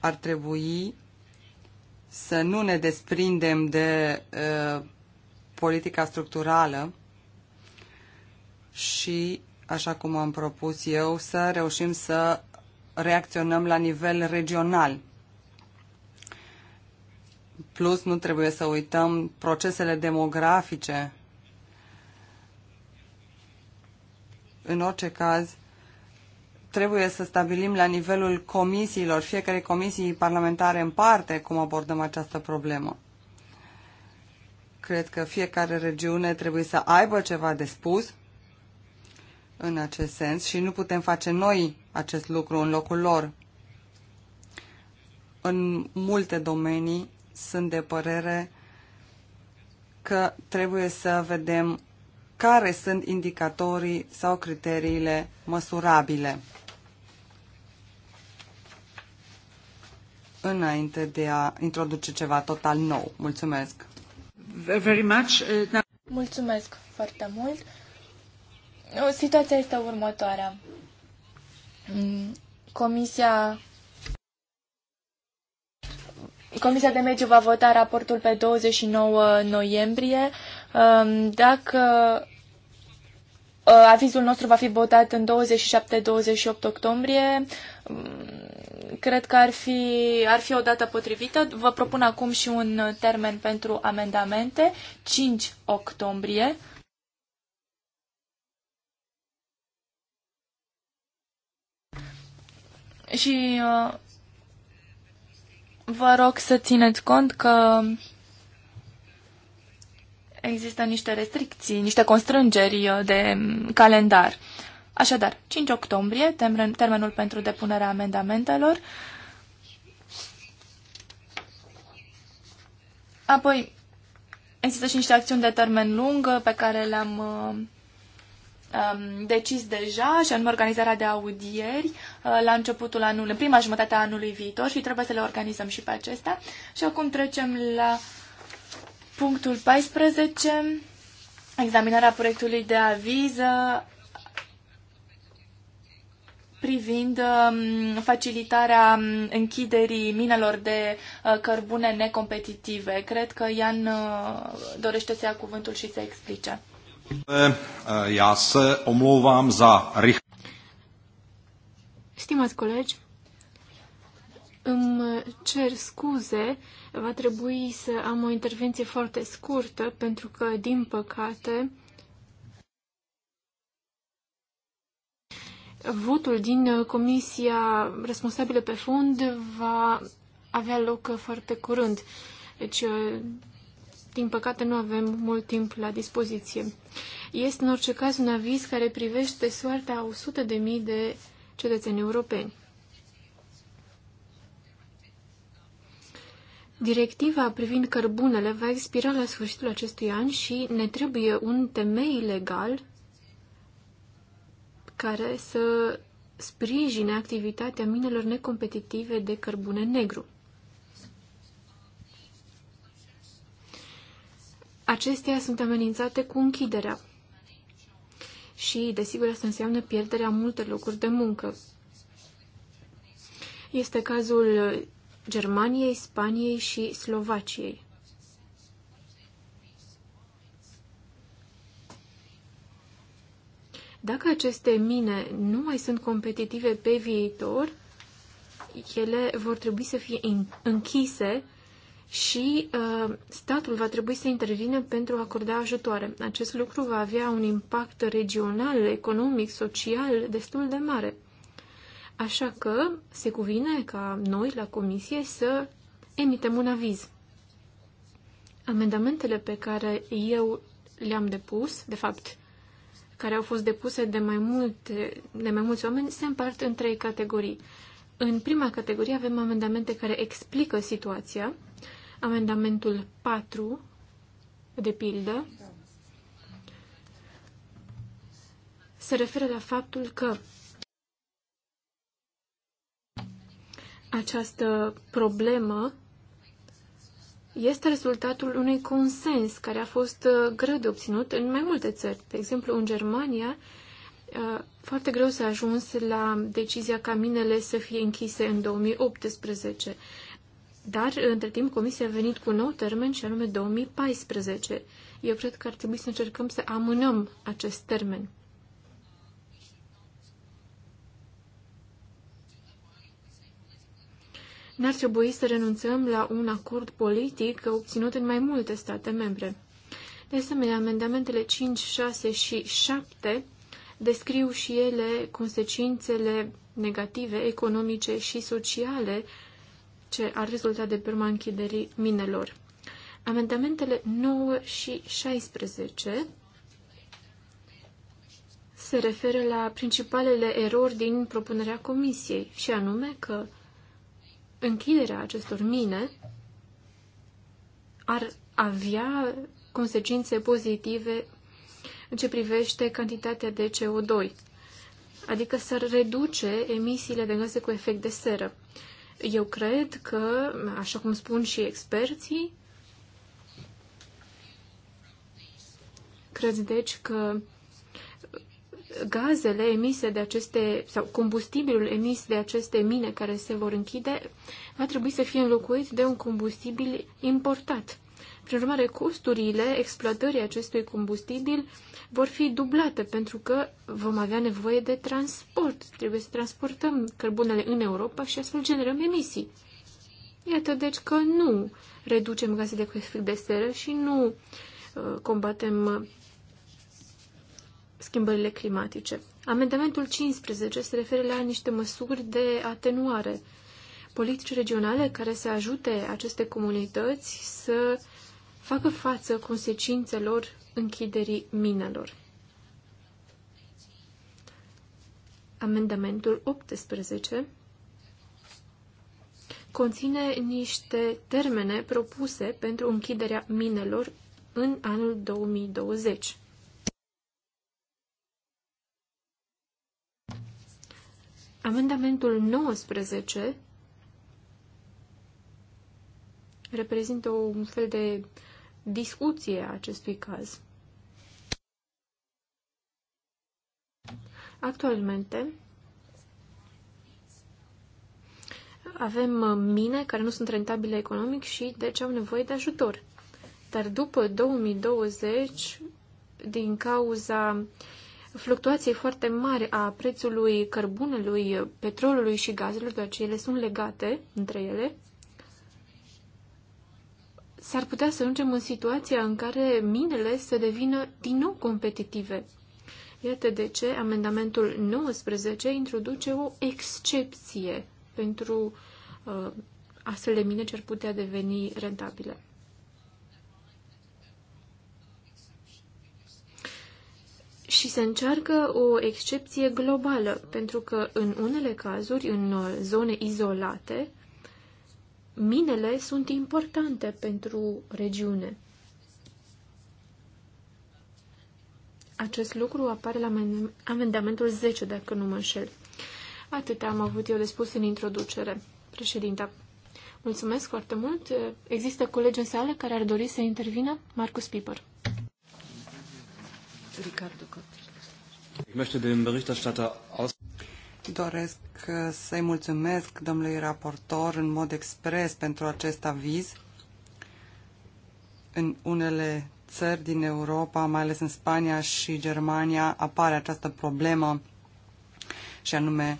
Ar trebui să nu ne desprindem de uh, politica structurală și, așa cum am propus eu, să reușim să reacționăm la nivel regional. Plus, nu trebuie să uităm procesele demografice în orice caz, trebuie să stabilim la nivelul comisiilor, fiecare comisii parlamentare în parte, cum abordăm această problemă. Cred că fiecare regiune trebuie să aibă ceva de spus în acest sens și nu putem face noi acest lucru în locul lor. În multe domenii sunt de părere că trebuie să vedem care sunt indicatorii sau criteriile măsurabile. Înainte de a introduce ceva total nou. Mulțumesc! Very much. Uh, Mulțumesc foarte mult! O, situația este următoarea. Mm, comisia Comisia de Mediu va vota raportul pe 29 noiembrie. Um, dacă Uh, avizul nostru va fi votat în 27-28 octombrie. Mm, cred că ar fi, ar fi o dată potrivită. Vă propun acum și un termen pentru amendamente, 5 octombrie. Și uh, vă rog să țineți cont că există niște restricții, niște constrângeri uh, de mm, calendar. Așadar, 5 octombrie, termenul pentru depunerea amendamentelor. Apoi, există și niște acțiuni de termen lung uh, pe care le-am uh, um, decis deja, și anume organizarea de audieri la începutul anului, prima jumătate a anului viitor și trebuie să le organizăm și pe acestea. Și acum trecem la uh, Punctul 14. Examinarea proiectului de aviză uh, privind um, facilitarea um, închiderii minelor de uh, cărbune necompetitive. Cred că Ian uh, dorește să ia cuvântul și să explice. Ia se omlouvám za rychle. Stimați colegi, îmi cer scuze Va trebui să am o intervenție foarte scurtă, pentru că, din păcate, votul din comisia responsabilă pe fund va avea loc foarte curând. Deci, din păcate, nu avem mult timp la dispoziție. Este, în orice caz, un aviz care privește soarta a 100.000 de cetățeni europeni. Directiva privind cărbunele va expira la sfârșitul acestui an și ne trebuie un temei legal care să sprijine activitatea minelor necompetitive de cărbune negru. Acestea sunt amenințate cu închiderea și, desigur, asta înseamnă pierderea multor locuri de muncă. Este cazul Germaniei, Spaniei și Slovaciei. Dacă aceste mine nu mai sunt competitive pe viitor, ele vor trebui să fie închise și uh, statul va trebui să intervine pentru a acorda ajutoare. Acest lucru va avea un impact regional, economic, social destul de mare. Așa că se cuvine ca noi, la comisie, să emitem un aviz. Amendamentele pe care eu le-am depus, de fapt, care au fost depuse de mai, multe, de mai mulți oameni, se împart în trei categorii. În prima categorie avem amendamente care explică situația, amendamentul 4, de pildă, se referă la faptul că Această problemă este rezultatul unui consens care a fost uh, greu de obținut în mai multe țări. De exemplu, în Germania, uh, foarte greu s-a ajuns la decizia ca minele să fie închise în 2018. Dar, între timp, Comisia a venit cu un nou termen și anume 2014. Eu cred că ar trebui să încercăm să amânăm acest termen. n-ar trebui să renunțăm la un acord politic obținut în mai multe state membre. De asemenea, amendamentele 5, 6 și 7 descriu și ele consecințele negative, economice și sociale ce ar rezulta de perma închiderii minelor. Amendamentele 9 și 16 se referă la principalele erori din propunerea Comisiei, și anume că închiderea acestor mine ar avea consecințe pozitive în ce privește cantitatea de CO2, adică s-ar reduce emisiile de gaze cu efect de seră. Eu cred că, așa cum spun și experții, cred deci că gazele emise de aceste, sau combustibilul emis de aceste mine care se vor închide, va trebui să fie înlocuit de un combustibil importat. Prin urmare, costurile exploatării acestui combustibil vor fi dublate pentru că vom avea nevoie de transport. Trebuie să transportăm cărbunele în Europa și astfel generăm emisii. Iată deci că nu reducem gazele cu efect de seră și nu uh, combatem schimbările climatice. Amendamentul 15 se referă la niște măsuri de atenuare, politici regionale care să ajute aceste comunități să facă față consecințelor închiderii minelor. Amendamentul 18 conține niște termene propuse pentru închiderea minelor în anul 2020. Amendamentul 19 reprezintă un fel de discuție a acestui caz. Actualmente avem mine care nu sunt rentabile economic și deci au nevoie de ajutor. Dar după 2020, din cauza uh, fluctuație foarte mari a prețului cărbunelui, petrolului și gazelor, deoarece ele sunt legate între ele, s-ar putea să ajungem în situația în care minele să devină din nou competitive. Iată de ce amendamentul 19 introduce o excepție pentru uh, astfel de mine ce ar putea deveni rentabile. și se încearcă o excepție globală, pentru că în unele cazuri, în uh, zone izolate, minele sunt importante pentru regiune. Acest lucru apare la amendamentul 10, dacă nu mă înșel. Atât am avut eu de spus în introducere. Președinta, mulțumesc foarte mult. Există colegi în sală care ar dori să intervină? Marcus Piper. Ricardo Doresc uh, să-i mulțumesc domnului raportor în mod expres pentru acest aviz. În unele țări din Europa, mai ales în Spania și Germania, apare această problemă și anume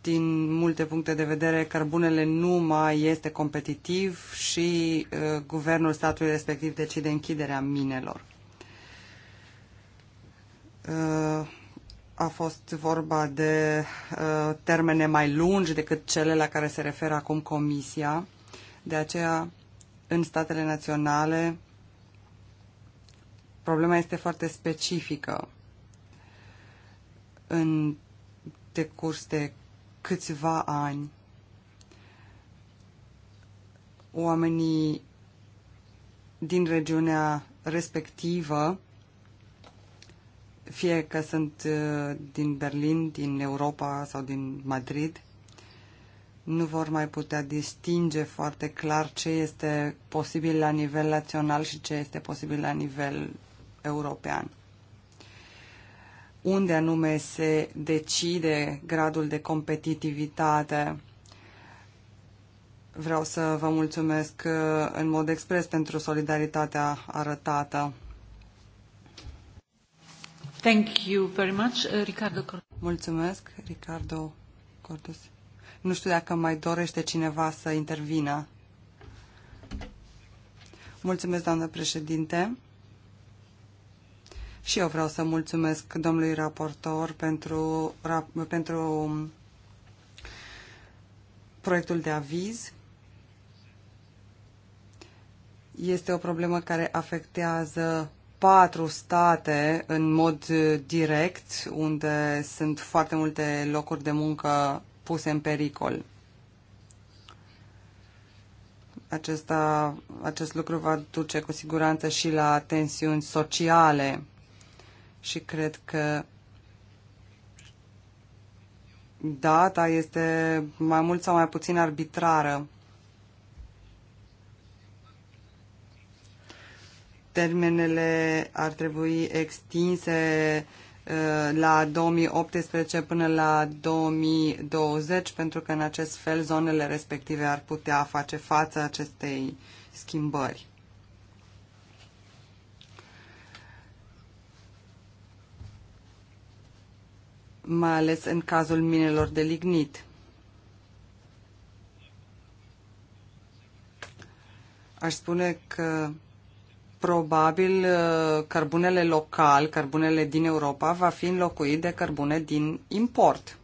din multe puncte de vedere, cărbunele nu mai este competitiv și uh, guvernul statului respectiv decide închiderea minelor a fost vorba de uh, termene mai lungi decât cele la care se referă acum Comisia. De aceea, în statele naționale, problema este foarte specifică. În decurs de câțiva ani, oamenii din regiunea respectivă fie că sunt uh, din Berlin, din Europa sau din Madrid, nu vor mai putea distinge foarte clar ce este posibil la nivel național și ce este posibil la nivel european. Unde anume se decide gradul de competitivitate? Vreau să vă mulțumesc uh, în mod expres pentru solidaritatea arătată. Thank you very much, uh, Ricardo Mulțumesc, Ricardo Cordes. Nu știu dacă mai dorește cineva să intervină. Mulțumesc, doamnă președinte. Și eu vreau să mulțumesc domnului raportor pentru, pentru proiectul de aviz. Este o problemă care afectează patru state în mod direct, unde sunt foarte multe locuri de muncă puse în pericol. Acesta, acest lucru va duce cu siguranță și la tensiuni sociale și cred că data este mai mult sau mai puțin arbitrară. termenele ar trebui extinse uh, la 2018 până la 2020, pentru că în acest fel zonele respective ar putea face față acestei schimbări. mai ales în cazul minelor de lignit. Aș spune că probabil uh, cărbunele local, cărbunele din Europa, va fi înlocuit de cărbune din import.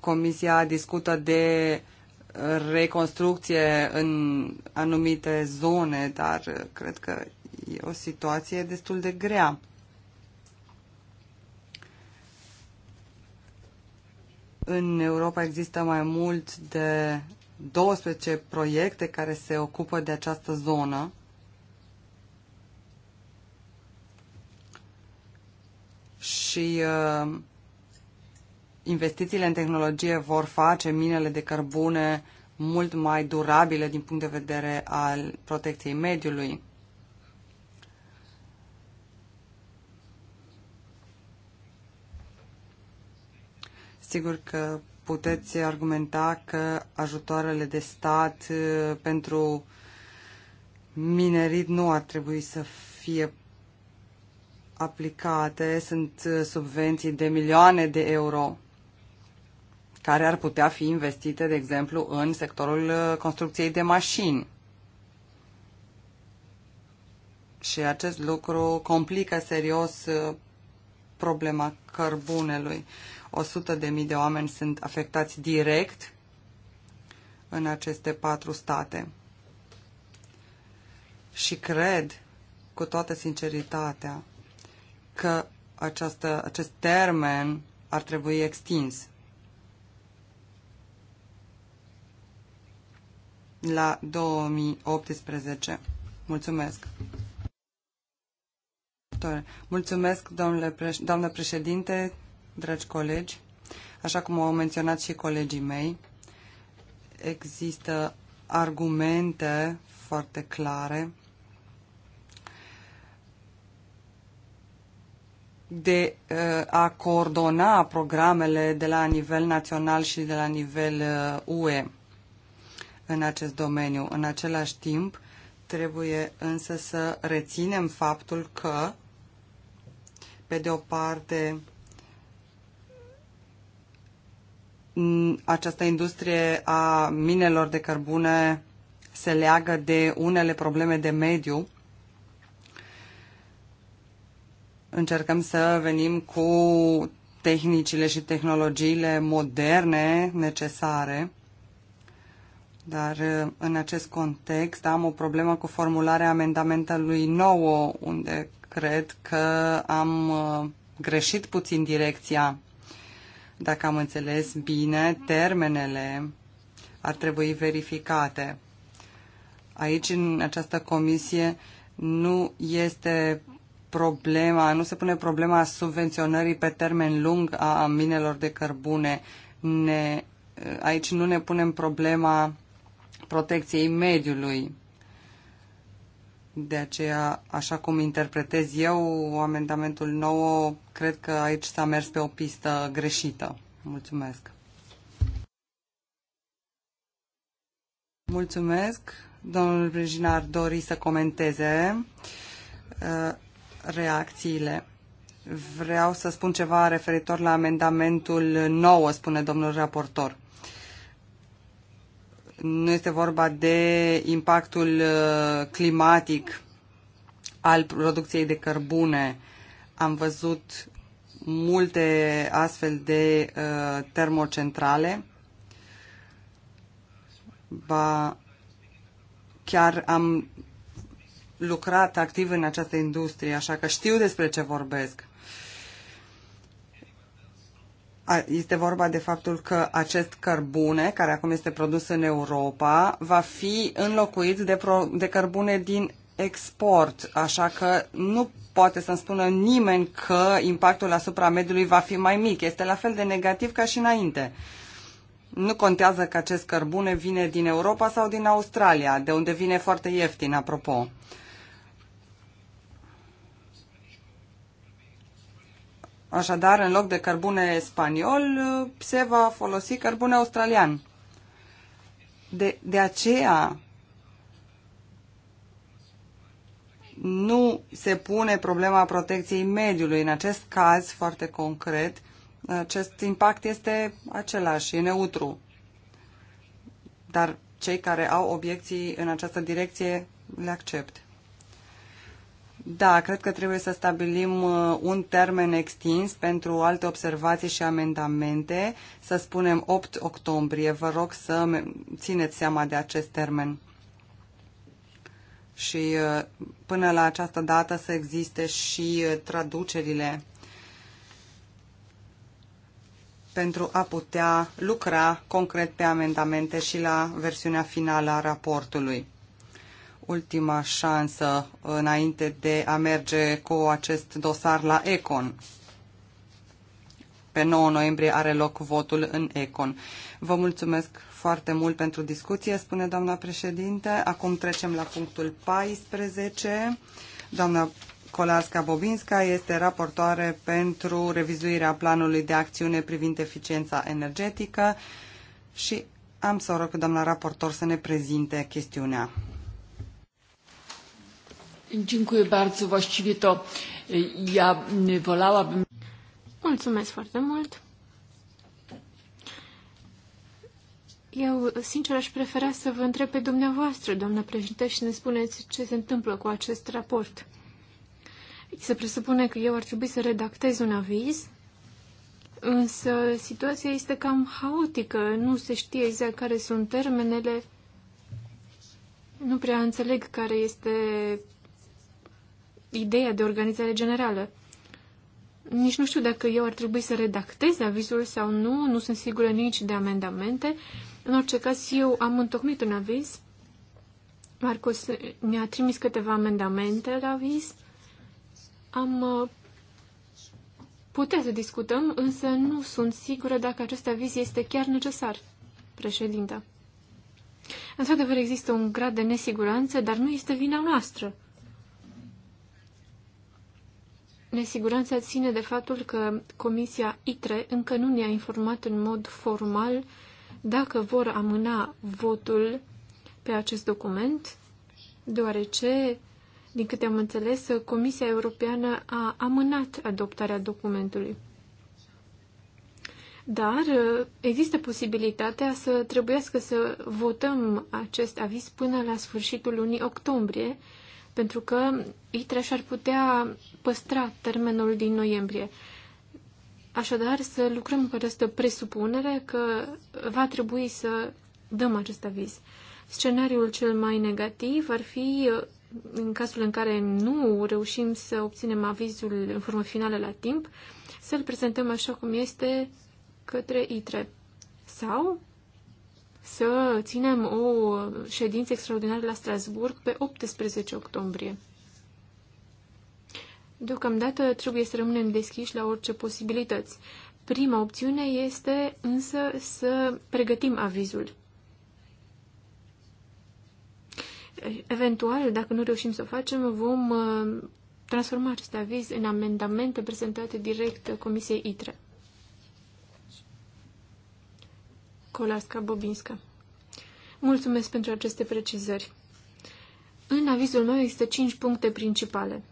Comisia discută de reconstrucție în anumite zone, dar uh, cred că e o situație destul de grea. În Europa există mai mult de 12 proiecte care se ocupă de această zonă. Și uh, investițiile în tehnologie vor face minele de cărbune mult mai durabile din punct de vedere al protecției mediului. Sigur că puteți argumenta că ajutoarele de stat uh, pentru minerit nu ar trebui să fie aplicate. Sunt uh, subvenții de milioane de euro care ar putea fi investite, de exemplu, în sectorul uh, construcției de mașini. Și acest lucru complică serios problema cărbunelui. 100.000 de oameni sunt afectați direct în aceste patru state. Și cred cu toată sinceritatea că această, acest termen ar trebui extins la 2018. Mulțumesc! Mulțumesc, domnule preș- doamnă președinte, dragi colegi, așa cum au menționat și colegii mei, există argumente foarte clare de uh, a coordona programele de la nivel național și de la nivel UE uh, în acest domeniu. În același timp, trebuie însă să reținem faptul că, pe de o parte, această industrie a minelor de cărbune se leagă de unele probleme de mediu. Încercăm să venim cu tehnicile și tehnologiile moderne necesare, dar uh, în acest context am o problemă cu formularea amendamentului 9, unde cred că am uh, greșit puțin direcția dacă am înțeles bine, termenele ar trebui verificate. Aici, în această comisie, nu este problema, nu se pune problema subvenționării pe termen lung a minelor de cărbune. Ne, aici nu ne punem problema protecției mediului. De aceea, așa cum interpretez eu amendamentul 9, cred că aici s-a mers pe o pistă greșită. Mulțumesc. Mulțumesc. Domnul Brejina ar dori să comenteze uh, reacțiile. Vreau să spun ceva referitor la amendamentul 9, spune domnul raportor nu este vorba de impactul uh, climatic al producției de cărbune. Am văzut multe astfel de uh, termocentrale. Ba, chiar am lucrat activ în această industrie, așa că știu despre ce vorbesc este vorba de faptul că acest cărbune, care acum este produs în Europa, va fi înlocuit de, pro, de cărbune din export, așa că nu poate să-mi spună nimeni că impactul asupra mediului va fi mai mic. Este la fel de negativ ca și înainte. Nu contează că acest cărbune vine din Europa sau din Australia, de unde vine foarte ieftin, apropo. Uh, Așadar, în loc de cărbune spaniol, se va folosi cărbune australian. De, de aceea nu se pune problema protecției mediului. În acest caz foarte concret, acest impact este același, e neutru. Dar cei care au obiecții în această direcție le accept. Da, cred că trebuie să stabilim uh, un termen extins pentru alte observații și amendamente, să spunem 8 octombrie. Vă rog să țineți seama de acest termen. Și uh, până la această dată să existe și uh, traducerile pentru a putea lucra concret pe amendamente și la versiunea finală a raportului ultima șansă înainte de a merge cu acest dosar la Econ. Pe 9 noiembrie are loc votul în Econ. Vă mulțumesc foarte mult pentru discuție, spune doamna președinte. Acum trecem la punctul 14. Doamna Colasca Bobinska este raportoare pentru revizuirea planului de acțiune privind eficiența energetică și am să o rog pe doamna raportor să ne prezinte chestiunea. Dziękuję bardzo. Właściwie to ja wolałabym... Mulțumesc foarte mult. Eu, sincer, aș prefera să vă întreb pe dumneavoastră, doamnă președinte, și ne spuneți ce se întâmplă cu acest raport. Se presupune că eu ar trebui să redactez un aviz, însă situația este cam haotică, nu se știe exact care sunt termenele, nu prea înțeleg care este ideea de organizare generală. Nici nu știu dacă eu ar trebui să redactez avizul sau nu, nu sunt sigură nici de amendamente. În orice caz, eu am întocmit un aviz. Marcos mi-a trimis câteva amendamente la aviz. Am uh, putea să discutăm, însă nu sunt sigură dacă acest aviz este chiar necesar, președinta. Într-adevăr, există un grad de nesiguranță, dar nu este vina noastră. Nesiguranța ține de faptul că Comisia ITRE încă nu ne-a informat în mod formal dacă vor amâna votul pe acest document, deoarece, din câte am înțeles, Comisia Europeană a amânat adoptarea documentului. Dar uh, există posibilitatea să trebuiască să votăm acest aviz până la sfârșitul lunii octombrie, pentru că ITRE și-ar putea păstra termenul din noiembrie. Așadar, să lucrăm cu această presupunere că va trebui să dăm acest aviz. Scenariul cel mai negativ ar fi în cazul în care nu reușim să obținem avizul în formă finală la timp, să-l prezentăm așa cum este către ITRE. Sau să ținem o ședință extraordinară la Strasburg pe 18 octombrie. Deocamdată trebuie să rămânem deschiși la orice posibilități. Prima opțiune este însă să pregătim avizul. Eventual, dacă nu reușim să o facem, vom uh, transforma acest aviz în amendamente prezentate direct Comisiei ITRE. Colasca Bobinska. Mulțumesc pentru aceste precizări. În avizul meu există cinci puncte principale.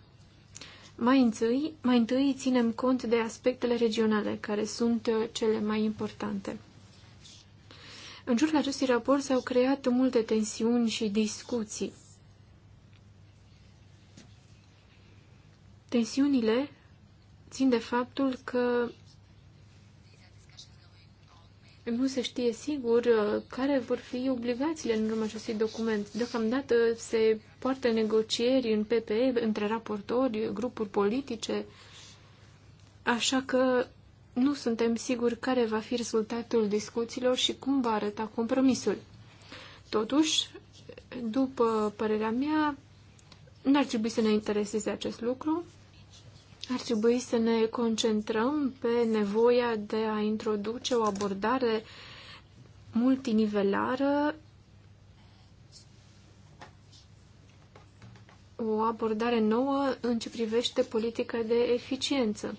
Mai întâi, mai întâi ținem cont de aspectele regionale, care sunt uh, cele mai importante. În jurul acestui raport s-au creat multe tensiuni și discuții. Tensiunile țin de faptul că nu se știe sigur uh, care vor fi obligațiile în urma acestui document. Deocamdată se poartă negocieri în PPE între raportori, grupuri politice, așa că nu suntem siguri care va fi rezultatul discuțiilor și cum va arăta compromisul. Totuși, după părerea mea, n-ar trebui să ne intereseze acest lucru. Ar trebui să ne concentrăm pe nevoia de a introduce o abordare multinivelară, o abordare nouă în ce privește politica de eficiență.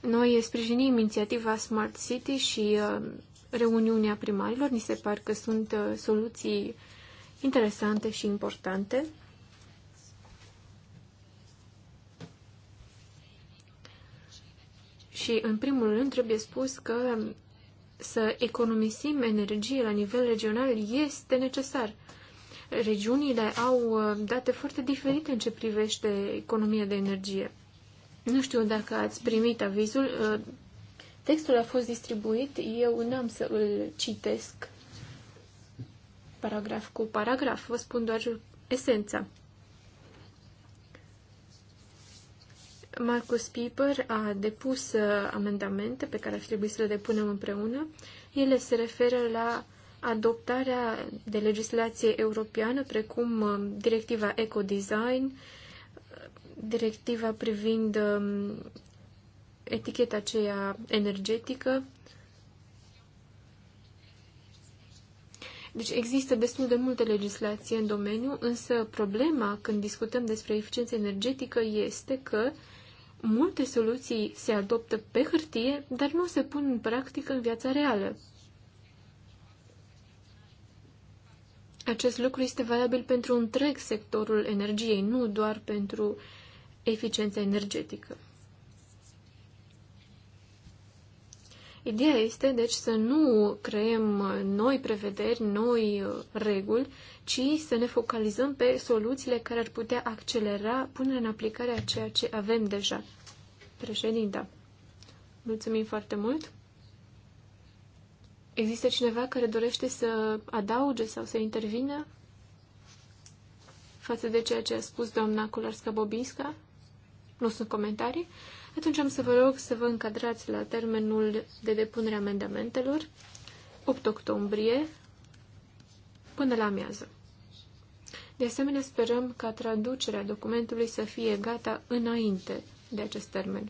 Noi sprijinim inițiativa Smart City și uh, reuniunea primarilor. Ni se par că sunt uh, soluții interesante și importante. Și, în primul rând, trebuie spus că să economisim energie la nivel regional este necesar. Regiunile au uh, date foarte diferite în ce privește economia de energie. Nu știu dacă ați primit avizul. Uh, textul a fost distribuit, eu n-am să îl citesc paragraf cu paragraf, vă spun doar esența. Marcus Piper a depus uh, amendamente pe care ar trebui să le depunem împreună. Ele se referă la adoptarea de legislație europeană, precum uh, directiva ecodesign, uh, directiva privind um, eticheta aceea energetică. Deci există destul de multe legislații în domeniu, însă problema când discutăm despre eficiență energetică este că uh, multe soluții se adoptă pe hârtie, dar nu se pun în practică în viața reală. Acest lucru este valabil pentru întreg sectorul energiei, nu doar pentru eficiența energetică. Ideea este, deci, să nu creăm noi prevederi, noi uh, reguli, ci să ne focalizăm pe soluțiile care ar putea accelera punerea în aplicare a ceea ce avem deja. Președinta, mulțumim foarte mult. Există cineva care dorește să adauge sau să intervină față de ceea ce a spus doamna Kularska-Bobinska? Nu sunt comentarii. Atunci am să vă rog să vă încadrați la termenul de depunere amendamentelor, 8 octombrie, până la amiază. De asemenea, sperăm ca traducerea documentului să fie gata înainte de acest termen.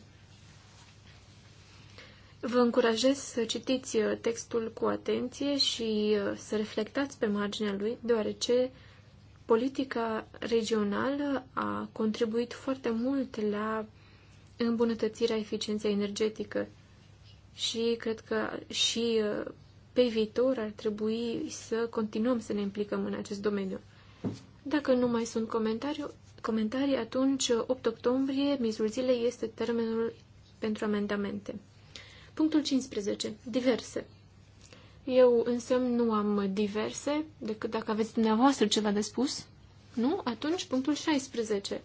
Vă încurajez să citiți uh, textul cu atenție și uh, să reflectați pe marginea lui, deoarece politica regională a contribuit foarte mult la îmbunătățirea eficienței energetică și cred că și uh, pe viitor ar trebui să continuăm să ne implicăm în acest domeniu. Dacă nu mai sunt comentarii, comentarii atunci 8 uh, octombrie, mizul zilei, este termenul pentru amendamente. Punctul 15. Diverse. Eu însă nu am diverse, decât dacă aveți dumneavoastră ceva de spus. Nu? Atunci punctul 16.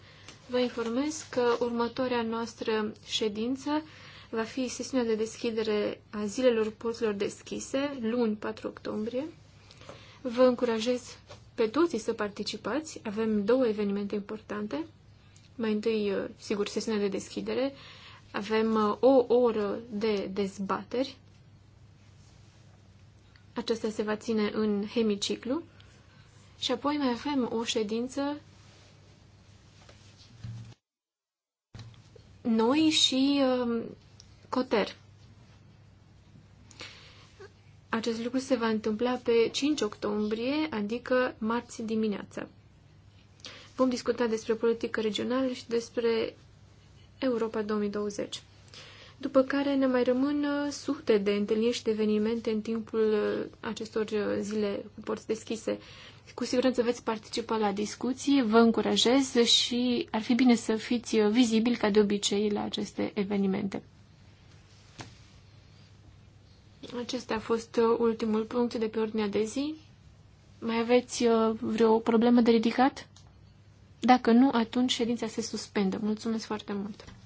Vă informez că următoarea noastră ședință va fi sesiunea de deschidere a zilelor porților deschise, luni 4 octombrie. Vă încurajez pe toți să participați. Avem două evenimente importante. Mai întâi, uh, sigur, sesiunea de deschidere. Avem uh, o oră de dezbateri. Aceasta se va ține în hemiciclu. Și apoi mai avem o ședință noi și um, Coter. Acest lucru se va întâmpla pe 5 octombrie, adică marți dimineața. Vom discuta despre politică regională și despre Europa 2020. După care ne mai rămân uh, sute de întâlniri și de evenimente în timpul uh, acestor uh, zile cu porți deschise. Cu siguranță veți participa la discuții, vă încurajez și ar fi bine să fiți vizibili ca de obicei la aceste evenimente. Acesta a fost ultimul punct de pe ordinea de zi. Mai aveți uh, vreo problemă de ridicat? Dacă nu, atunci ședința se suspendă. Mulțumesc foarte mult!